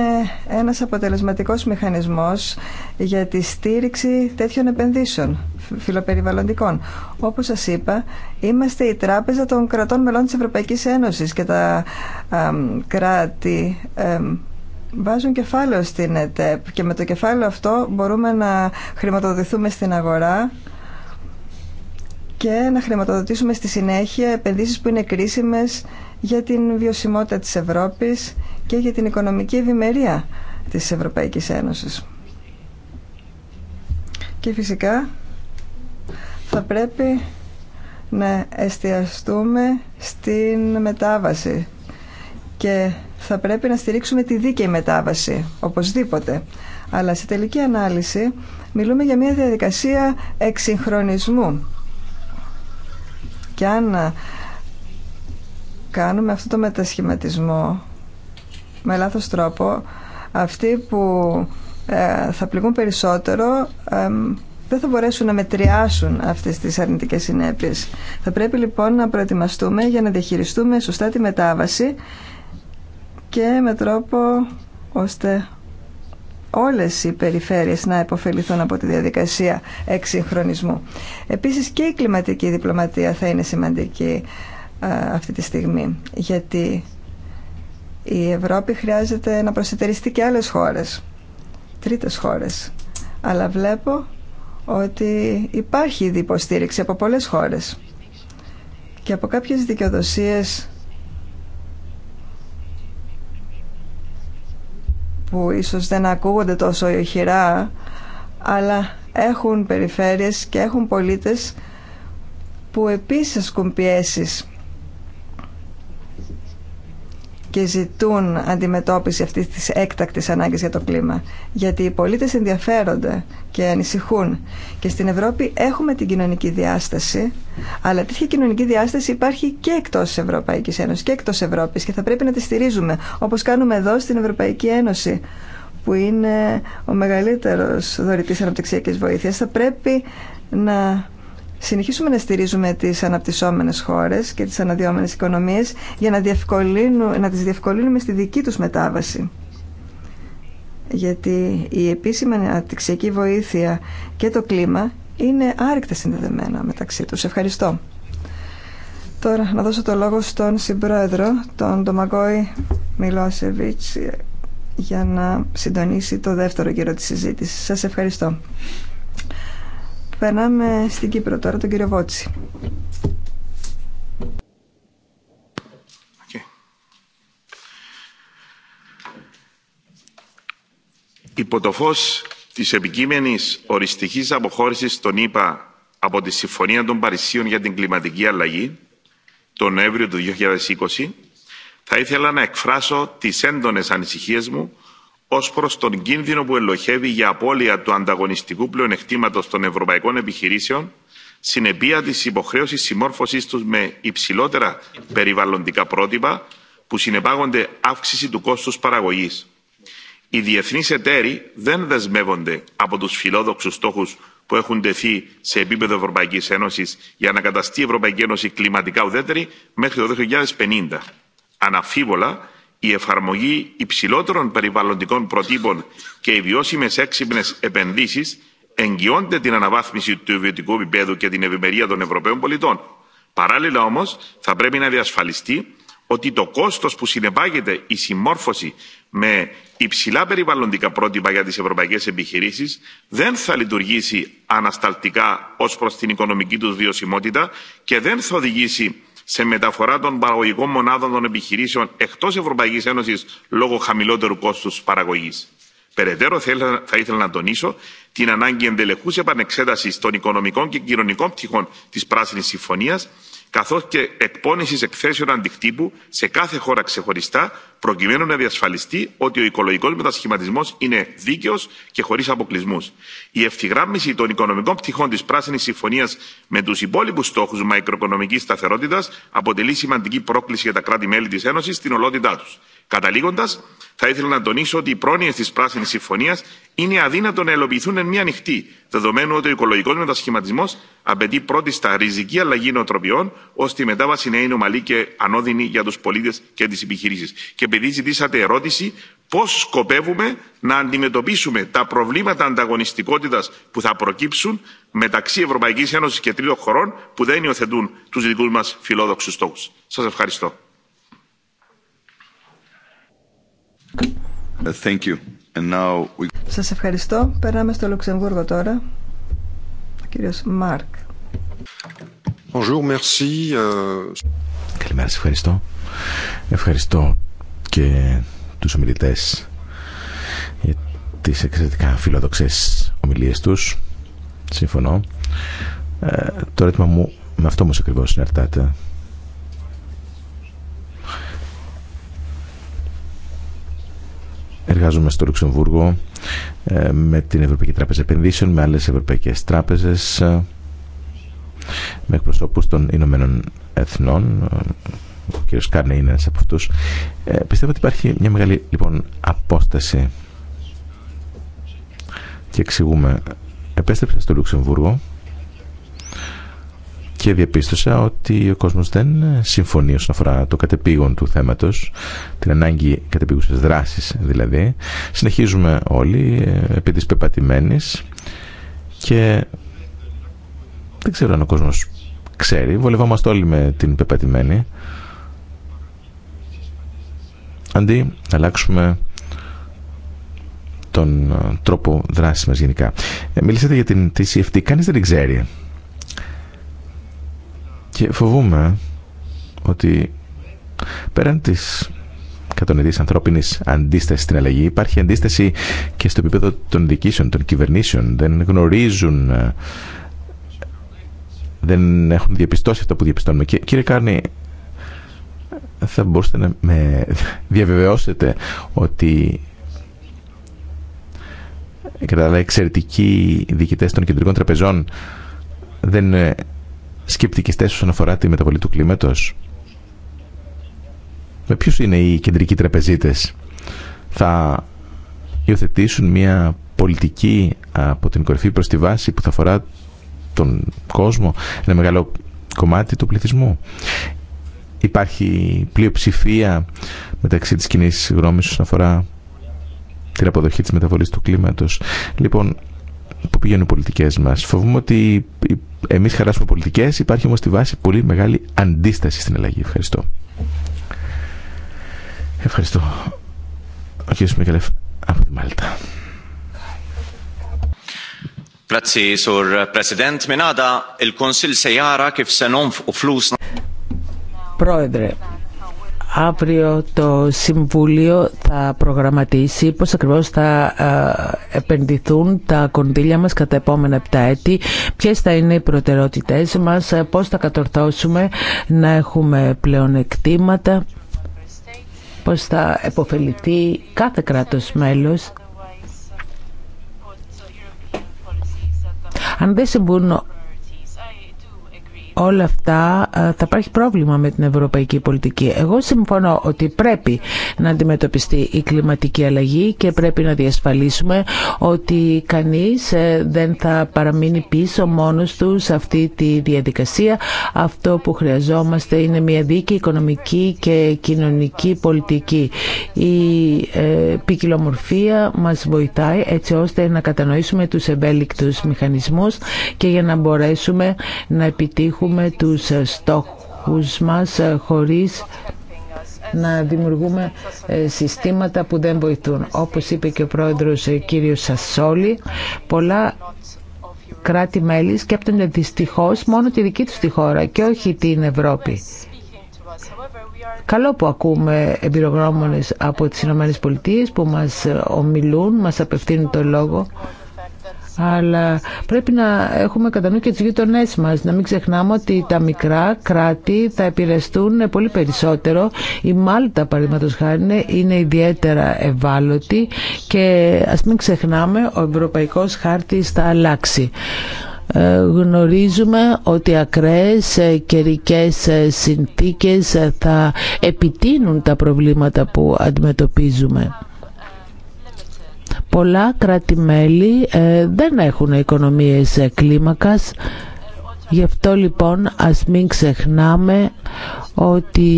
ένας αποτελεσματικός μηχανισμός για τη στήριξη τέτοιων επενδύσεων φιλοπεριβαλλοντικών. Όπως σας είπα, είμαστε η τράπεζα των κρατών μελών της Ευρωπαϊκής Ένωσης και τα κράτη βάζουν κεφάλαιο στην ΕΤΕΠ και με το κεφάλαιο αυτό μπορούμε να χρηματοδοτηθούμε στην αγορά και να χρηματοδοτήσουμε στη συνέχεια επενδύσεις που είναι κρίσιμες για την βιωσιμότητα της Ευρώπης και για την οικονομική ευημερία της Ευρωπαϊκής Ένωσης. Και φυσικά θα πρέπει να εστιαστούμε στην μετάβαση και θα πρέπει να στηρίξουμε τη δίκαιη μετάβαση, οπωσδήποτε. Αλλά σε τελική ανάλυση μιλούμε για μια διαδικασία εξυγχρονισμού. Και αν κάνουμε αυτό το μετασχηματισμό με λάθος τρόπο, αυτοί που ε, θα πληγούν περισσότερο δεν θα μπορέσουν να μετριάσουν αυτές τις αρνητικές συνέπειες. Θα πρέπει λοιπόν να προετοιμαστούμε για να διαχειριστούμε σωστά τη μετάβαση και με τρόπο ώστε όλες οι περιφέρειες να υποφεληθούν από τη διαδικασία εξυγχρονισμού. Επίσης και η κλιματική διπλωματία θα είναι σημαντική αυτή τη στιγμή γιατί η Ευρώπη χρειάζεται να προσετεριστεί και άλλες χώρες, τρίτες χώρες. Αλλά βλέπω ότι υπάρχει ήδη υποστήριξη από πολλές χώρες και από κάποιες δικαιοδοσίες που ίσως δεν ακούγονται τόσο ηχηρά αλλά έχουν περιφέρειες και έχουν πολίτες που επίσης ασκούν πιέσεις και ζητούν αντιμετώπιση αυτής της έκτακτης ανάγκης για το κλίμα. Γιατί οι πολίτες ενδιαφέρονται και ανησυχούν. Και στην Ευρώπη έχουμε την κοινωνική διάσταση, αλλά τέτοια κοινωνική διάσταση υπάρχει και εκτός Ευρωπαϊκή Ευρωπαϊκής Ένωσης και εκτός Ευρώπη. και θα πρέπει να τη στηρίζουμε, όπως κάνουμε εδώ στην Ευρωπαϊκή Ένωση που είναι ο μεγαλύτερος δωρητής αναπτυξιακής βοήθειας. Θα πρέπει να συνεχίσουμε να στηρίζουμε τις αναπτυσσόμενες χώρες και τις αναδυόμενες οικονομίες για να, να τις διευκολύνουμε στη δική τους μετάβαση. Γιατί η επίσημη αναπτυξιακή βοήθεια και το κλίμα είναι άρρηκτα συνδεδεμένα μεταξύ τους. Ευχαριστώ. Τώρα να δώσω το λόγο στον συμπρόεδρο, τον Ντομαγκόη Μιλόσεβιτς, για να συντονίσει το δεύτερο γύρο της συζήτησης. Σας ευχαριστώ. Περνάμε στην Κύπρο τώρα, τον κύριο Βότση. Okay. Υπό το φως της επικείμενης οριστικής αποχώρησης των ΗΠΑ από τη Συμφωνία των Παρισίων για την κλιματική αλλαγή τον Νοέμβριο του 2020, θα ήθελα να εκφράσω τις έντονες ανησυχίες μου ω προ τον κίνδυνο που ελοχεύει για απώλεια του ανταγωνιστικού πλεονεκτήματο των ευρωπαϊκών επιχειρήσεων, συνεπία τη υποχρέωση συμμόρφωσή του με υψηλότερα περιβαλλοντικά πρότυπα που συνεπάγονται αύξηση του κόστου παραγωγή. Οι διεθνεί εταίροι δεν δεσμεύονται από του φιλόδοξου στόχου που έχουν τεθεί σε επίπεδο Ευρωπαϊκή Ένωση για να καταστεί η Ευρωπαϊκή Ένωση κλιματικά ουδέτερη μέχρι το 2050. Αναμφίβολα, η εφαρμογή υψηλότερων περιβαλλοντικών προτύπων και οι βιώσιμε έξυπνε επενδύσει εγγυώνται την αναβάθμιση του ιδιωτικού επίπεδου και την ευημερία των Ευρωπαίων πολιτών. Παράλληλα όμω, θα πρέπει να διασφαλιστεί ότι το κόστο που συνεπάγεται η συμμόρφωση με υψηλά περιβαλλοντικά πρότυπα για τι ευρωπαϊκέ επιχειρήσει δεν θα λειτουργήσει ανασταλτικά ω προ την οικονομική του βιωσιμότητα και δεν θα οδηγήσει σε μεταφορά των παραγωγικών μονάδων των επιχειρήσεων εκτό Ευρωπαϊκή Ένωση λόγω χαμηλότερου κόστου παραγωγή. Περαιτέρω, θα ήθελα να τονίσω την ανάγκη εντελεχού επανεξέταση των οικονομικών και κοινωνικών πτυχών τη Πράσινη Συμφωνία, καθώ και εκπόνησης εκθέσεων αντικτύπου σε κάθε χώρα ξεχωριστά, προκειμένου να διασφαλιστεί ότι ο οικολογικό μετασχηματισμό είναι δίκαιο και χωρί αποκλεισμού. Η ευθυγράμμιση των οικονομικών πτυχών τη Πράσινη Συμφωνία με του υπόλοιπου στόχου μακροοικονομική σταθερότητα αποτελεί σημαντική πρόκληση για τα κράτη-μέλη τη Ένωση στην ολότητά του. Καταλήγοντα, θα ήθελα να τονίσω ότι οι πρόνοιε τη Πράσινη Συμφωνία είναι αδύνατο να ελοπιθούν εν μία νυχτή, δεδομένου ότι ο οικολογικό μετασχηματισμό απαιτεί πρώτη στα ριζική αλλαγή νοοτροπιών, ώστε η μετάβαση να είναι ομαλή και ανώδυνη για του πολίτε και τι επιχειρήσει επειδή ζητήσατε ερώτηση πώς σκοπεύουμε να αντιμετωπίσουμε τα προβλήματα ανταγωνιστικότητας που θα προκύψουν μεταξύ Ευρωπαϊκής Ένωσης και τρίτων χωρών που δεν υιοθετούν τους δικούς μας φιλόδοξους στόχους. Σας ευχαριστώ. Σας ευχαριστώ. Περνάμε στο Λουξεμβούργο τώρα. Ο κύριος Μάρκ. Euh- Καλημέρα, σας ευχαριστώ. Ευχαριστώ και τους ομιλητές για τις εξαιρετικά φιλοδοξές ομιλίες τους. Συμφωνώ. Ε, το ρέτημα μου με αυτό όμως ακριβώς συναρτάται. Εργάζομαι στο Λουξεμβούργο ε, με την Ευρωπαϊκή Τράπεζα Επενδύσεων, με άλλες ευρωπαϊκές τράπεζες, ε, με εκπροσώπους των Ηνωμένων Εθνών, ε, ο κ. Κάρνε είναι ένας από αυτούς. Ε, πιστεύω ότι υπάρχει μια μεγάλη λοιπόν, απόσταση και εξηγούμε. Επέστρεψα στο Λουξεμβούργο και διαπίστωσα ότι ο κόσμος δεν συμφωνεί όσον αφορά το κατεπήγον του θέματος, την ανάγκη κατεπήγουσες δράσης. δηλαδή. Συνεχίζουμε όλοι ε, επί της πεπατημένης και δεν ξέρω αν ο κόσμος ξέρει, βολευόμαστε όλοι με την πεπατημένη αντί να αλλάξουμε τον ε, τρόπο δράσης μας γενικά. Ε, μιλήσατε για την TCFT, κανείς δεν την ξέρει. Και φοβούμε ότι πέραν της κατονιδής ανθρώπινης αντίσταση στην αλλαγή υπάρχει αντίσταση και στο επίπεδο των διοικήσεων, των κυβερνήσεων. Δεν γνωρίζουν ε, δεν έχουν διαπιστώσει αυτό που διαπιστώνουμε. Και, κύριε Κάρνη, θα μπορούσατε να με διαβεβαιώσετε ότι εξαιρετικοί διοικητές των κεντρικών τραπεζών δεν είναι σκεπτικιστές όσον αφορά τη μεταβολή του κλίματος. Με ποιους είναι οι κεντρικοί τραπεζίτες. Θα υιοθετήσουν μια πολιτική από την κορυφή προς τη βάση που θα αφορά τον κόσμο, ένα μεγάλο κομμάτι του πληθυσμού υπάρχει πλειοψηφία μεταξύ της κοινή γνώμη όσον αφορά την αποδοχή της μεταβολής του κλίματος. Λοιπόν, που πηγαίνουν οι πολιτικές μας. Φοβούμαι ότι εμείς χαράσουμε πολιτικές, υπάρχει όμως στη βάση πολύ μεγάλη αντίσταση στην αλλαγή. Ευχαριστώ. Ευχαριστώ. Ο κ. Μικαλεφ από τη Μάλτα. Πρόεδρε, αύριο το Συμβούλιο θα προγραμματίσει πώς ακριβώς θα επενδυθούν τα κονδύλια μας κατά επόμενα 7 έτη, ποιες θα είναι οι προτεραιότητές μας, πώς θα κατορθώσουμε να έχουμε πλεονεκτήματα, πώς θα επωφεληθεί κάθε κράτος μέλος. Αν δεν όλα αυτά ε, θα υπάρχει πρόβλημα με την ευρωπαϊκή πολιτική. Εγώ συμφωνώ ότι πρέπει να αντιμετωπιστεί η κλιματική αλλαγή και πρέπει να διασφαλίσουμε ότι κανείς ε, δεν θα παραμείνει πίσω μόνος του σε αυτή τη διαδικασία. Αυτό που χρειαζόμαστε είναι μια δίκαιη οικονομική και κοινωνική πολιτική. Η ε, ποικιλομορφία μας βοηθάει έτσι ώστε να κατανοήσουμε τους ευέλικτους μηχανισμούς και για να μπορέσουμε να επιτύχουμε πετύχουμε τους στόχους μας ε, χωρίς να δημιουργούμε ε, συστήματα που δεν βοηθούν. Όπως είπε και ο πρόεδρος ε, κύριος Σασόλη, πολλά κράτη-μέλη σκέπτονται δυστυχώς μόνο τη δική τους τη χώρα και όχι την Ευρώπη. Καλό που ακούμε εμπειρογνώμονες από τις Ηνωμένες Πολιτείες που μας ομιλούν, μας απευθύνουν το λόγο αλλά πρέπει να έχουμε κατά νου και τις γειτονές μας. Να μην ξεχνάμε ότι τα μικρά κράτη θα επηρεαστούν πολύ περισσότερο. Η Μάλτα, παραδείγματο χάρη, είναι ιδιαίτερα ευάλωτη και ας μην ξεχνάμε, ο ευρωπαϊκός χάρτης θα αλλάξει ε, γνωρίζουμε ότι ακραίες ε, καιρικές ε, συνθήκες θα επιτείνουν τα προβλήματα που αντιμετωπίζουμε. Πολλά κράτη-μέλη ε, δεν έχουν οικονομίες ε, κλίμακας. Γι' αυτό λοιπόν ας μην ξεχνάμε ότι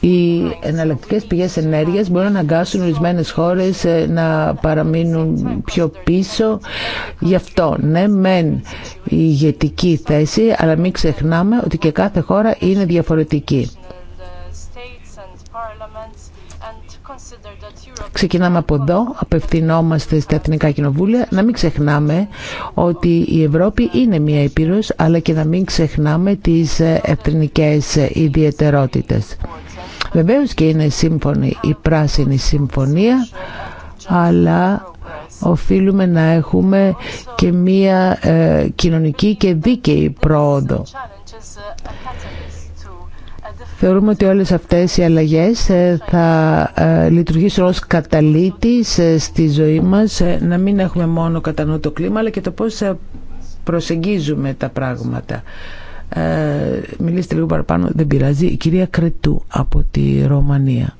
οι εναλλακτικές πηγές ενέργειας μπορούν να αγκάσουν ορισμένες χώρες ε, να παραμείνουν πιο πίσω. Γι' αυτό, ναι, μεν η ηγετική θέση, αλλά μην ξεχνάμε ότι και κάθε χώρα είναι διαφορετική. Ξεκινάμε από εδώ, απευθυνόμαστε στα Εθνικά Κοινοβούλια. Να μην ξεχνάμε ότι η Ευρώπη είναι μία Επίρρος, αλλά και να μην ξεχνάμε τις ε, εθνικές ιδιαιτερότητες. Βεβαίως και είναι σύμφωνη η Πράσινη Συμφωνία, αλλά οφείλουμε να έχουμε και μία ε, κοινωνική και δίκαιη πρόοδο. Θεωρούμε ότι όλες αυτές οι αλλαγές ε, θα ε, λειτουργήσουν ως καταλήτης ε, στη ζωή μας, να μην έχουμε μόνο κατά νου το κλίμα, αλλά και το πώς προσεγγίζουμε τα πράγματα. Ε, μιλήστε λίγο παραπάνω, δεν πειράζει. Η κυρία Κρετού από τη Ρωμανία.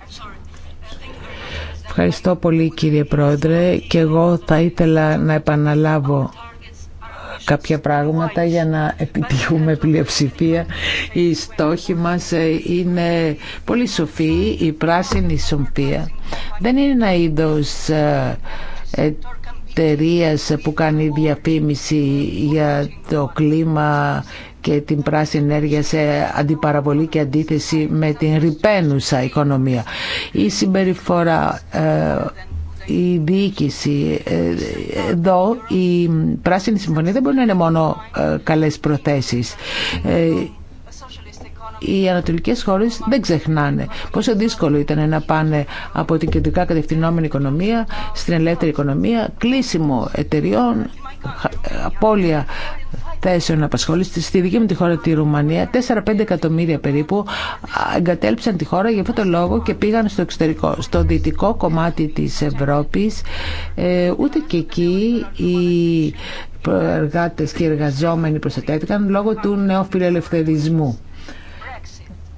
Ευχαριστώ πολύ κύριε Πρόεδρε και εγώ θα ήθελα να επαναλάβω κάποια πράγματα για να επιτύχουμε πλειοψηφία. Οι στόχοι μας ε, είναι πολύ σοφοί, η πράσινη σοφία. Δεν είναι ένα είδος ε, εταιρεία που κάνει διαφήμιση για το κλίμα και την πράσινη ενέργεια σε αντιπαραβολή και αντίθεση με την ρηπαίνουσα οικονομία. Η συμπεριφορά ε, η διοίκηση. Ε, εδώ η Πράσινη Συμφωνία δεν μπορεί να είναι μόνο ε, καλές προθέσεις ε, οι ανατολικέ χώρε δεν ξεχνάνε πόσο δύσκολο ήταν να πάνε από την κεντρικά κατευθυνόμενη οικονομία στην ελεύθερη οικονομία, κλείσιμο εταιριών, απώλεια θέσεων απασχόληση. Στη δική μου τη χώρα, τη Ρουμανία, 4-5 εκατομμύρια περίπου εγκατέλειψαν τη χώρα για αυτόν τον λόγο και πήγαν στο εξωτερικό. Στο δυτικό κομμάτι της Ευρώπης, ε, ούτε και εκεί οι εργάτες και οι εργαζόμενοι προστατεύτηκαν λόγω του νεοφιλελευθερισμού.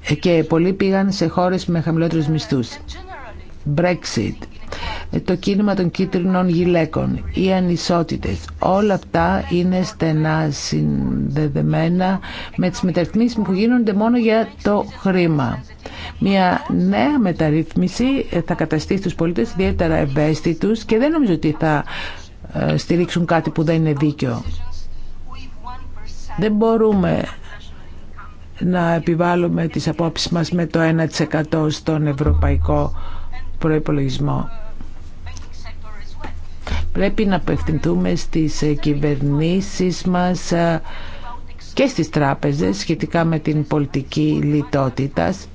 Ε, και πολλοί πήγαν σε χώρες με χαμηλότερους μισθούς. Brexit το κίνημα των κίτρινων γυλαίκων, οι ανισότητες. Όλα αυτά είναι στενά συνδεδεμένα με τις μεταρρυθμίσεις που γίνονται μόνο για το χρήμα. Μια νέα μεταρρύθμιση θα καταστήσει τους πολίτες ιδιαίτερα ευαίσθητους και δεν νομίζω ότι θα ε, στηρίξουν κάτι που δεν είναι δίκαιο. Δεν μπορούμε να επιβάλλουμε τις απόψεις μας με το 1% στον ευρωπαϊκό Πρέπει να απευθυνθούμε στις ε, κυβερνήσεις μας ε, και στις τράπεζες σχετικά με την πολιτική λιτότητας.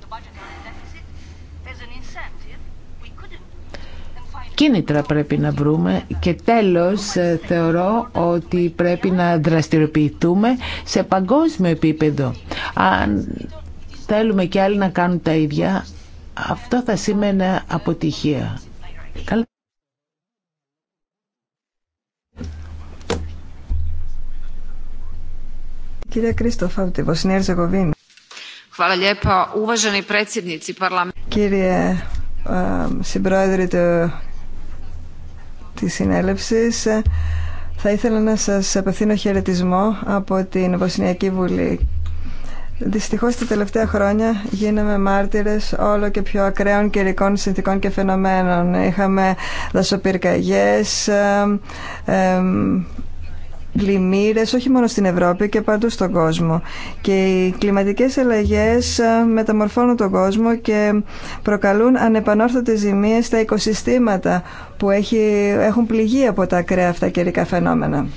κίνητρα πρέπει να βρούμε και τέλος ε, θεωρώ ότι πρέπει να δραστηριοποιηθούμε σε παγκόσμιο επίπεδο. Αν θέλουμε και άλλοι να κάνουν τα ίδια, αυτό θα σήμαινε αποτυχία. Κύριε Κρίστοφα από τη Βοσνία Ερζεγοβίνη. Κύριε ε, Συμπρόεδρε του, της Συνέλευσης, ε, θα ήθελα να σας απευθύνω χαιρετισμό από την Βοσνιακή Βουλή Δυστυχώς τα τελευταία χρόνια γίναμε μάρτυρες όλο και πιο ακραίων καιρικών συνθήκων και φαινομένων. Είχαμε δασοπυρκαγιές, ε, ε, όχι μόνο στην Ευρώπη και παντού στον κόσμο. Και οι κλιματικές αλλαγές μεταμορφώνουν τον κόσμο και προκαλούν ανεπανόρθωτες ζημίες στα οικοσυστήματα που έχει, έχουν πληγεί από τα ακραία αυτά καιρικά φαινόμενα.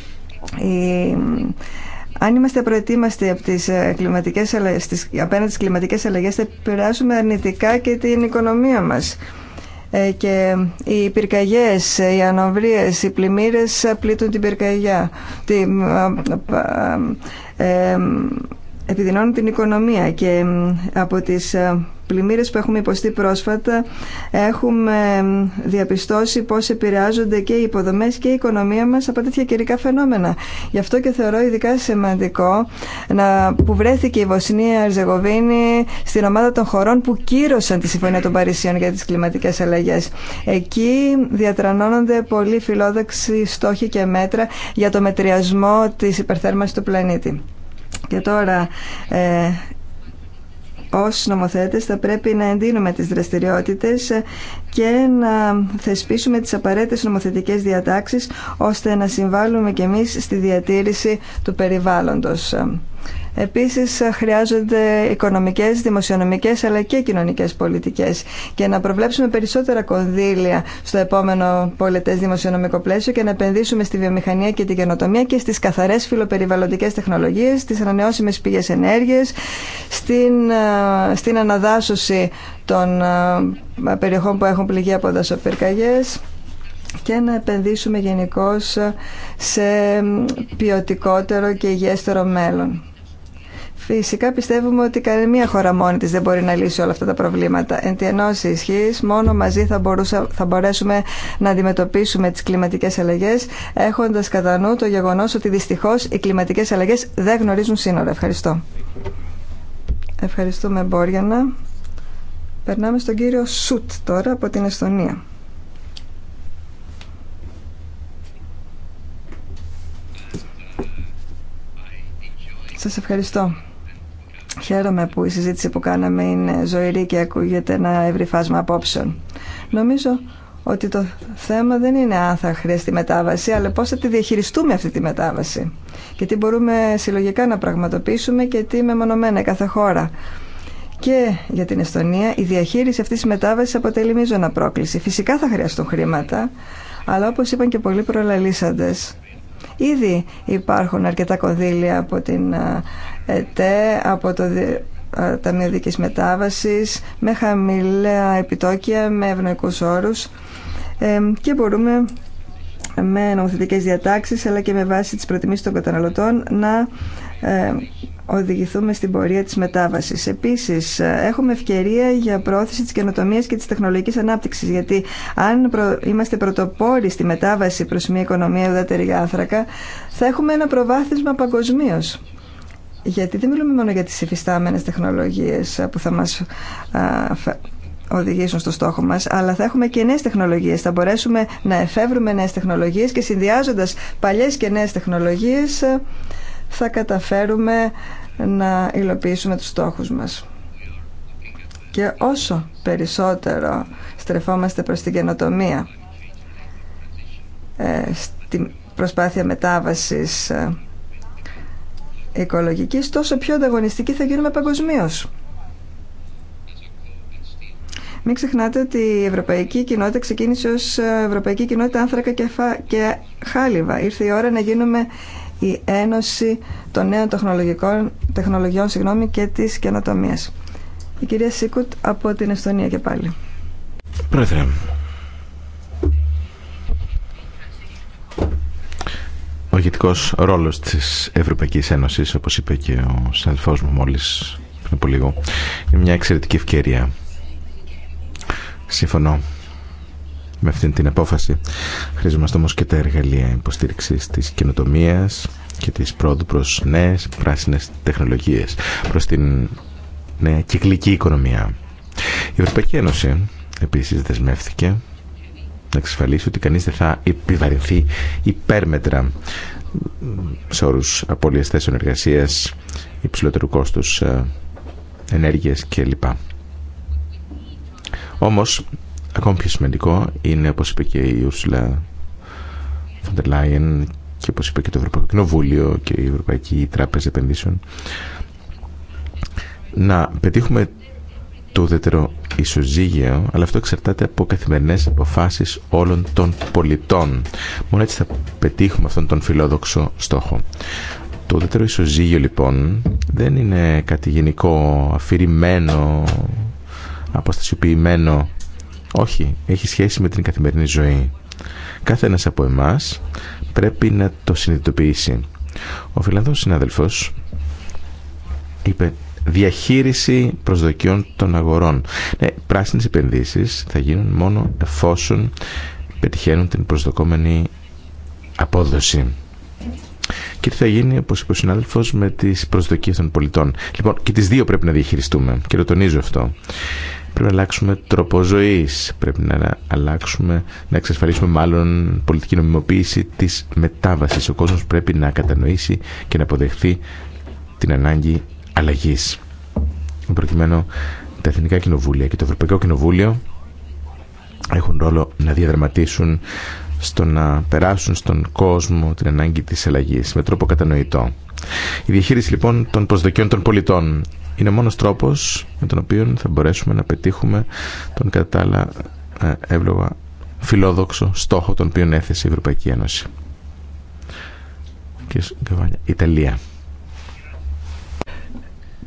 Αν είμαστε προετοίμαστοι από τις ε, κλιματικές, στις, απέναντι στις κλιματικές αλλαγές θα επηρεάσουμε αρνητικά και την οικονομία μας. Ε, και οι πυρκαγιές, οι ανοβρίες, οι πλημμύρες πλήττουν την πυρκαγιά. Τη, ε, επιδεινώνουν την οικονομία και από τις πλημμύρες που έχουμε υποστεί πρόσφατα έχουμε διαπιστώσει πώς επηρεάζονται και οι υποδομές και η οικονομία μας από τέτοια καιρικά φαινόμενα. Γι' αυτό και θεωρώ ειδικά σημαντικό να, που βρέθηκε η Βοσνία Αρζεγοβίνη στην ομάδα των χωρών που κύρωσαν τη Συμφωνία των Παρισίων για τις κλιματικές αλλαγές. Εκεί διατρανώνονται πολύ φιλόδοξοι στόχοι και μέτρα για το μετριασμό της υπερθέρμανσης του πλανήτη. Και τώρα ε, ως νομοθέτες θα πρέπει να εντείνουμε τις δραστηριότητες και να θεσπίσουμε τις απαραίτητες νομοθετικές διατάξεις ώστε να συμβάλλουμε κι εμείς στη διατήρηση του περιβάλλοντος. Επίσης χρειάζονται οικονομικές, δημοσιονομικές αλλά και κοινωνικές πολιτικές και να προβλέψουμε περισσότερα κονδύλια στο επόμενο πολιτές δημοσιονομικό πλαίσιο και να επενδύσουμε στη βιομηχανία και την καινοτομία και στις καθαρές φιλοπεριβαλλοντικές τεχνολογίες, στις ανανεώσιμες πηγές ενέργειας, στην, ε, στην αναδάσωση των ε, περιοχών που έχουν πληγεί από δασοπυρκαγιές και να επενδύσουμε γενικώ σε ε, ποιοτικότερο και υγιέστερο μέλλον. Φυσικά πιστεύουμε ότι καμία χώρα μόνη της δεν μπορεί να λύσει όλα αυτά τα προβλήματα. Εν τη ενώση ισχύς, μόνο μαζί θα, μπορούσα, θα μπορέσουμε να αντιμετωπίσουμε τις κλιματικές αλλαγές, έχοντας κατά νου το γεγονός ότι δυστυχώς οι κλιματικές αλλαγές δεν γνωρίζουν σύνορα. Ευχαριστώ. Ευχαριστούμε Μπόριανα. Περνάμε στον κύριο Σουτ τώρα από την Εστονία. Σας ευχαριστώ. Χαίρομαι που η συζήτηση που κάναμε είναι ζωηρή και ακούγεται ένα ευρύ φάσμα απόψεων. Νομίζω ότι το θέμα δεν είναι αν θα χρειαστεί μετάβαση, αλλά πώς θα τη διαχειριστούμε αυτή τη μετάβαση και τι μπορούμε συλλογικά να πραγματοποιήσουμε και τι μεμονωμένα κάθε χώρα. Και για την Εστονία η διαχείριση αυτής της μετάβασης αποτελεί μείζωνα πρόκληση. Φυσικά θα χρειαστούν χρήματα, αλλά όπως είπαν και πολλοί προλαλήσαντες, ήδη υπάρχουν αρκετά κονδύλια από την ΕΤΕ, από το Ταμείο Δικής Μετάβασης, με χαμηλά επιτόκια, με ευνοϊκούς όρους και μπορούμε με νομοθετικές διατάξεις αλλά και με βάση τις προτιμήσεις των καταναλωτών να οδηγηθούμε στην πορεία της μετάβασης. Επίσης, ε, έχουμε ευκαιρία για πρόθεση της καινοτομίας και της τεχνολογικής ανάπτυξης, γιατί αν είμαστε πρωτοπόροι στη μετάβαση προς μια οικονομία ουδέτερη άνθρακα, θα έχουμε ένα προβάθισμα παγκοσμίω. Γιατί δεν μιλούμε μόνο για τις υφιστάμενες τεχνολογίες που θα μας οδηγήσουν στο στόχο μας, αλλά θα έχουμε και νέες τεχνολογίες. Θα μπορέσουμε να εφεύρουμε νέες τεχνολογίες και συνδυάζοντας παλιές και νέες τεχνολογίες ε, θα καταφέρουμε να υλοποιήσουμε τους στόχους μας. Και όσο περισσότερο στρεφόμαστε προς την καινοτομία, ε, στην προσπάθεια μετάβασης ε, τόσο πιο ανταγωνιστική θα γίνουμε παγκοσμίω. Μην ξεχνάτε ότι η Ευρωπαϊκή Κοινότητα ξεκίνησε ω ε, Ευρωπαϊκή Κοινότητα Άνθρακα και Χάλιβα. Ήρθε η ώρα να γίνουμε η Ένωση των Νέων Τεχνολογικών, Τεχνολογιών συγγνώμη, και της καινοτομία. Η κυρία Σίκουτ από την Εστονία και πάλι. Πρόεδρε, ο ρόλο ρόλος της Ευρωπαϊκής Ένωσης, όπως είπε και ο συναδελφό μου μόλι πριν από λίγο, είναι μια εξαιρετική ευκαιρία. Συμφωνώ με αυτή την απόφαση. Χρειαζόμαστε όμω και τα εργαλεία υποστήριξη τη καινοτομία και τη πρόοδου προς νέες πράσινες τεχνολογίες, προς την νέα κυκλική οικονομία. Η Ευρωπαϊκή Ένωση επίση δεσμεύθηκε να εξασφαλίσει ότι κανείς δεν θα επιβαρυνθεί υπέρμετρα σε όρους απώλειας θέσεων εργασίας, υψηλότερου κόστους ε, ενέργειας κλπ. Όμως, ακόμη πιο σημαντικό είναι, όπως είπε και η Ούρσουλα Φοντερ Λάιεν και όπως είπε και το Ευρωπαϊκό Κοινοβούλιο και η Ευρωπαϊκή Τράπεζα Επενδύσεων, να πετύχουμε το ουδέτερο ισοζύγιο, αλλά αυτό εξαρτάται από καθημερινές αποφάσεις όλων των πολιτών. Μόνο έτσι θα πετύχουμε αυτόν τον φιλόδοξο στόχο. Το ουδέτερο ισοζύγιο λοιπόν δεν είναι κάτι γενικό, αφηρημένο, αποστασιοποιημένο. Όχι, έχει σχέση με την καθημερινή ζωή. Κάθε ένας από εμάς πρέπει να το συνειδητοποιήσει. Ο Φιλανδός συνάδελφος είπε διαχείριση προσδοκιών των αγορών. Ναι, πράσινες επενδύσεις θα γίνουν μόνο εφόσον πετυχαίνουν την προσδοκόμενη απόδοση. Και τι θα γίνει, όπω είπε ο συνάδελφο, με τι προσδοκίε των πολιτών. Λοιπόν, και τι δύο πρέπει να διαχειριστούμε και το τονίζω αυτό. Πρέπει να αλλάξουμε τρόπο ζωή. Πρέπει να αλλάξουμε, να εξασφαλίσουμε μάλλον πολιτική νομιμοποίηση τη μετάβαση. Ο κόσμο πρέπει να κατανοήσει και να αποδεχθεί την ανάγκη αλλαγής. Προκειμένου τα Εθνικά Κοινοβούλια και το Ευρωπαϊκό Κοινοβούλιο έχουν ρόλο να διαδραματίσουν στο να περάσουν στον κόσμο την ανάγκη της αλλαγή με τρόπο κατανοητό. Η διαχείριση λοιπόν των προσδοκιών των πολιτών είναι ο μόνος τρόπος με τον οποίο θα μπορέσουμε να πετύχουμε τον κατάλληλα ε, εύλογα φιλόδοξο στόχο τον οποίο έθεσε η Ευρωπαϊκή Ένωση. Ιταλία.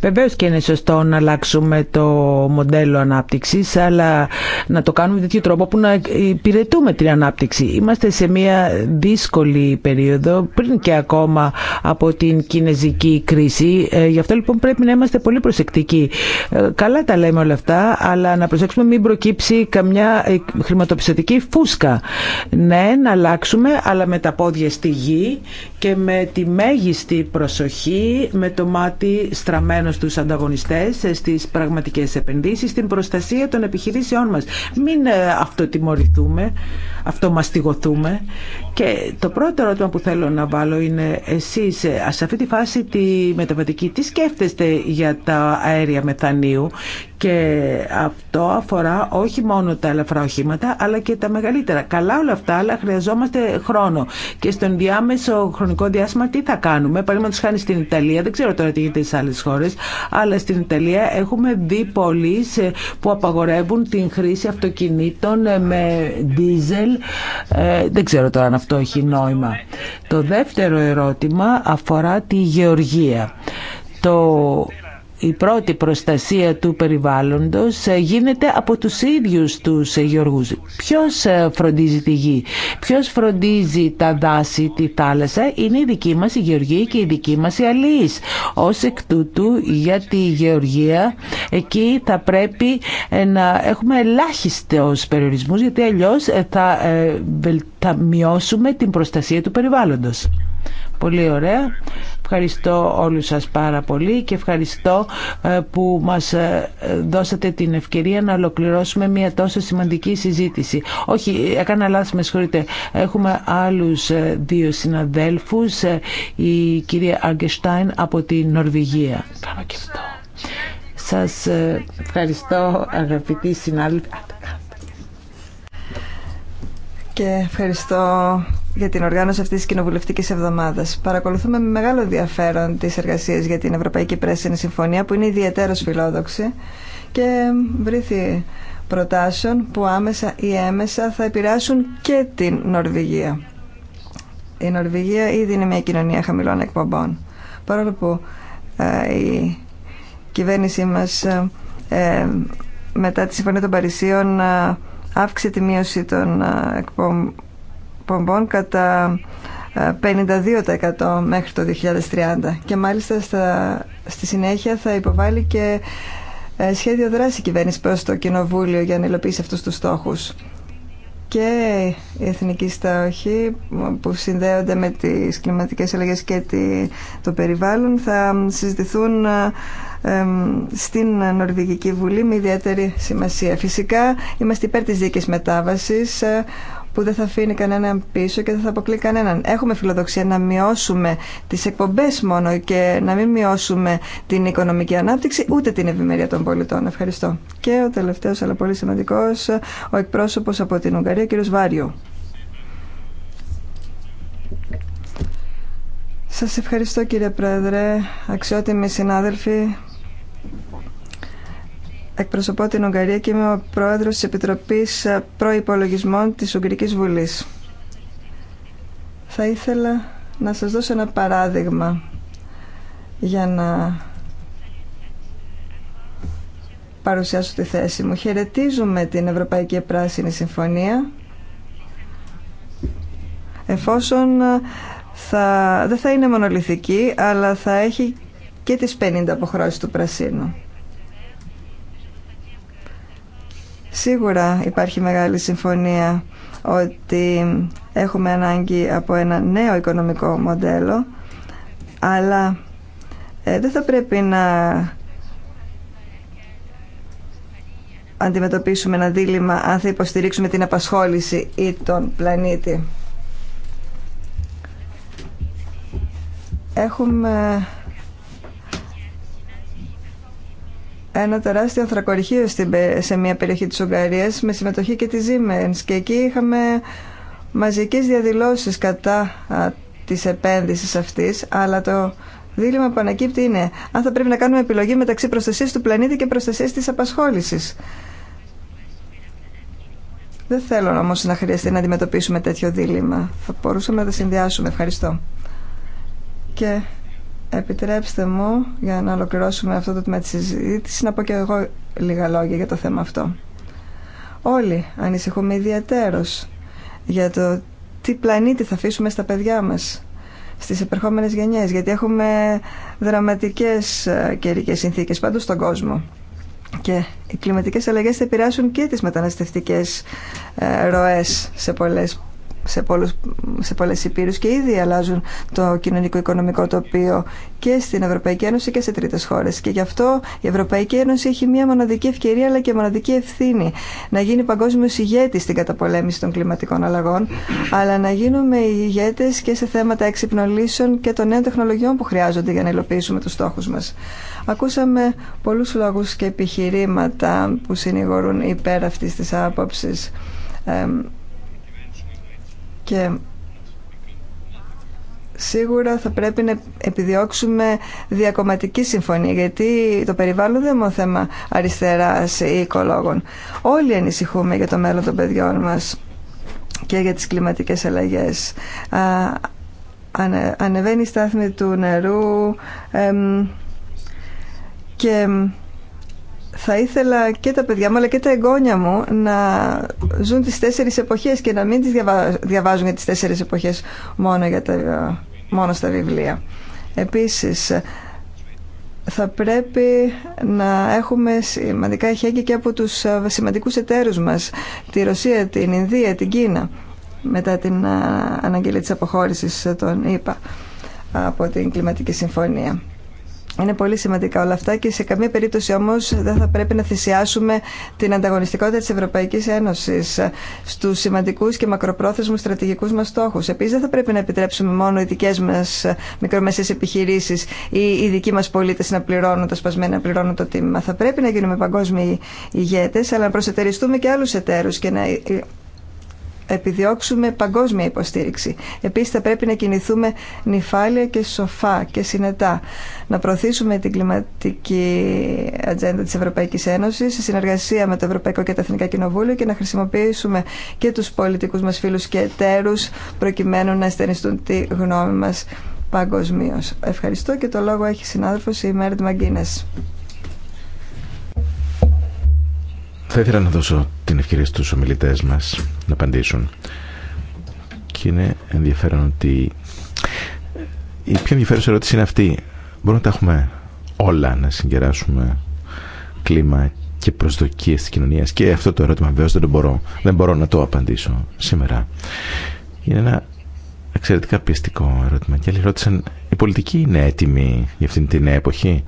Βεβαίως και είναι σωστό να αλλάξουμε το μοντέλο ανάπτυξης, αλλά να το κάνουμε με τέτοιο τρόπο που να υπηρετούμε την ανάπτυξη. Είμαστε σε μια δύσκολη περίοδο, πριν και ακόμα από την κινέζικη κρίση. Ε, γι' αυτό λοιπόν πρέπει να είμαστε πολύ προσεκτικοί. Ε, καλά τα λέμε όλα αυτά, αλλά να προσέξουμε μην προκύψει καμιά ε, χρηματοπιστωτική φούσκα. Ναι, να αλλάξουμε, αλλά με τα πόδια στη γη και με τη μέγιστη προσοχή, με το μάτι στραμμένο Στου στους ανταγωνιστές, στις πραγματικές επενδύσεις, στην προστασία των επιχειρήσεών μας. Μην ε, αυτοτιμωρηθούμε, αυτομαστιγωθούμε. Και το πρώτο ερώτημα που θέλω να βάλω είναι εσείς ε, σε αυτή τη φάση τη μεταβατική τι σκέφτεστε για τα αέρια μεθανίου και αυτό αφορά όχι μόνο τα ελαφρά οχήματα, αλλά και τα μεγαλύτερα. Καλά όλα αυτά, αλλά χρειαζόμαστε χρόνο. Και στον διάμεσο χρονικό διάστημα τι θα κάνουμε. Παραδείγματο χάνει στην Ιταλία, δεν ξέρω τώρα τι γίνεται στι άλλε χώρε, αλλά στην Ιταλία έχουμε δει πολλοί ε, που απαγορεύουν την χρήση αυτοκινήτων ε, με δίζελ. Ε, δεν ξέρω τώρα αν αυτό έχει νόημα. Το δεύτερο ερώτημα αφορά τη γεωργία. Το η πρώτη προστασία του περιβάλλοντος ε, γίνεται από τους ίδιους τους ε, γεωργούς. Ποιος ε, φροντίζει τη γη, ποιος φροντίζει τα δάση, τη θάλασσα, είναι η δική μας η Γεωργία και η δική μας η αλληλείς. Ως εκ τούτου για τη γεωργία εκεί θα πρέπει να έχουμε ελάχιστος περιορισμούς γιατί αλλιώς θα, μειώσουμε την προστασία του περιβάλλοντος. Πολύ ωραία. Ευχαριστώ όλους σας πάρα πολύ και ευχαριστώ ε, που μας ε, δώσατε την ευκαιρία να ολοκληρώσουμε μια τόσο σημαντική συζήτηση. Όχι, έκανα λάθος, με συγχωρείτε. Έχουμε άλλους ε, δύο συναδέλφους, η κυρία Αγκεστάιν από τη Νορβηγία. Σας ευχαριστώ αγαπητοί συνάδελφοι. Και ευχαριστώ για την οργάνωση αυτής της κοινοβουλευτικής εβδομάδας. Παρακολουθούμε με μεγάλο ενδιαφέρον τις εργασίες για την Ευρωπαϊκή Πράσινη Συμφωνία που είναι ιδιαίτερος φιλόδοξη και βρήθη προτάσεων που άμεσα ή έμεσα θα επηρεάσουν και την Νορβηγία. Η Νορβηγία ήδη είναι μια κοινωνία χαμηλών εκπομπών. Παρόλο που ε, η κυβέρνησή μας ε, ε, μετά τη Συμφωνία των Παρισίων αύξησε τη μείωση των εκπομπών κατά 52% ε, μέχρι το 2030 και μάλιστα στη συνέχεια θα υποβάλει και ε, σχέδιο δράση κυβέρνηση προς το Κοινοβούλιο για να υλοποιήσει αυτούς τους στόχους και οι εθνικοί που συνδέονται με τις κλιματικές αλλαγές και το περιβάλλον θα συζητηθούν ε, στην Νορβηγική Βουλή με ιδιαίτερη σημασία. Φυσικά είμαστε υπέρ της δίκης μετάβασης που δεν θα αφήνει κανέναν πίσω και δεν θα αποκλεί κανέναν. Έχουμε φιλοδοξία να μειώσουμε τις εκπομπές μόνο και να μην μειώσουμε την οικονομική ανάπτυξη ούτε την ευημερία των πολιτών. Ευχαριστώ. Και ο τελευταίος αλλά πολύ σημαντικός, ο εκπρόσωπος από την Ουγγαρία, κύριος Βάριο. Σας ευχαριστώ κύριε Πρόεδρε, αξιότιμοι συνάδελφοι, Εκπροσωπώ την Ουγγαρία και είμαι ο πρόεδρος τη Επιτροπή Προϋπολογισμών της Ουγγρικής Βουλή. Θα ήθελα να σας δώσω ένα παράδειγμα για να παρουσιάσω τη θέση μου. Χαιρετίζουμε την Ευρωπαϊκή Πράσινη Συμφωνία εφόσον ε, θα, δεν θα είναι μονολυθική αλλά θα έχει και τις 50 αποχρώσεις του πρασίνου. Σίγουρα υπάρχει μεγάλη συμφωνία ότι έχουμε ανάγκη από ένα νέο οικονομικό μοντέλο, αλλά ε, δεν θα πρέπει να αντιμετωπίσουμε ένα δίλημα αν θα υποστηρίξουμε την απασχόληση ή τον πλανήτη. Έχουμε ένα τεράστιο ανθρακοριχείο σε μια περιοχή της Ουγγαρίας με συμμετοχή και της Siemens και εκεί είχαμε μαζικές διαδηλώσεις κατά της επένδυσης αυτής αλλά το δίλημα που ανακύπτει είναι αν θα πρέπει να κάνουμε επιλογή μεταξύ προστασίας του πλανήτη και προστασίας της απασχόλησης. Δεν θέλω όμω να χρειαστεί να αντιμετωπίσουμε τέτοιο δίλημα. Θα μπορούσαμε να τα συνδυάσουμε. Ευχαριστώ. Και Επιτρέψτε μου, για να ολοκληρώσουμε αυτό το τμήμα τη συζήτηση να πω και εγώ λίγα λόγια για το θέμα αυτό. Όλοι ανησυχούμε ιδιαίτερω για το τι πλανήτη θα αφήσουμε στα παιδιά μας στις επερχόμενε γενιές, γιατί έχουμε δραματικές ε, καιρικές συνθήκες παντού στον κόσμο. Και οι κλιματικές αλλαγές θα επηρεάσουν και τις μεταναστευτικές ε, ροές σε πολλές σε, πολλούς, σε πολλές υπήρους και ήδη αλλάζουν το κοινωνικό-οικονομικό τοπίο και στην Ευρωπαϊκή Ένωση και σε τρίτες χώρες. Και γι' αυτό η Ευρωπαϊκή Ένωση έχει μια μοναδική ευκαιρία αλλά και μοναδική ευθύνη να γίνει παγκόσμιο ηγέτη στην καταπολέμηση των κλιματικών αλλαγών, αλλά να γίνουμε ηγέτε και σε θέματα εξυπνολήσεων και των νέων τεχνολογιών που χρειάζονται για να υλοποιήσουμε τους στόχους μας. Ακούσαμε πολλούς λόγους και επιχειρήματα που συνηγορούν υπέρ αυτής της άποψης και σίγουρα θα πρέπει να επιδιώξουμε διακομματική συμφωνία γιατί το περιβάλλον δεν είναι θέμα αριστεράς ή οικολόγων. Όλοι ανησυχούμε για το μέλλον των παιδιών μας και για τις κλιματικές αλλαγές. ανεβαίνει η στάθμη του νερού και θα ήθελα και τα παιδιά μου αλλά και τα εγγόνια μου να ζουν τις τέσσερις εποχές και να μην τις διαβάζουν για τις τέσσερις εποχές μόνο, για τα, μόνο στα βιβλία. Επίσης, θα πρέπει να έχουμε σημαντικά ηχέγγυα και από τους σημαντικούς εταίρους μας, τη Ρωσία, την Ινδία, την Κίνα, μετά την ε, αναγγελία της αποχώρησης των ΗΠΑ από την Κλιματική Συμφωνία. Είναι πολύ σημαντικά όλα αυτά και σε καμία περίπτωση όμως δεν θα πρέπει να θυσιάσουμε την ανταγωνιστικότητα της Ευρωπαϊκής Ένωσης στους σημαντικούς και μακροπρόθεσμους στρατηγικούς μας στόχους. Επίσης δεν θα πρέπει να επιτρέψουμε μόνο οι δικέ μας μικρομεσαίες επιχειρήσεις ή οι δικοί μας πολίτε να πληρώνουν τα σπασμένα, να πληρώνουν το τίμημα. Θα πρέπει να γίνουμε παγκόσμιοι ηγέτες αλλά να προσετεριστούμε και άλλου εταίρους και να επιδιώξουμε παγκόσμια υποστήριξη. Επίσης θα πρέπει να κινηθούμε νυφάλια και σοφά και συνετά. Να προωθήσουμε την κλιματική ατζέντα της Ευρωπαϊκής Ένωσης σε συνεργασία με το Ευρωπαϊκό και τα Εθνικά Κοινοβούλια και να χρησιμοποιήσουμε και τους πολιτικούς μας φίλους και εταίρους προκειμένου να αισθενιστούν τη γνώμη μας παγκοσμίω. Ευχαριστώ και το λόγο έχει συνάδελφος η Μέρντ Μαγκίνες. Θα ήθελα να δώσω την ευκαιρία στους ομιλητές μας να απαντήσουν. Και είναι ενδιαφέρον ότι η πιο ενδιαφέρουσα ερώτηση είναι αυτή. Μπορούμε να τα έχουμε όλα, να συγκεράσουμε κλίμα και προσδοκίες της κοινωνίας. Και αυτό το ερώτημα βεβαίως δεν, μπορώ, δεν μπορώ να το απαντήσω σήμερα. Είναι ένα εξαιρετικά πιεστικό ερώτημα. Και άλλοι ρώτησαν, η πολιτική είναι έτοιμη για αυτήν την εποχή.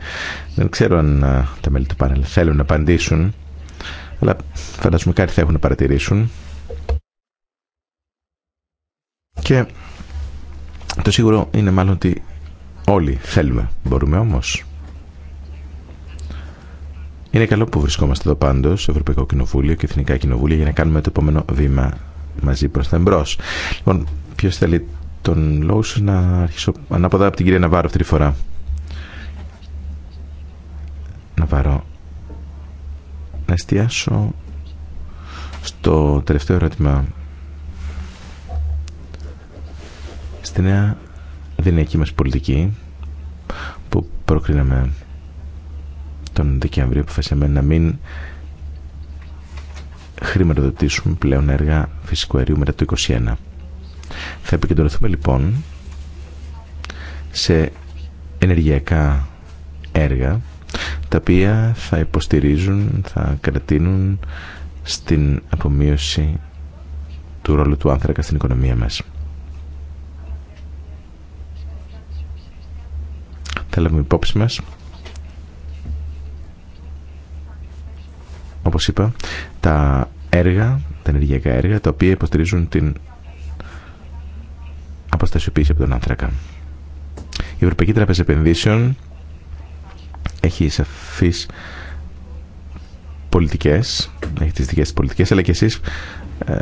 Δεν ξέρω αν τα μέλη του πάνελ θέλουν να απαντήσουν. Αλλά φαντάζομαι κάτι θα έχουν να παρατηρήσουν. Και το σίγουρο είναι μάλλον ότι όλοι θέλουμε. Μπορούμε όμως. Είναι καλό που βρισκόμαστε εδώ πάντω, Ευρωπαϊκό Κοινοβούλιο και Εθνικά Κοινοβούλια, για να κάνουμε το επόμενο βήμα μαζί προς τα εμπρός. Λοιπόν, ποιος θέλει τον λόγο σου να αρχίσω ανάποδα από την κυρία Ναβάρο αυτή τη φορά. Ναβάρο, να εστιάσω στο τελευταίο ερώτημα. Στη νέα δυνατή μας πολιτική που προκρίναμε τον Δεκέμβριο αποφασίσαμε να μην χρηματοδοτήσουμε πλέον έργα φυσικού αερίου μετά το 2021. Θα επικεντρωθούμε λοιπόν σε ενεργειακά έργα τα οποία θα υποστηρίζουν, θα κρατήνουν στην απομείωση του ρόλου του άνθρακα στην οικονομία μας. Θα υπόψη μας όπως είπα τα έργα, τα ενεργειακά έργα τα οποία υποστηρίζουν την αποστασιοποίηση από τον άνθρακα. Η Ευρωπαϊκή Τράπεζα Επενδύσεων έχει σαφεί πολιτικές, έχει τι δικέ πολιτικέ, πολιτικές, αλλά και εσεί ε,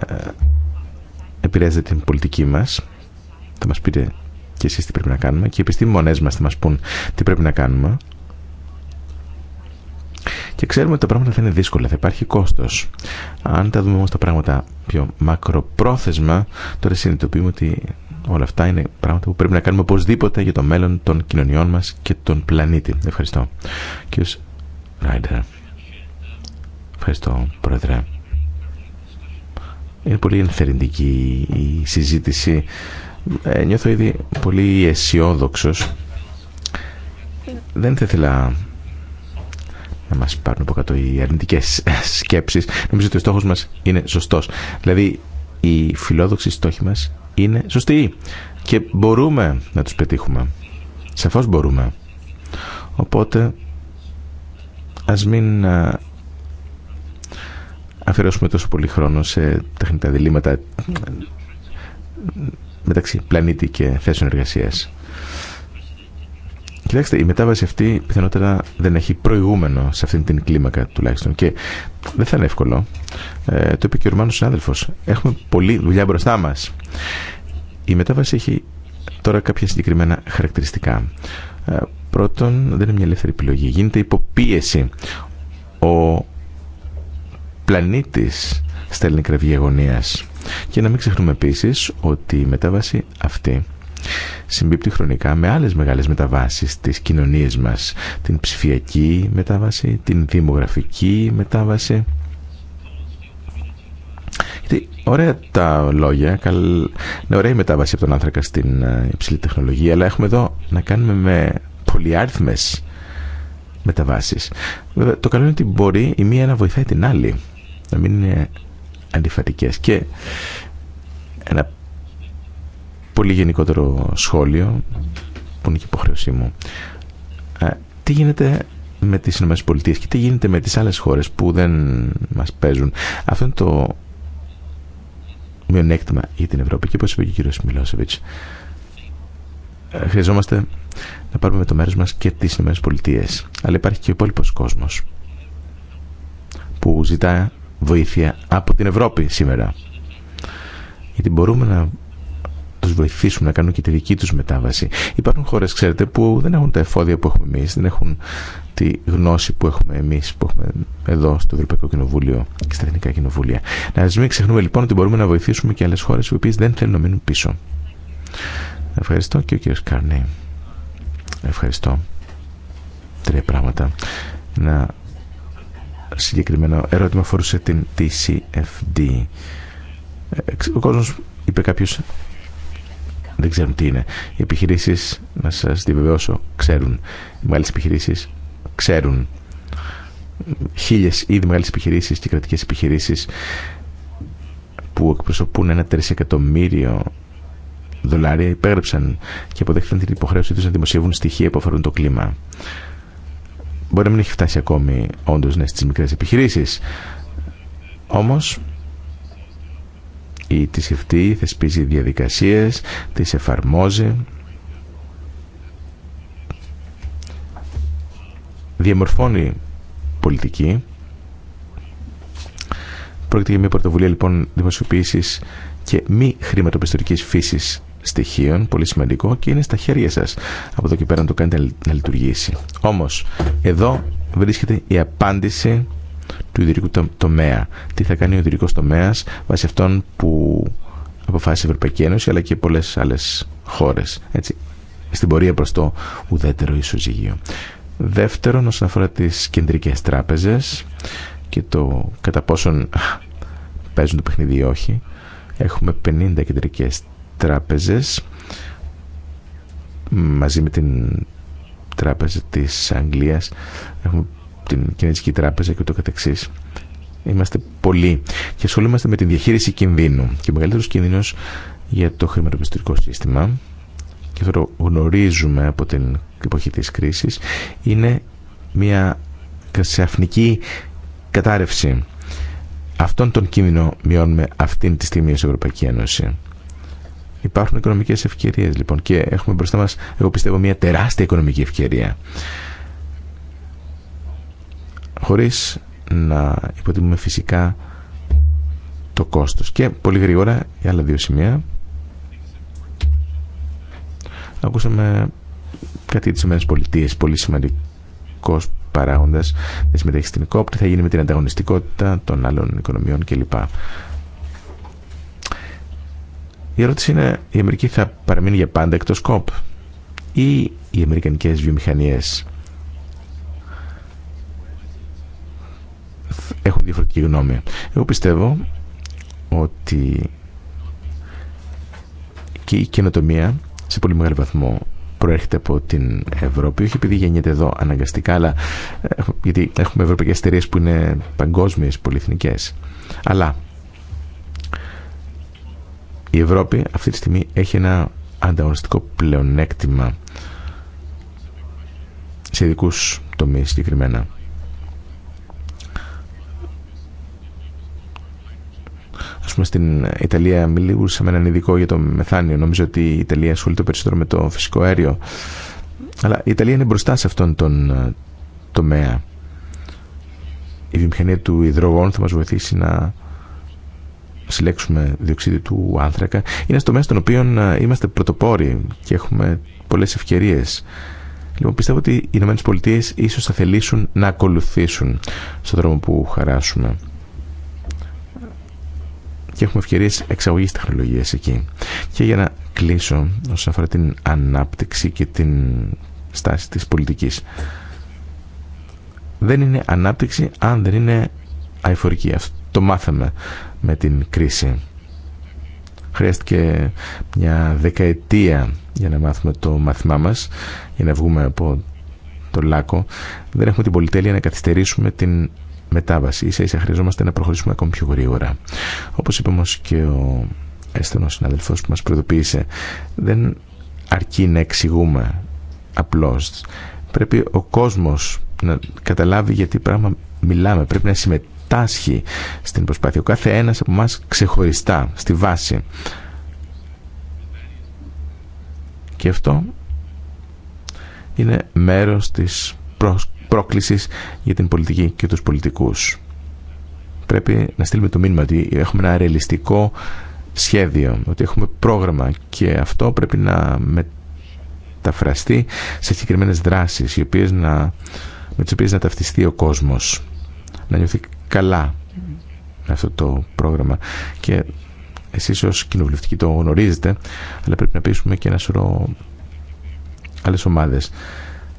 επηρεάζετε την πολιτική μας. Θα μας πείτε και εσείς τι πρέπει να κάνουμε και οι επιστήμονε μας θα μας πούν τι πρέπει να κάνουμε. Και ξέρουμε ότι τα πράγματα θα είναι δύσκολα, θα υπάρχει κόστος. Αν τα δούμε όμω τα πράγματα πιο μακροπρόθεσμα, τώρα συνειδητοποιούμε ότι Όλα αυτά είναι πράγματα που πρέπει να κάνουμε οπωσδήποτε για το μέλλον των κοινωνιών μας και τον πλανήτη. Ευχαριστώ. Κύριος Ράιντερ. Ευχαριστώ, Πρόεδρε. Είναι πολύ ενθερρυντική η συζήτηση. Ε, νιώθω ήδη πολύ αισιόδοξο. Δεν θα ήθελα να μας πάρουν από κάτω οι αρνητικές σκέψεις. Νομίζω ότι ο στόχος μας είναι σωστός. Δηλαδή, οι φιλόδοξοι στόχοι μας είναι σωστοί και μπορούμε να τους πετύχουμε. Σαφώς μπορούμε. Οπότε ας μην ε, αφιερώσουμε τόσο πολύ χρόνο σε τεχνητά διλήμματα μεταξύ πλανήτη και θέσεων εργασίας. Κοιτάξτε, η μετάβαση αυτή πιθανότερα δεν έχει προηγούμενο σε αυτήν την κλίμακα τουλάχιστον και δεν θα είναι εύκολο. Ε, το είπε και ο Ρουμάνο συνάδελφο. Έχουμε πολλή δουλειά μπροστά μα. Η μετάβαση έχει τώρα κάποια συγκεκριμένα χαρακτηριστικά. Ε, πρώτον, δεν είναι μια ελεύθερη επιλογή. Γίνεται υποπίεση. Ο πλανήτης στέλνει κραυγή αγωνίας. Και να μην ξεχνούμε επίση ότι η μετάβαση αυτή συμπίπτει χρονικά με άλλες μεγάλες μεταβάσεις της κοινωνίας μας. Την ψηφιακή μετάβαση, την δημογραφική μετάβαση. Γιατί ωραία τα λόγια, καλ... είναι ωραία η μετάβαση από τον άνθρακα στην ε, υψηλή τεχνολογία, αλλά έχουμε εδώ να κάνουμε με πολυάριθμες μεταβάσεις. Βέβαια, το καλό είναι ότι μπορεί η μία να βοηθάει την άλλη, να μην είναι αντιφατικές. Και ένα πολύ γενικότερο σχόλιο, που είναι και υποχρέωσή μου. Ε, τι γίνεται με τις ΗΠΑ και τι γίνεται με τις άλλες χώρες που δεν μας παίζουν. Αυτό είναι το μειονέκτημα για την Ευρώπη. Και όπως είπε και ο κύριος Μιλόσεβιτς, ε, χρειαζόμαστε να πάρουμε με το μέρος μας και τις ΗΠΑ. Αλλά υπάρχει και ο υπόλοιπο κόσμος που ζητά βοήθεια από την Ευρώπη σήμερα. Γιατί μπορούμε να τους βοηθήσουμε να κάνουν και τη δική τους μετάβαση. Υπάρχουν χώρες, ξέρετε, που δεν έχουν τα εφόδια που έχουμε εμείς, δεν έχουν τη γνώση που έχουμε εμείς, που έχουμε εδώ στο Ευρωπαϊκό Κοινοβούλιο και στα Εθνικά Κοινοβούλια. Να μην ξεχνούμε λοιπόν ότι μπορούμε να βοηθήσουμε και άλλες χώρες οι οποίες δεν θέλουν να μείνουν πίσω. Ευχαριστώ και ο κύριος Καρνή. Ευχαριστώ. Τρία πράγματα. Να συγκεκριμένο ερώτημα αφορούσε την TCFD. Ε, ο κόσμος είπε κάποιος δεν ξέρουν τι είναι. Οι επιχειρήσεις, να σας διαβεβαιώσω, ξέρουν. Οι μεγάλε επιχειρήσει ξέρουν. Χίλιες ήδη μεγάλε επιχειρήσεις και κρατικές επιχειρήσεις που εκπροσωπούν ένα τρισεκατομμύριο δολάρια υπέγραψαν και αποδέχτηκαν την υποχρέωσή τους να δημοσιεύουν στοιχεία που αφορούν το κλίμα. Μπορεί να μην έχει φτάσει ακόμη όντω ναι, στι μικρέ επιχειρήσει. Όμω ή τη σκεφτεί, θεσπίζει διαδικασίες, τις εφαρμόζει. Διαμορφώνει πολιτική. Πρόκειται για μια πρωτοβουλία λοιπόν δημοσιοποίηση και μη χρηματοπιστωτικής φύσης στοιχείων, πολύ σημαντικό και είναι στα χέρια σας από εδώ και πέρα να το κάνετε να λειτουργήσει. Όμως, εδώ βρίσκεται η απάντηση του ιδρυτικού τομέα. Τι θα κάνει ο ιδρυτικό τομέα βάσει αυτών που αποφάσισε η Ευρωπαϊκή Ένωση αλλά και πολλέ άλλε χώρε. Στην πορεία προ το ουδέτερο ισοζυγείο. Δεύτερον, όσον αφορά τι κεντρικέ τράπεζε και το κατά πόσον παίζουν το παιχνίδι ή όχι, έχουμε 50 κεντρικέ τράπεζε μαζί με την τράπεζα της Αγγλίας έχουμε την Κινέζικη Τράπεζα και το καθεξής. Είμαστε πολλοί και ασχολούμαστε με τη διαχείριση κινδύνου. Και ο μεγαλύτερο κίνδυνο για το χρηματοπιστωτικό σύστημα, και αυτό το γνωρίζουμε από την εποχή τη κρίση, είναι μια ξαφνική κατάρρευση. Αυτόν τον κίνδυνο μειώνουμε αυτή τη στιγμή στην Ευρωπαϊκή Ένωση. Υπάρχουν οικονομικέ ευκαιρίε λοιπόν και έχουμε μπροστά μα, εγώ πιστεύω, μια τεράστια οικονομική ευκαιρία χωρίς να υποτιμούμε φυσικά το κόστος. Και πολύ γρήγορα, οι άλλα δύο σημεία. Ακούσαμε κάτι για τις ΗΠΑ, πολύ σημαντικός παράγοντας. Δεν συμμετέχει στην ΕΚΟΠ, τι θα γίνει με την ανταγωνιστικότητα των άλλων οικονομιών κλπ. Η ερώτηση είναι, η Αμερική θα παραμείνει για πάντα εκτός ΚΟΠ ή οι αμερικανικές βιομηχανίες έχουν διαφορετική γνώμη. Εγώ πιστεύω ότι και η καινοτομία σε πολύ μεγάλο βαθμό προέρχεται από την Ευρώπη, όχι επειδή γεννιέται εδώ αναγκαστικά, αλλά ε, γιατί έχουμε ευρωπαϊκέ εταιρείε που είναι παγκόσμιε, πολυεθνικέ. Αλλά η Ευρώπη αυτή τη στιγμή έχει ένα ανταγωνιστικό πλεονέκτημα σε ειδικού τομεί συγκεκριμένα. Ας πούμε στην Ιταλία μιλούσαμε με έναν ειδικό για το μεθάνιο. Νομίζω ότι η Ιταλία ασχολείται περισσότερο με το φυσικό αέριο. Αλλά η Ιταλία είναι μπροστά σε αυτόν τον ε, τομέα. Η βιομηχανία του υδρογόνου θα μας βοηθήσει να συλλέξουμε διοξίδιο του άνθρακα. Είναι ένα τομέα στον οποίο ε, είμαστε πρωτοπόροι και έχουμε πολλές ευκαιρίε Λοιπόν, πιστεύω ότι οι Ηνωμένε Πολιτείε ίσως θα θελήσουν να ακολουθήσουν στον δρόμο που χαράσουμε και έχουμε ευκαιρίε εξαγωγή τεχνολογία εκεί. Και για να κλείσω όσον αφορά την ανάπτυξη και την στάση της πολιτικής. Δεν είναι ανάπτυξη αν δεν είναι αηφορική. Αυτό το μάθαμε με την κρίση. Χρειάστηκε μια δεκαετία για να μάθουμε το μάθημά μας, για να βγούμε από το λάκκο. Δεν έχουμε την πολυτέλεια να καθυστερήσουμε την μετάβαση. σα ίσα χρειαζόμαστε να προχωρήσουμε ακόμη πιο γρήγορα. Όπω είπε όμω και ο έστενο συναδελφό που μα προειδοποίησε, δεν αρκεί να εξηγούμε απλώ. Πρέπει ο κόσμο να καταλάβει γιατί πράγμα μιλάμε. Πρέπει να συμμετάσχει στην προσπάθεια. Ο κάθε ένα από εμά ξεχωριστά, στη βάση. Και αυτό είναι μέρος της πρόσκλησης πρόκλησης για την πολιτική και τους πολιτικούς. Πρέπει να στείλουμε το μήνυμα ότι έχουμε ένα ρεαλιστικό σχέδιο, ότι έχουμε πρόγραμμα και αυτό πρέπει να μεταφραστεί σε συγκεκριμένε δράσεις οι οποίες να, με τις οποίες να ταυτιστεί ο κόσμος, να νιώθει καλά αυτό το πρόγραμμα και εσείς ως κοινοβουλευτικοί το γνωρίζετε αλλά πρέπει να πείσουμε και ένα σωρό άλλες ομάδες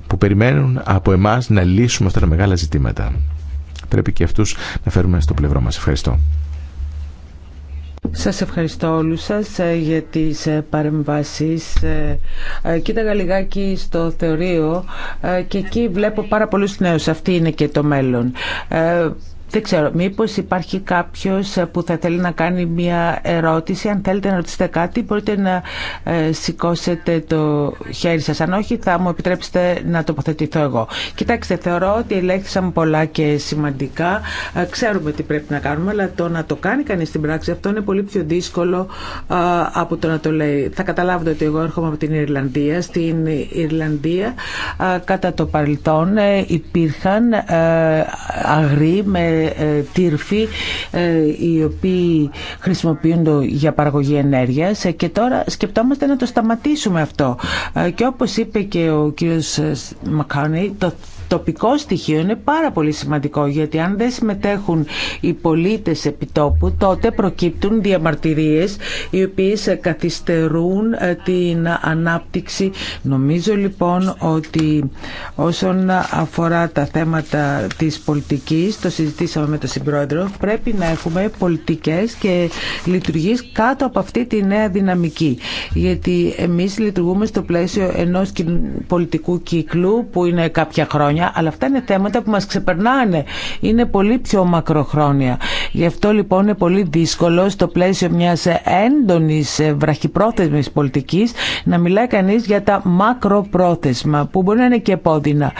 που περιμένουν από εμάς να λύσουμε αυτά τα μεγάλα ζητήματα. Πρέπει και αυτούς να φέρουμε στο πλευρό μας. Ευχαριστώ. Σας ευχαριστώ όλους σας ε, για τις ε, παρεμβάσεις. Ε, κοίταγα λιγάκι στο θεωρείο και εκεί βλέπω πάρα πολλούς νέους. Αυτή είναι και το μέλλον. Δεν ξέρω, μήπως υπάρχει κάποιος ε, που θα θέλει να κάνει μια ερώτηση. Αν θέλετε να ρωτήσετε κάτι, μπορείτε να ε, σηκώσετε το χέρι σας. Αν όχι, θα μου επιτρέψετε να τοποθετηθώ εγώ. Κοιτάξτε, θεωρώ ότι ελέγχθησαν πολλά και σημαντικά. Ε, ξέρουμε τι πρέπει να κάνουμε, αλλά το να το κάνει κανείς στην πράξη, αυτό είναι πολύ πιο δύσκολο από το να το λέει. Θα καταλάβετε ότι εγώ έρχομαι από την Ιρλανδία. Στην Ιρλανδία, κατά το παρελθόν, υπήρχαν αγροί με τύρφοι ε, οι οποίοι χρησιμοποιούνται για παραγωγή ενέργειας ε, και τώρα σκεπτόμαστε να το σταματήσουμε αυτό. Ε, και όπως είπε και ο κύριος Μακάνη, το τοπικό στοιχείο είναι πάρα πολύ σημαντικό γιατί αν δεν συμμετέχουν οι πολίτες επιτόπου τότε προκύπτουν διαμαρτυρίες οι οποίες ε, καθυστερούν ε, την ανάπτυξη. Νομίζω λοιπόν ότι όσον αφορά τα θέματα της πολιτικής, το συζητήσαμε με τον Συμπρόεδρο, πρέπει να έχουμε πολιτικές και λειτουργίες κάτω από αυτή τη νέα δυναμική. Γιατί εμείς λειτουργούμε στο πλαίσιο ενός πολιτικού κύκλου που είναι κάποια χρόνια αλλά αυτά είναι θέματα που μας ξεπερνάνε. Είναι πολύ πιο μακροχρόνια. Γι' αυτό λοιπόν είναι πολύ δύσκολο στο πλαίσιο μιας έντονης ε, βραχυπρόθεσμης πολιτικής να μιλάει κανείς για τα μακροπρόθεσμα που μπορεί να είναι και πόδινα.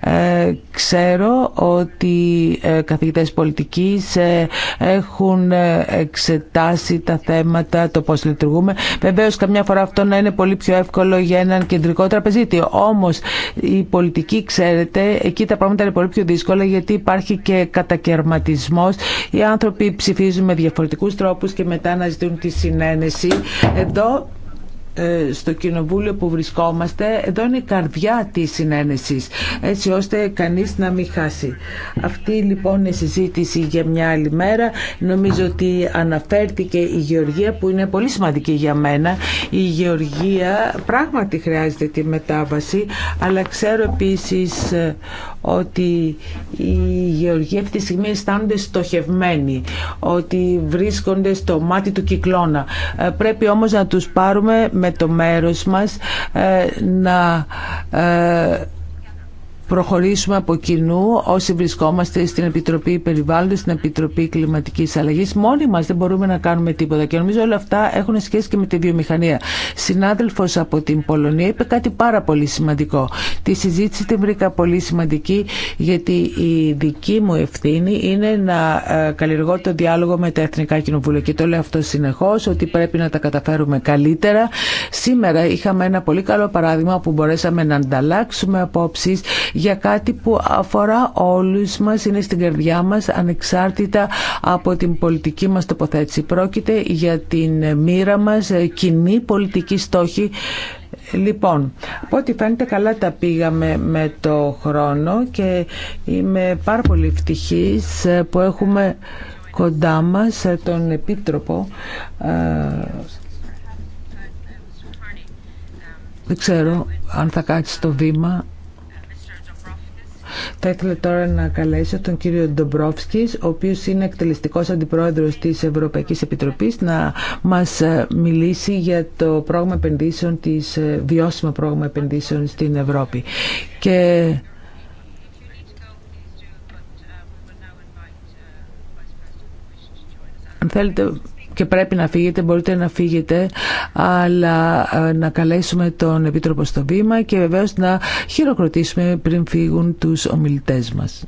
Ε, ξέρω ότι ε, καθηγητές πολιτικής ε, έχουν ε, εξετάσει τα θέματα, το πώς λειτουργούμε. Βεβαίως καμιά φορά αυτό να είναι πολύ πιο εύκολο για έναν κεντρικό τραπεζίτη. Όμως η πολιτική ξέρετε εκεί τα πράγματα είναι πολύ πιο δύσκολα γιατί υπάρχει και κατακαιρματισμός. Οι άνθρωποι ψηφίζουν με διαφορετικούς τρόπους και μετά αναζητούν τη συνένεση. Εδώ ε, στο κοινοβούλιο που βρισκόμαστε εδώ είναι η καρδιά της συνένεσης έτσι ώστε κανείς να μην χάσει. Αυτή λοιπόν η συζήτηση για μια άλλη μέρα. Νομίζω ότι αναφέρθηκε η Γεωργία που είναι πολύ σημαντική για μένα. Η Γεωργία πράγματι χρειάζεται τη μετάβαση αλλά ξέρω επίσης ε, ότι οι Γεωργοί αυτή τη στιγμή αισθάνονται στοχευμένοι, ότι βρίσκονται στο μάτι του κυκλώνα. Ε, πρέπει όμως να τους πάρουμε με το μέρος μας ε, να ε, προχωρήσουμε από κοινού όσοι βρισκόμαστε στην Επιτροπή Περιβάλλοντος, στην Επιτροπή Κλιματικής Αλλαγής. Μόνοι μας δεν μπορούμε να κάνουμε τίποτα και νομίζω όλα αυτά έχουν σχέση και με τη βιομηχανία. Συνάδελφος από την Πολωνία είπε κάτι πάρα πολύ σημαντικό. Τη συζήτηση την βρήκα πολύ σημαντική γιατί η δική μου ευθύνη είναι να ε, καλλιεργώ το διάλογο με τα Εθνικά Κοινοβούλια και το λέω αυτό συνεχώς ότι πρέπει να τα καταφέρουμε καλύτερα. Σήμερα είχαμε ένα πολύ καλό παράδειγμα που μπορέσαμε να ανταλλάξουμε απόψει για κάτι που αφορά όλους μας, είναι στην καρδιά μας ανεξάρτητα από την πολιτική μας τοποθέτηση. Πρόκειται για την μοίρα μας κοινή πολιτική στόχη Λοιπόν, από ό,τι φαίνεται καλά τα πήγαμε με το χρόνο και είμαι πάρα πολύ ευτυχής που έχουμε κοντά μας τον Επίτροπο ε, δεν ξέρω αν θα κάτσει το βήμα θα ήθελα τώρα να καλέσω τον κύριο Ντομπρόφσκη, ο οποίο είναι εκτελεστικό αντιπρόεδρο τη Ευρωπαϊκή Επιτροπή, να μα ε, μιλήσει για το πρόγραμμα επενδύσεων, τη ε, βιώσιμο πρόγραμμα επενδύσεων στην Ευρώπη. Και αν και πρέπει να φύγετε, μπορείτε να φύγετε, αλλά ε, να καλέσουμε τον Επίτροπο στο βήμα και βεβαίως να χειροκροτήσουμε πριν φύγουν τους ομιλητές μας.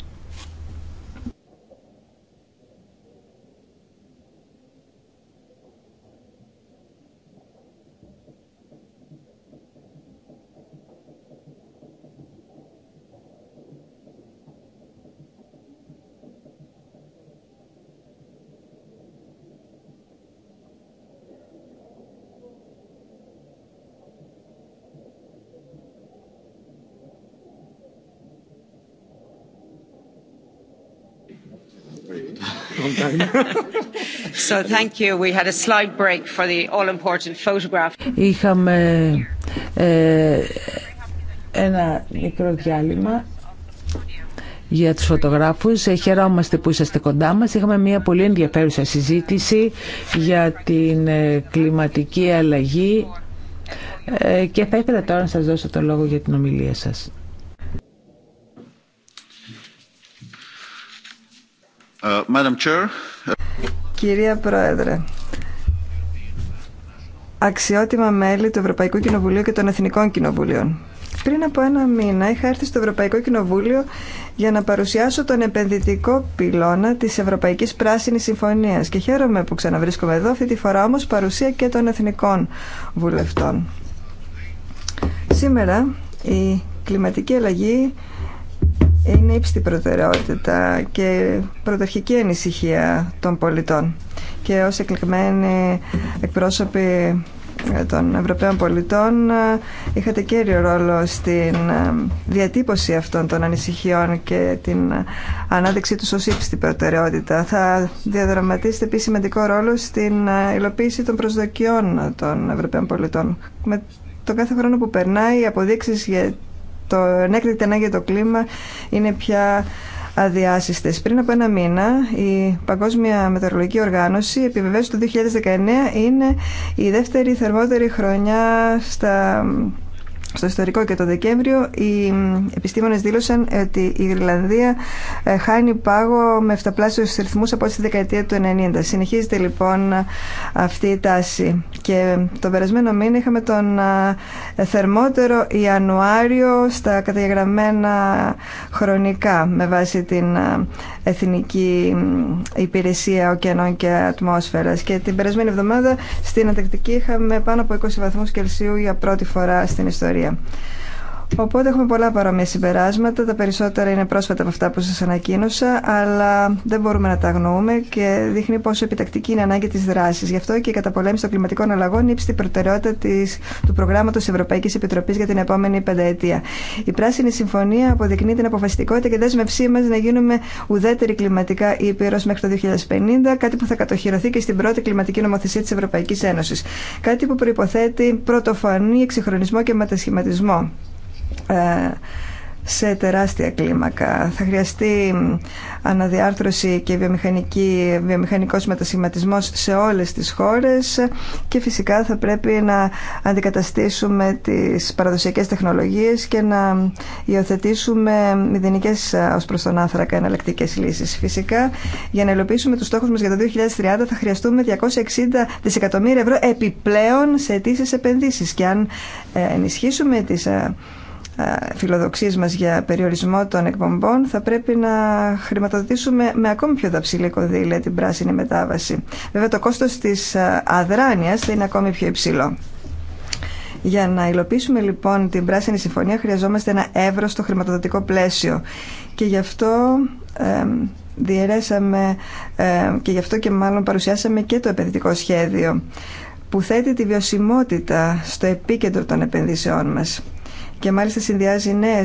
Είχαμε ένα μικρό διάλειμμα για τους φωτογράφους. Ε, χαιρόμαστε που είσαστε κοντά μας. Είχαμε μια πολύ ενδιαφέρουσα συζήτηση για την ε, κλιματική αλλαγή ε, και θα ήθελα τώρα να σας δώσω το λόγο για την ομιλία σας. Uh, uh, Κυρία Πρόεδρε, αξιότιμα μέλη του Ευρωπαϊκού Κοινοβουλίου και των Εθνικών Κοινοβουλίων. Πριν από ένα μήνα είχα έρθει στο Ευρωπαϊκό Κοινοβούλιο για να παρουσιάσω τον επενδυτικό πυλώνα της Ευρωπαϊκής Πράσινης Συμφωνίας και χαίρομαι που ξαναβρίσκομαι εδώ, αυτή τη φορά όμως παρουσία και των εθνικών βουλευτών. Σήμερα η κλιματική αλλαγή είναι ύψη προτεραιότητα και πρωταρχική ανησυχία των πολιτών. Και ως εκλεγμένοι εκπρόσωποι ε, των Ευρωπαίων πολιτών ε, είχατε κέριο ρόλο στην ε, διατύπωση αυτών των ανησυχιών και την ανάδειξή τους ως ύψητη προτεραιότητα. Θα διαδραματίσετε επίσης σημαντικό ρόλο στην υλοποίηση των προσδοκιών των Ευρωπαίων πολιτών. Με τον κάθε χρόνο που περνάει οι αποδείξεις για το ανέκτητη ανάγκη για το κλίμα είναι πια αδιάσυστες. Πριν από ένα μήνα η Παγκόσμια Μετεωρολογική Οργάνωση επιβεβαίωσε ότι το 2019 είναι η δεύτερη θερμότερη χρονιά στα στο ιστορικό και το Δεκέμβριο οι επιστήμονες δήλωσαν ότι η Γρυλανδία ε, χάνει πάγο με εφταπλάσιους ρυθμούς από τη δεκαετία του 90. Συνεχίζεται λοιπόν αυτή η τάση και τον περασμένο μήνα είχαμε τον ε, θερμότερο Ιανουάριο στα καταγεγραμμένα χρονικά με βάση την ε, Εθνική Υπηρεσία Οκεανών και Ατμόσφαιρας και την περασμένη εβδομάδα στην Αντακτική είχαμε πάνω από 20 βαθμούς Κελσίου για πρώτη φορά στην ιστορία. Προεδρία. Οπότε έχουμε πολλά παρόμοια συμπεράσματα. Τα περισσότερα είναι πρόσφατα από αυτά που σα ανακοίνωσα, αλλά δεν μπορούμε να τα αγνοούμε και δείχνει πόσο επιτακτική είναι η ανάγκη τη δράση. Γι' αυτό και η καταπολέμηση των κλιματικών αλλαγών είναι η προτεραιότητα της, του προγράμματος Ευρωπαϊκής Επιτροπής για την επόμενη πενταετία. Η Πράσινη Συμφωνία αποδεικνύει την αποφασιστικότητα και δέσμευσή μα να γίνουμε ουδέτεροι κλιματικά ήπειρο μέχρι το 2050, κάτι που θα κατοχυρωθεί και στην πρώτη κλιματική νομοθεσία τη Ευρωπαϊκή Ένωση. Κάτι που προποθέτει πρωτοφανή εξυγχρονισμό και μετασχηματισμό. Ε, σε τεράστια κλίμακα. Θα χρειαστεί αναδιάρθρωση και βιομηχανική, βιομηχανικός μετασχηματισμός σε όλες τις χώρες και φυσικά θα πρέπει να αντικαταστήσουμε τις παραδοσιακές τεχνολογίες και να υιοθετήσουμε μηδενικές ε, ως προς τον άνθρακα εναλλακτικέ λύσεις. Φυσικά για να υλοποιήσουμε τους στόχους μας για το 2030 θα χρειαστούμε 260 δισεκατομμύρια ευρώ επιπλέον σε αιτήσεις επενδύσεις και αν ε, ενισχύσουμε τις ε, φιλοδοξίες μας για περιορισμό των εκπομπών θα πρέπει να χρηματοδοτήσουμε με ακόμη πιο δαψιλή κονδύλια την πράσινη μετάβαση. Βέβαια το κόστος της ε, αδράνειας θα είναι ακόμη πιο υψηλό. Για να υλοποιήσουμε λοιπόν την Πράσινη Συμφωνία χρειαζόμαστε ένα εύρωστο χρηματοδοτικό πλαίσιο και γι' αυτό ε, και γι' αυτό και μάλλον παρουσιάσαμε και το επενδυτικό σχέδιο που θέτει τη βιωσιμότητα στο επίκεντρο των επενδύσεών μας και μάλιστα συνδυάζει νέε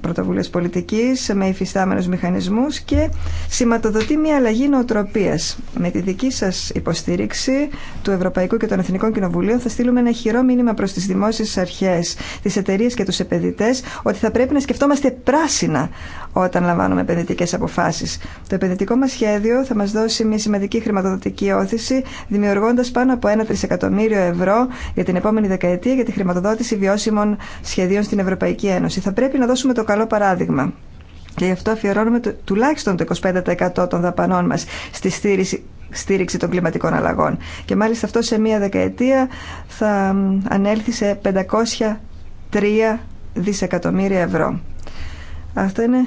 πρωτοβουλίε πολιτική με υφιστάμενου μηχανισμού και σηματοδοτεί μια αλλαγή νοοτροπία. Με τη δική σα υποστήριξη του Ευρωπαϊκού και των Εθνικών Κοινοβουλίων θα στείλουμε ένα χειρό μήνυμα προ τι δημόσιε αρχέ, τι εταιρείε και του επενδυτέ, ότι θα πρέπει να σκεφτόμαστε πράσινα όταν λαμβάνουμε επενδυτικέ αποφάσει. Το επενδυτικό μα σχέδιο θα μα δώσει μια σημαντική χρηματοδοτική όθηση δημιουργώντα πάνω από ένα τρισεκατομμύριο ευρώ για την επόμενη δεκαετία για τη χρηματοδότηση βιώσιμων σχεδίων στην Ευρωπαϊκή Ένωση. Θα πρέπει να δώσουμε το καλό παράδειγμα. Και γι' αυτό αφιερώνουμε το, τουλάχιστον το 25% των δαπανών μας στη στήριξη, στήριξη των κλιματικών αλλαγών. Και μάλιστα αυτό σε μία δεκαετία θα ανέλθει σε 503 δισεκατομμύρια ευρώ. Αυτό είναι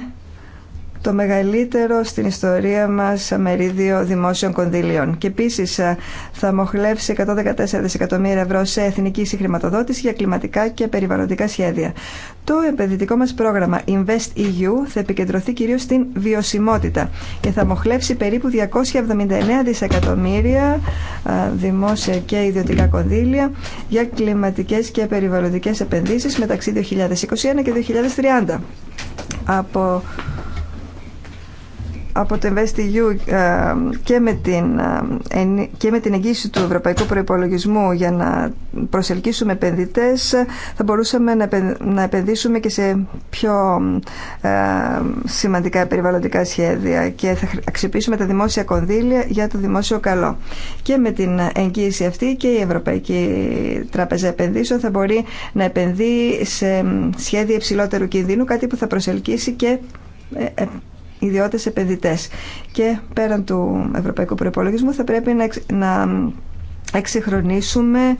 το μεγαλύτερο στην ιστορία μας μερίδιο δημόσιων κονδυλίων. Και επίσης ε, θα μοχλεύσει 114 δισεκατομμύρια ευρώ σε εθνική συγχρηματοδότηση για κλιματικά και περιβαλλοντικά σχέδια. Το επενδυτικό μας πρόγραμμα Invest EU θα επικεντρωθεί κυρίως στην βιωσιμότητα και θα μοχλεύσει περίπου 279 δισεκατομμύρια ε, δημόσια και ιδιωτικά κονδύλια για κλιματικές και περιβαλλοντικές επενδύσεις μεταξύ 2021 και 2030. Από από το InvestEU ε, και με, την, ε, και με την εγγύηση του ευρωπαϊκού προϋπολογισμού για να προσελκύσουμε επενδυτές θα μπορούσαμε να επενδύσουμε και σε πιο ε, σημαντικά περιβαλλοντικά σχέδια και θα αξιοποιήσουμε τα δημόσια κονδύλια για το δημόσιο καλό. Και με την εγγύηση αυτή και η Ευρωπαϊκή Τράπεζα Επενδύσεων θα μπορεί να επενδύει σε σχέδια υψηλότερου κινδύνου, κάτι που θα προσελκύσει και ιδιώτες επενδυτέ. Και πέραν του Ευρωπαϊκού Προπολογισμού θα πρέπει να εξυγχρονίσουμε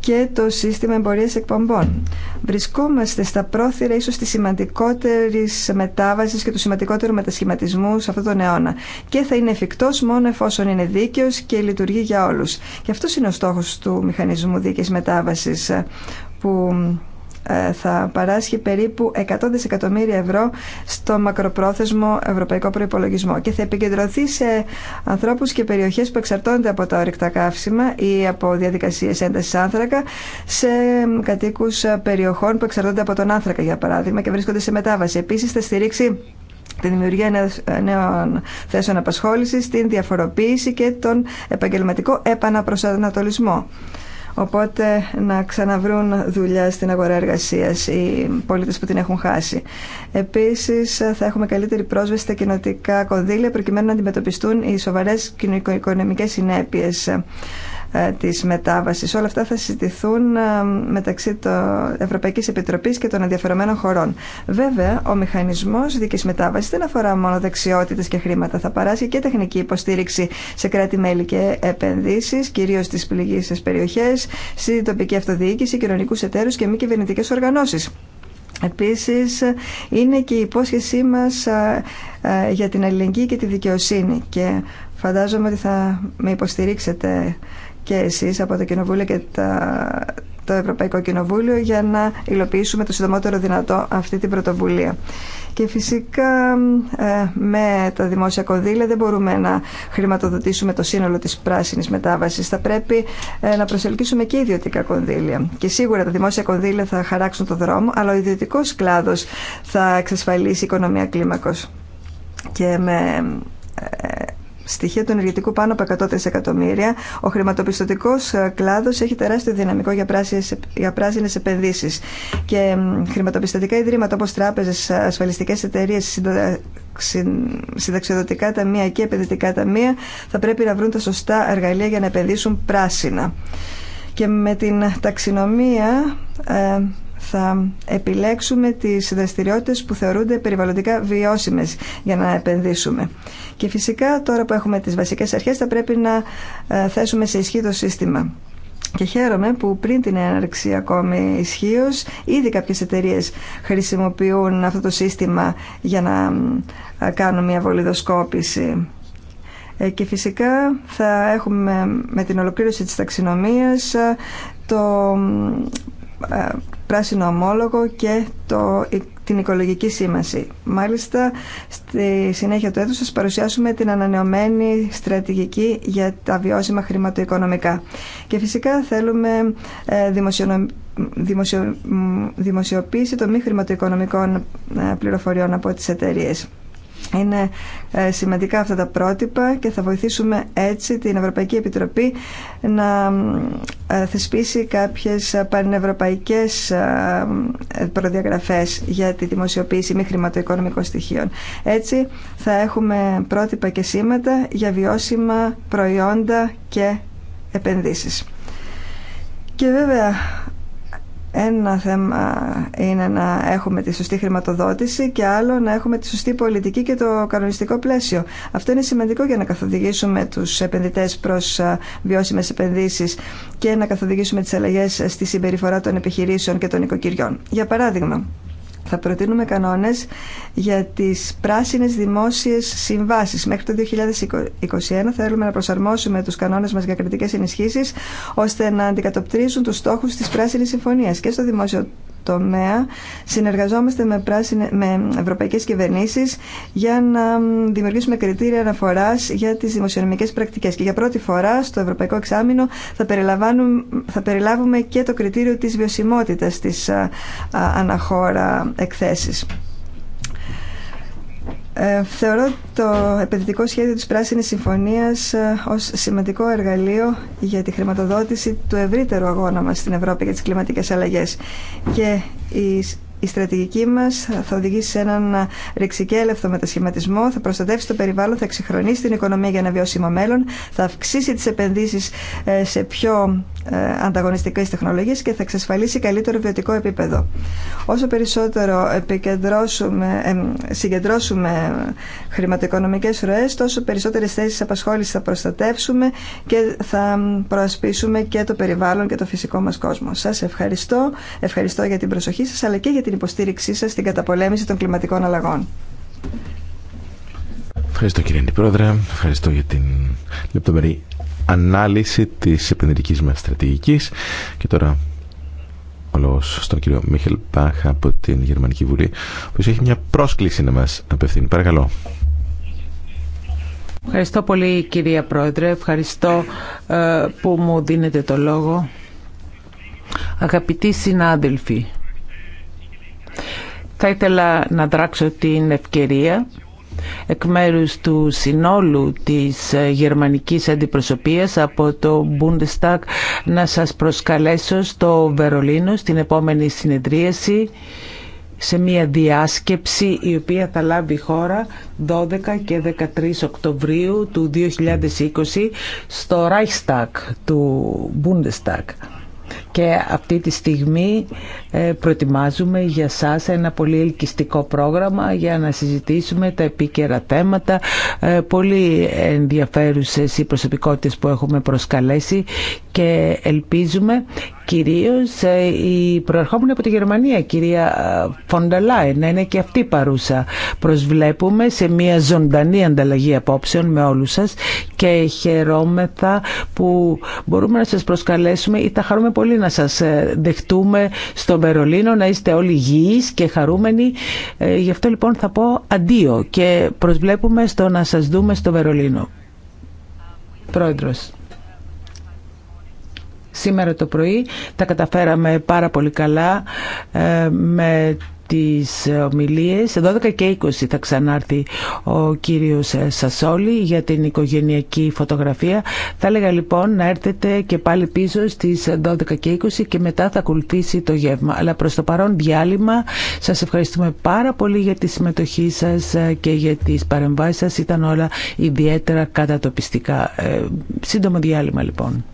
και το σύστημα εμπορίας εκπομπών. Βρισκόμαστε στα πρόθυρα ίσως της σημαντικότερης μετάβασης και του σημαντικότερου μετασχηματισμού σε αυτόν τον αιώνα και θα είναι εφικτός μόνο εφόσον είναι δίκαιος και λειτουργεί για όλους. Και αυτό είναι ο στόχος του Μηχανισμού Δίκαιης Μετάβασης που ε, θα παράσχει περίπου 100 δισεκατομμύρια ευρώ στο μακροπρόθεσμο ευρωπαϊκό προϋπολογισμό και θα επικεντρωθεί σε ανθρώπους και περιοχές που εξαρτώνται από τα ορυκτά καύσιμα ή από διαδικασίες έντασης άνθρακα σε κατοίκους περιοχών που εξαρτώνται από τον άνθρακα για παράδειγμα και βρίσκονται σε μετάβαση. Επίσης θα στηρίξει τη δημιουργία νέων θέσεων απασχόλησης, την διαφοροποίηση και τον επαγγελματικό επαναπροσανατολισμό οπότε να ξαναβρούν δουλειά στην αγορά εργασίας οι πολίτες που την έχουν χάσει. Επίσης θα έχουμε καλύτερη πρόσβαση στα κοινοτικά κονδύλια προκειμένου να αντιμετωπιστούν οι σοβαρές κοινωνικο-οικονομικές συνέπειες ε, της μετάβασης. Όλα αυτά θα συζητηθούν ε, μεταξύ της Ευρωπαϊκής Επιτροπής και των ενδιαφερομένων χωρών. Βέβαια, ο μηχανισμός δικής μετάβασης δεν αφορά μόνο δεξιότητες και χρήματα. Θα παράσχει και τεχνική υποστήριξη σε κράτη-μέλη και επενδύσεις, κυρίως στις πληγήσεις περιοχές, στη τοπική αυτοδιοίκηση, κοινωνικούς εταίρους και μη κυβερνητικέ οργανώσεις. Επίσης είναι και η υπόσχεσή μας ε, για την αλληλεγγύη και τη δικαιοσύνη και φαντάζομαι ότι θα με υποστηρίξετε και εσείς από το Κοινοβούλιο και τα, το Ευρωπαϊκό Κοινοβούλιο για να υλοποιήσουμε το συντομότερο δυνατό αυτή την πρωτοβουλία. Και φυσικά ε, με τα δημόσια κονδύλια δεν μπορούμε να χρηματοδοτήσουμε το σύνολο της πράσινης μετάβασης. Θα πρέπει ε, να προσελκύσουμε και ιδιωτικά κονδύλια. Και σίγουρα τα δημόσια κονδύλια θα χαράξουν το δρόμο, αλλά ο ιδιωτικός κλάδος θα εξασφαλίσει οικονομία κλίμακος. Και με ε, στοιχεία του ενεργητικού πάνω από 100 εκατομμύρια. ο χρηματοπιστωτικό ε, κλάδο έχει τεράστιο δυναμικό για, πράσινες, για πράσινε επενδύσει. Και χρηματοπιστωτικά ιδρύματα όπω τράπεζε, ασφαλιστικέ εταιρείε, ε, συνταξιοδοτικά ταμεία και επενδυτικά ταμεία θα πρέπει να βρουν τα σωστά εργαλεία για να επενδύσουν πράσινα. Και με την ταξινομία ε, θα επιλέξουμε τις δραστηριότητες που θεωρούνται περιβαλλοντικά βιώσιμες για να επενδύσουμε. Και φυσικά τώρα που έχουμε τις βασικές αρχές θα πρέπει να ε, θέσουμε σε ισχύ το σύστημα. Και χαίρομαι που πριν την έναρξη ακόμη ισχύω, ήδη κάποιες εταιρείε χρησιμοποιούν αυτό το σύστημα για να ε, κάνουν μια βολιδοσκόπηση ε, και φυσικά θα έχουμε με την ολοκλήρωση της ταξινομίας το πράσινο ομόλογο και το, την οικολογική σήμανση. Μάλιστα, στη συνέχεια του έτους σας παρουσιάσουμε την ανανεωμένη στρατηγική για τα βιώσιμα χρηματοοικονομικά. Και φυσικά θέλουμε ε, δημοσιοποίηση των μη χρηματοοικονομικών ε, πληροφοριών από τις εταιρείες. Είναι ε, σημαντικά αυτά τα πρότυπα και θα βοηθήσουμε έτσι την Ευρωπαϊκή Επιτροπή να ε, θεσπίσει κάποιες πανευρωπαϊκές ε, προδιαγραφές για τη δημοσιοποίηση μη χρηματοοικονομικών στοιχείων. Έτσι θα έχουμε πρότυπα και σήματα για βιώσιμα προϊόντα και επενδύσεις. Και βέβαια ένα θέμα είναι να έχουμε τη σωστή χρηματοδότηση και άλλο να έχουμε τη σωστή πολιτική και το κανονιστικό πλαίσιο. Αυτό είναι σημαντικό για να καθοδηγήσουμε τους επενδυτές προς βιώσιμες επενδύσεις και να καθοδηγήσουμε τις αλλαγές στη συμπεριφορά των επιχειρήσεων και των οικοκυριών. Για παράδειγμα, θα προτείνουμε κανόνες για τις πράσινες δημόσιες συμβάσεις. Μέχρι το 2021 θέλουμε να προσαρμόσουμε τους κανόνες μας για κριτικές ενισχύσεις ώστε να αντικατοπτρίζουν τους στόχους της πράσινης συμφωνίας και στο δημόσιο τομέα συνεργαζόμαστε με, πράσινε, με ευρωπαϊκές κυβερνήσεις για να δημιουργήσουμε κριτήρια αναφοράς για τις δημοσιονομικές πρακτικές. Και για πρώτη φορά στο Ευρωπαϊκό Εξάμεινο θα, θα περιλάβουμε και το κριτήριο της βιωσιμότητας της αναχώρα εκθέσεις. Ε, θεωρώ το επενδυτικό σχέδιο της Πράσινης Συμφωνίας ε, ως σημαντικό εργαλείο για τη χρηματοδότηση του ευρύτερου αγώνα μας στην Ευρώπη για τις κλιματικές αλλαγές. Και η, στρατηγική μας θα οδηγήσει σε έναν ρηξικέλευθο μετασχηματισμό, θα προστατεύσει το περιβάλλον, θα εξυγχρονίσει την οικονομία για ένα βιώσιμο μέλλον, θα αυξήσει τις επενδύσεις ε, σε πιο ε, ανταγωνιστικές τεχνολογίες και θα εξασφαλίσει καλύτερο βιωτικό επίπεδο. Όσο περισσότερο επικεντρώσουμε, συγκεντρώσουμε χρηματοοικονομικές ροές, τόσο περισσότερες θέσεις απασχόλησης θα προστατεύσουμε και θα προασπίσουμε και το περιβάλλον και το φυσικό μας κόσμο. Σας ευχαριστώ, ευχαριστώ για την προσοχή σας, αλλά και για την υποστήριξή σας στην καταπολέμηση των κλιματικών αλλαγών. Ευχαριστώ κύριε Αντιπρόεδρε, ευχαριστώ για την λεπτομερή ανάλυση της επενδυτικής μας στρατηγικής και τώρα ο λόγος στον κύριο Μίχελ Πάχ από την Γερμανική Βουλή που έχει μια πρόσκληση να μας απευθύνει. Παρακαλώ. Ευχαριστώ πολύ κυρία Πρόεδρε, ευχαριστώ ε, που μου δίνετε το λόγο. Αγαπητοί συνάδελφοι, θα ήθελα να δράξω την ευκαιρία εκ μέρους του συνόλου της ε, γερμανικής αντιπροσωπείας από το Bundestag να σας προσκαλέσω στο Βερολίνο στην επόμενη συνεδρίαση σε μια διάσκεψη η οποία θα λάβει χώρα 12 και 13 Οκτωβρίου του 2020 στο Reichstag του Bundestag. Και αυτή τη στιγμή ε, προετοιμάζουμε για σας ένα πολύ ελκυστικό πρόγραμμα για να συζητήσουμε τα επίκαιρα θέματα, ε, πολύ ενδιαφέρουσες οι προσωπικότητες που έχουμε προσκαλέσει και ελπίζουμε κυρίως ε, η προερχόμενη από τη Γερμανία, κυρία Φονταλάι, να είναι και αυτή παρούσα. Προσβλέπουμε σε μια ζωντανή ανταλλαγή απόψεων με όλους σας και χαιρόμεθα που μπορούμε να σας προσκαλέσουμε ή θα χαρούμε πολύ να σας δεχτούμε στο Βερολίνο να είστε όλοι υγιείς και χαρούμενοι. Ε, γι' αυτό λοιπόν θα πω αντίο και προσβλέπουμε στο να σας δούμε στο Βερολίνο. Πρόεδρος. Σήμερα το πρωί τα καταφέραμε πάρα πολύ καλά ε, με τις ομιλίες. 12 και 20 θα ξανάρθει ο κύριος Σασόλη για την οικογενειακή φωτογραφία. Θα έλεγα λοιπόν να έρθετε και πάλι πίσω στις 12 και 20 και μετά θα ακολουθήσει το γεύμα. Αλλά προς το παρόν διάλειμμα σας ευχαριστούμε πάρα πολύ για τη συμμετοχή σας και για τις παρεμβάσεις σας. Ήταν όλα ιδιαίτερα κατατοπιστικά. Ε, σύντομο διάλειμμα λοιπόν.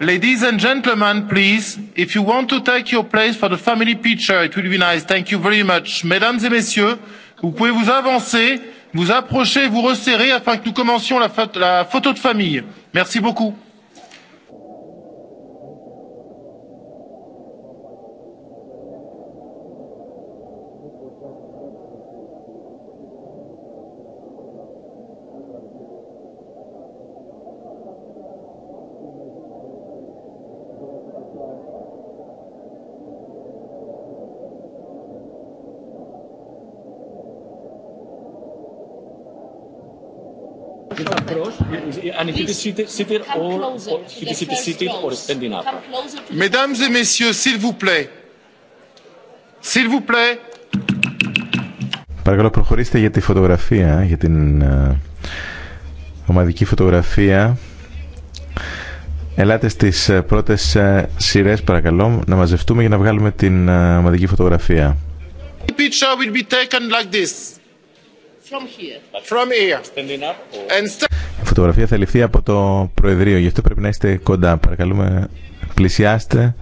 Ladies and gentlemen, please, if you want to take your place for the family picture, it will be nice. Thank you very much. Mesdames et messieurs, vous pouvez vous avancer, vous approcher, vous resserrer afin que nous commencions la photo de famille. Merci beaucoup. can he be seated, seated or, or he be seated, or standing up? Mesdames et messieurs, s'il vous plaît. S'il vous plaît. Παρακαλώ προχωρήστε για τη φωτογραφία, για την ομαδική φωτογραφία. Ελάτε στις πρώτες σειρές παρακαλώ να μαζευτούμε για να βγάλουμε την ομαδική φωτογραφία. The picture will be taken like this. From here. From here. Standing up. Or... And φωτογραφία θα ληφθεί από το Προεδρείο. Γι' αυτό πρέπει να είστε κοντά. Παρακαλούμε, πλησιάστε.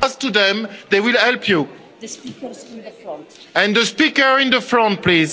To them, they will help you. The speaker in the front. And the speaker in the front, please.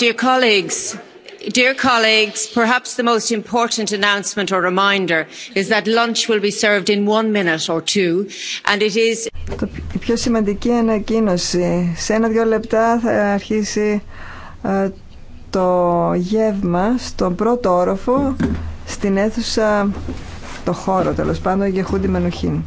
Dear colleagues, dear colleagues, perhaps the most important announcement or reminder is that lunch will be served in one minute or two, and it is. Η πιο σημαντική ανακοίνωση. Σε ένα-δύο λεπτά θα αρχίσει το γεύμα στον πρώτο όροφο στην αίθουσα, το χώρο τέλος πάντων, για Χούντι Μενουχίν.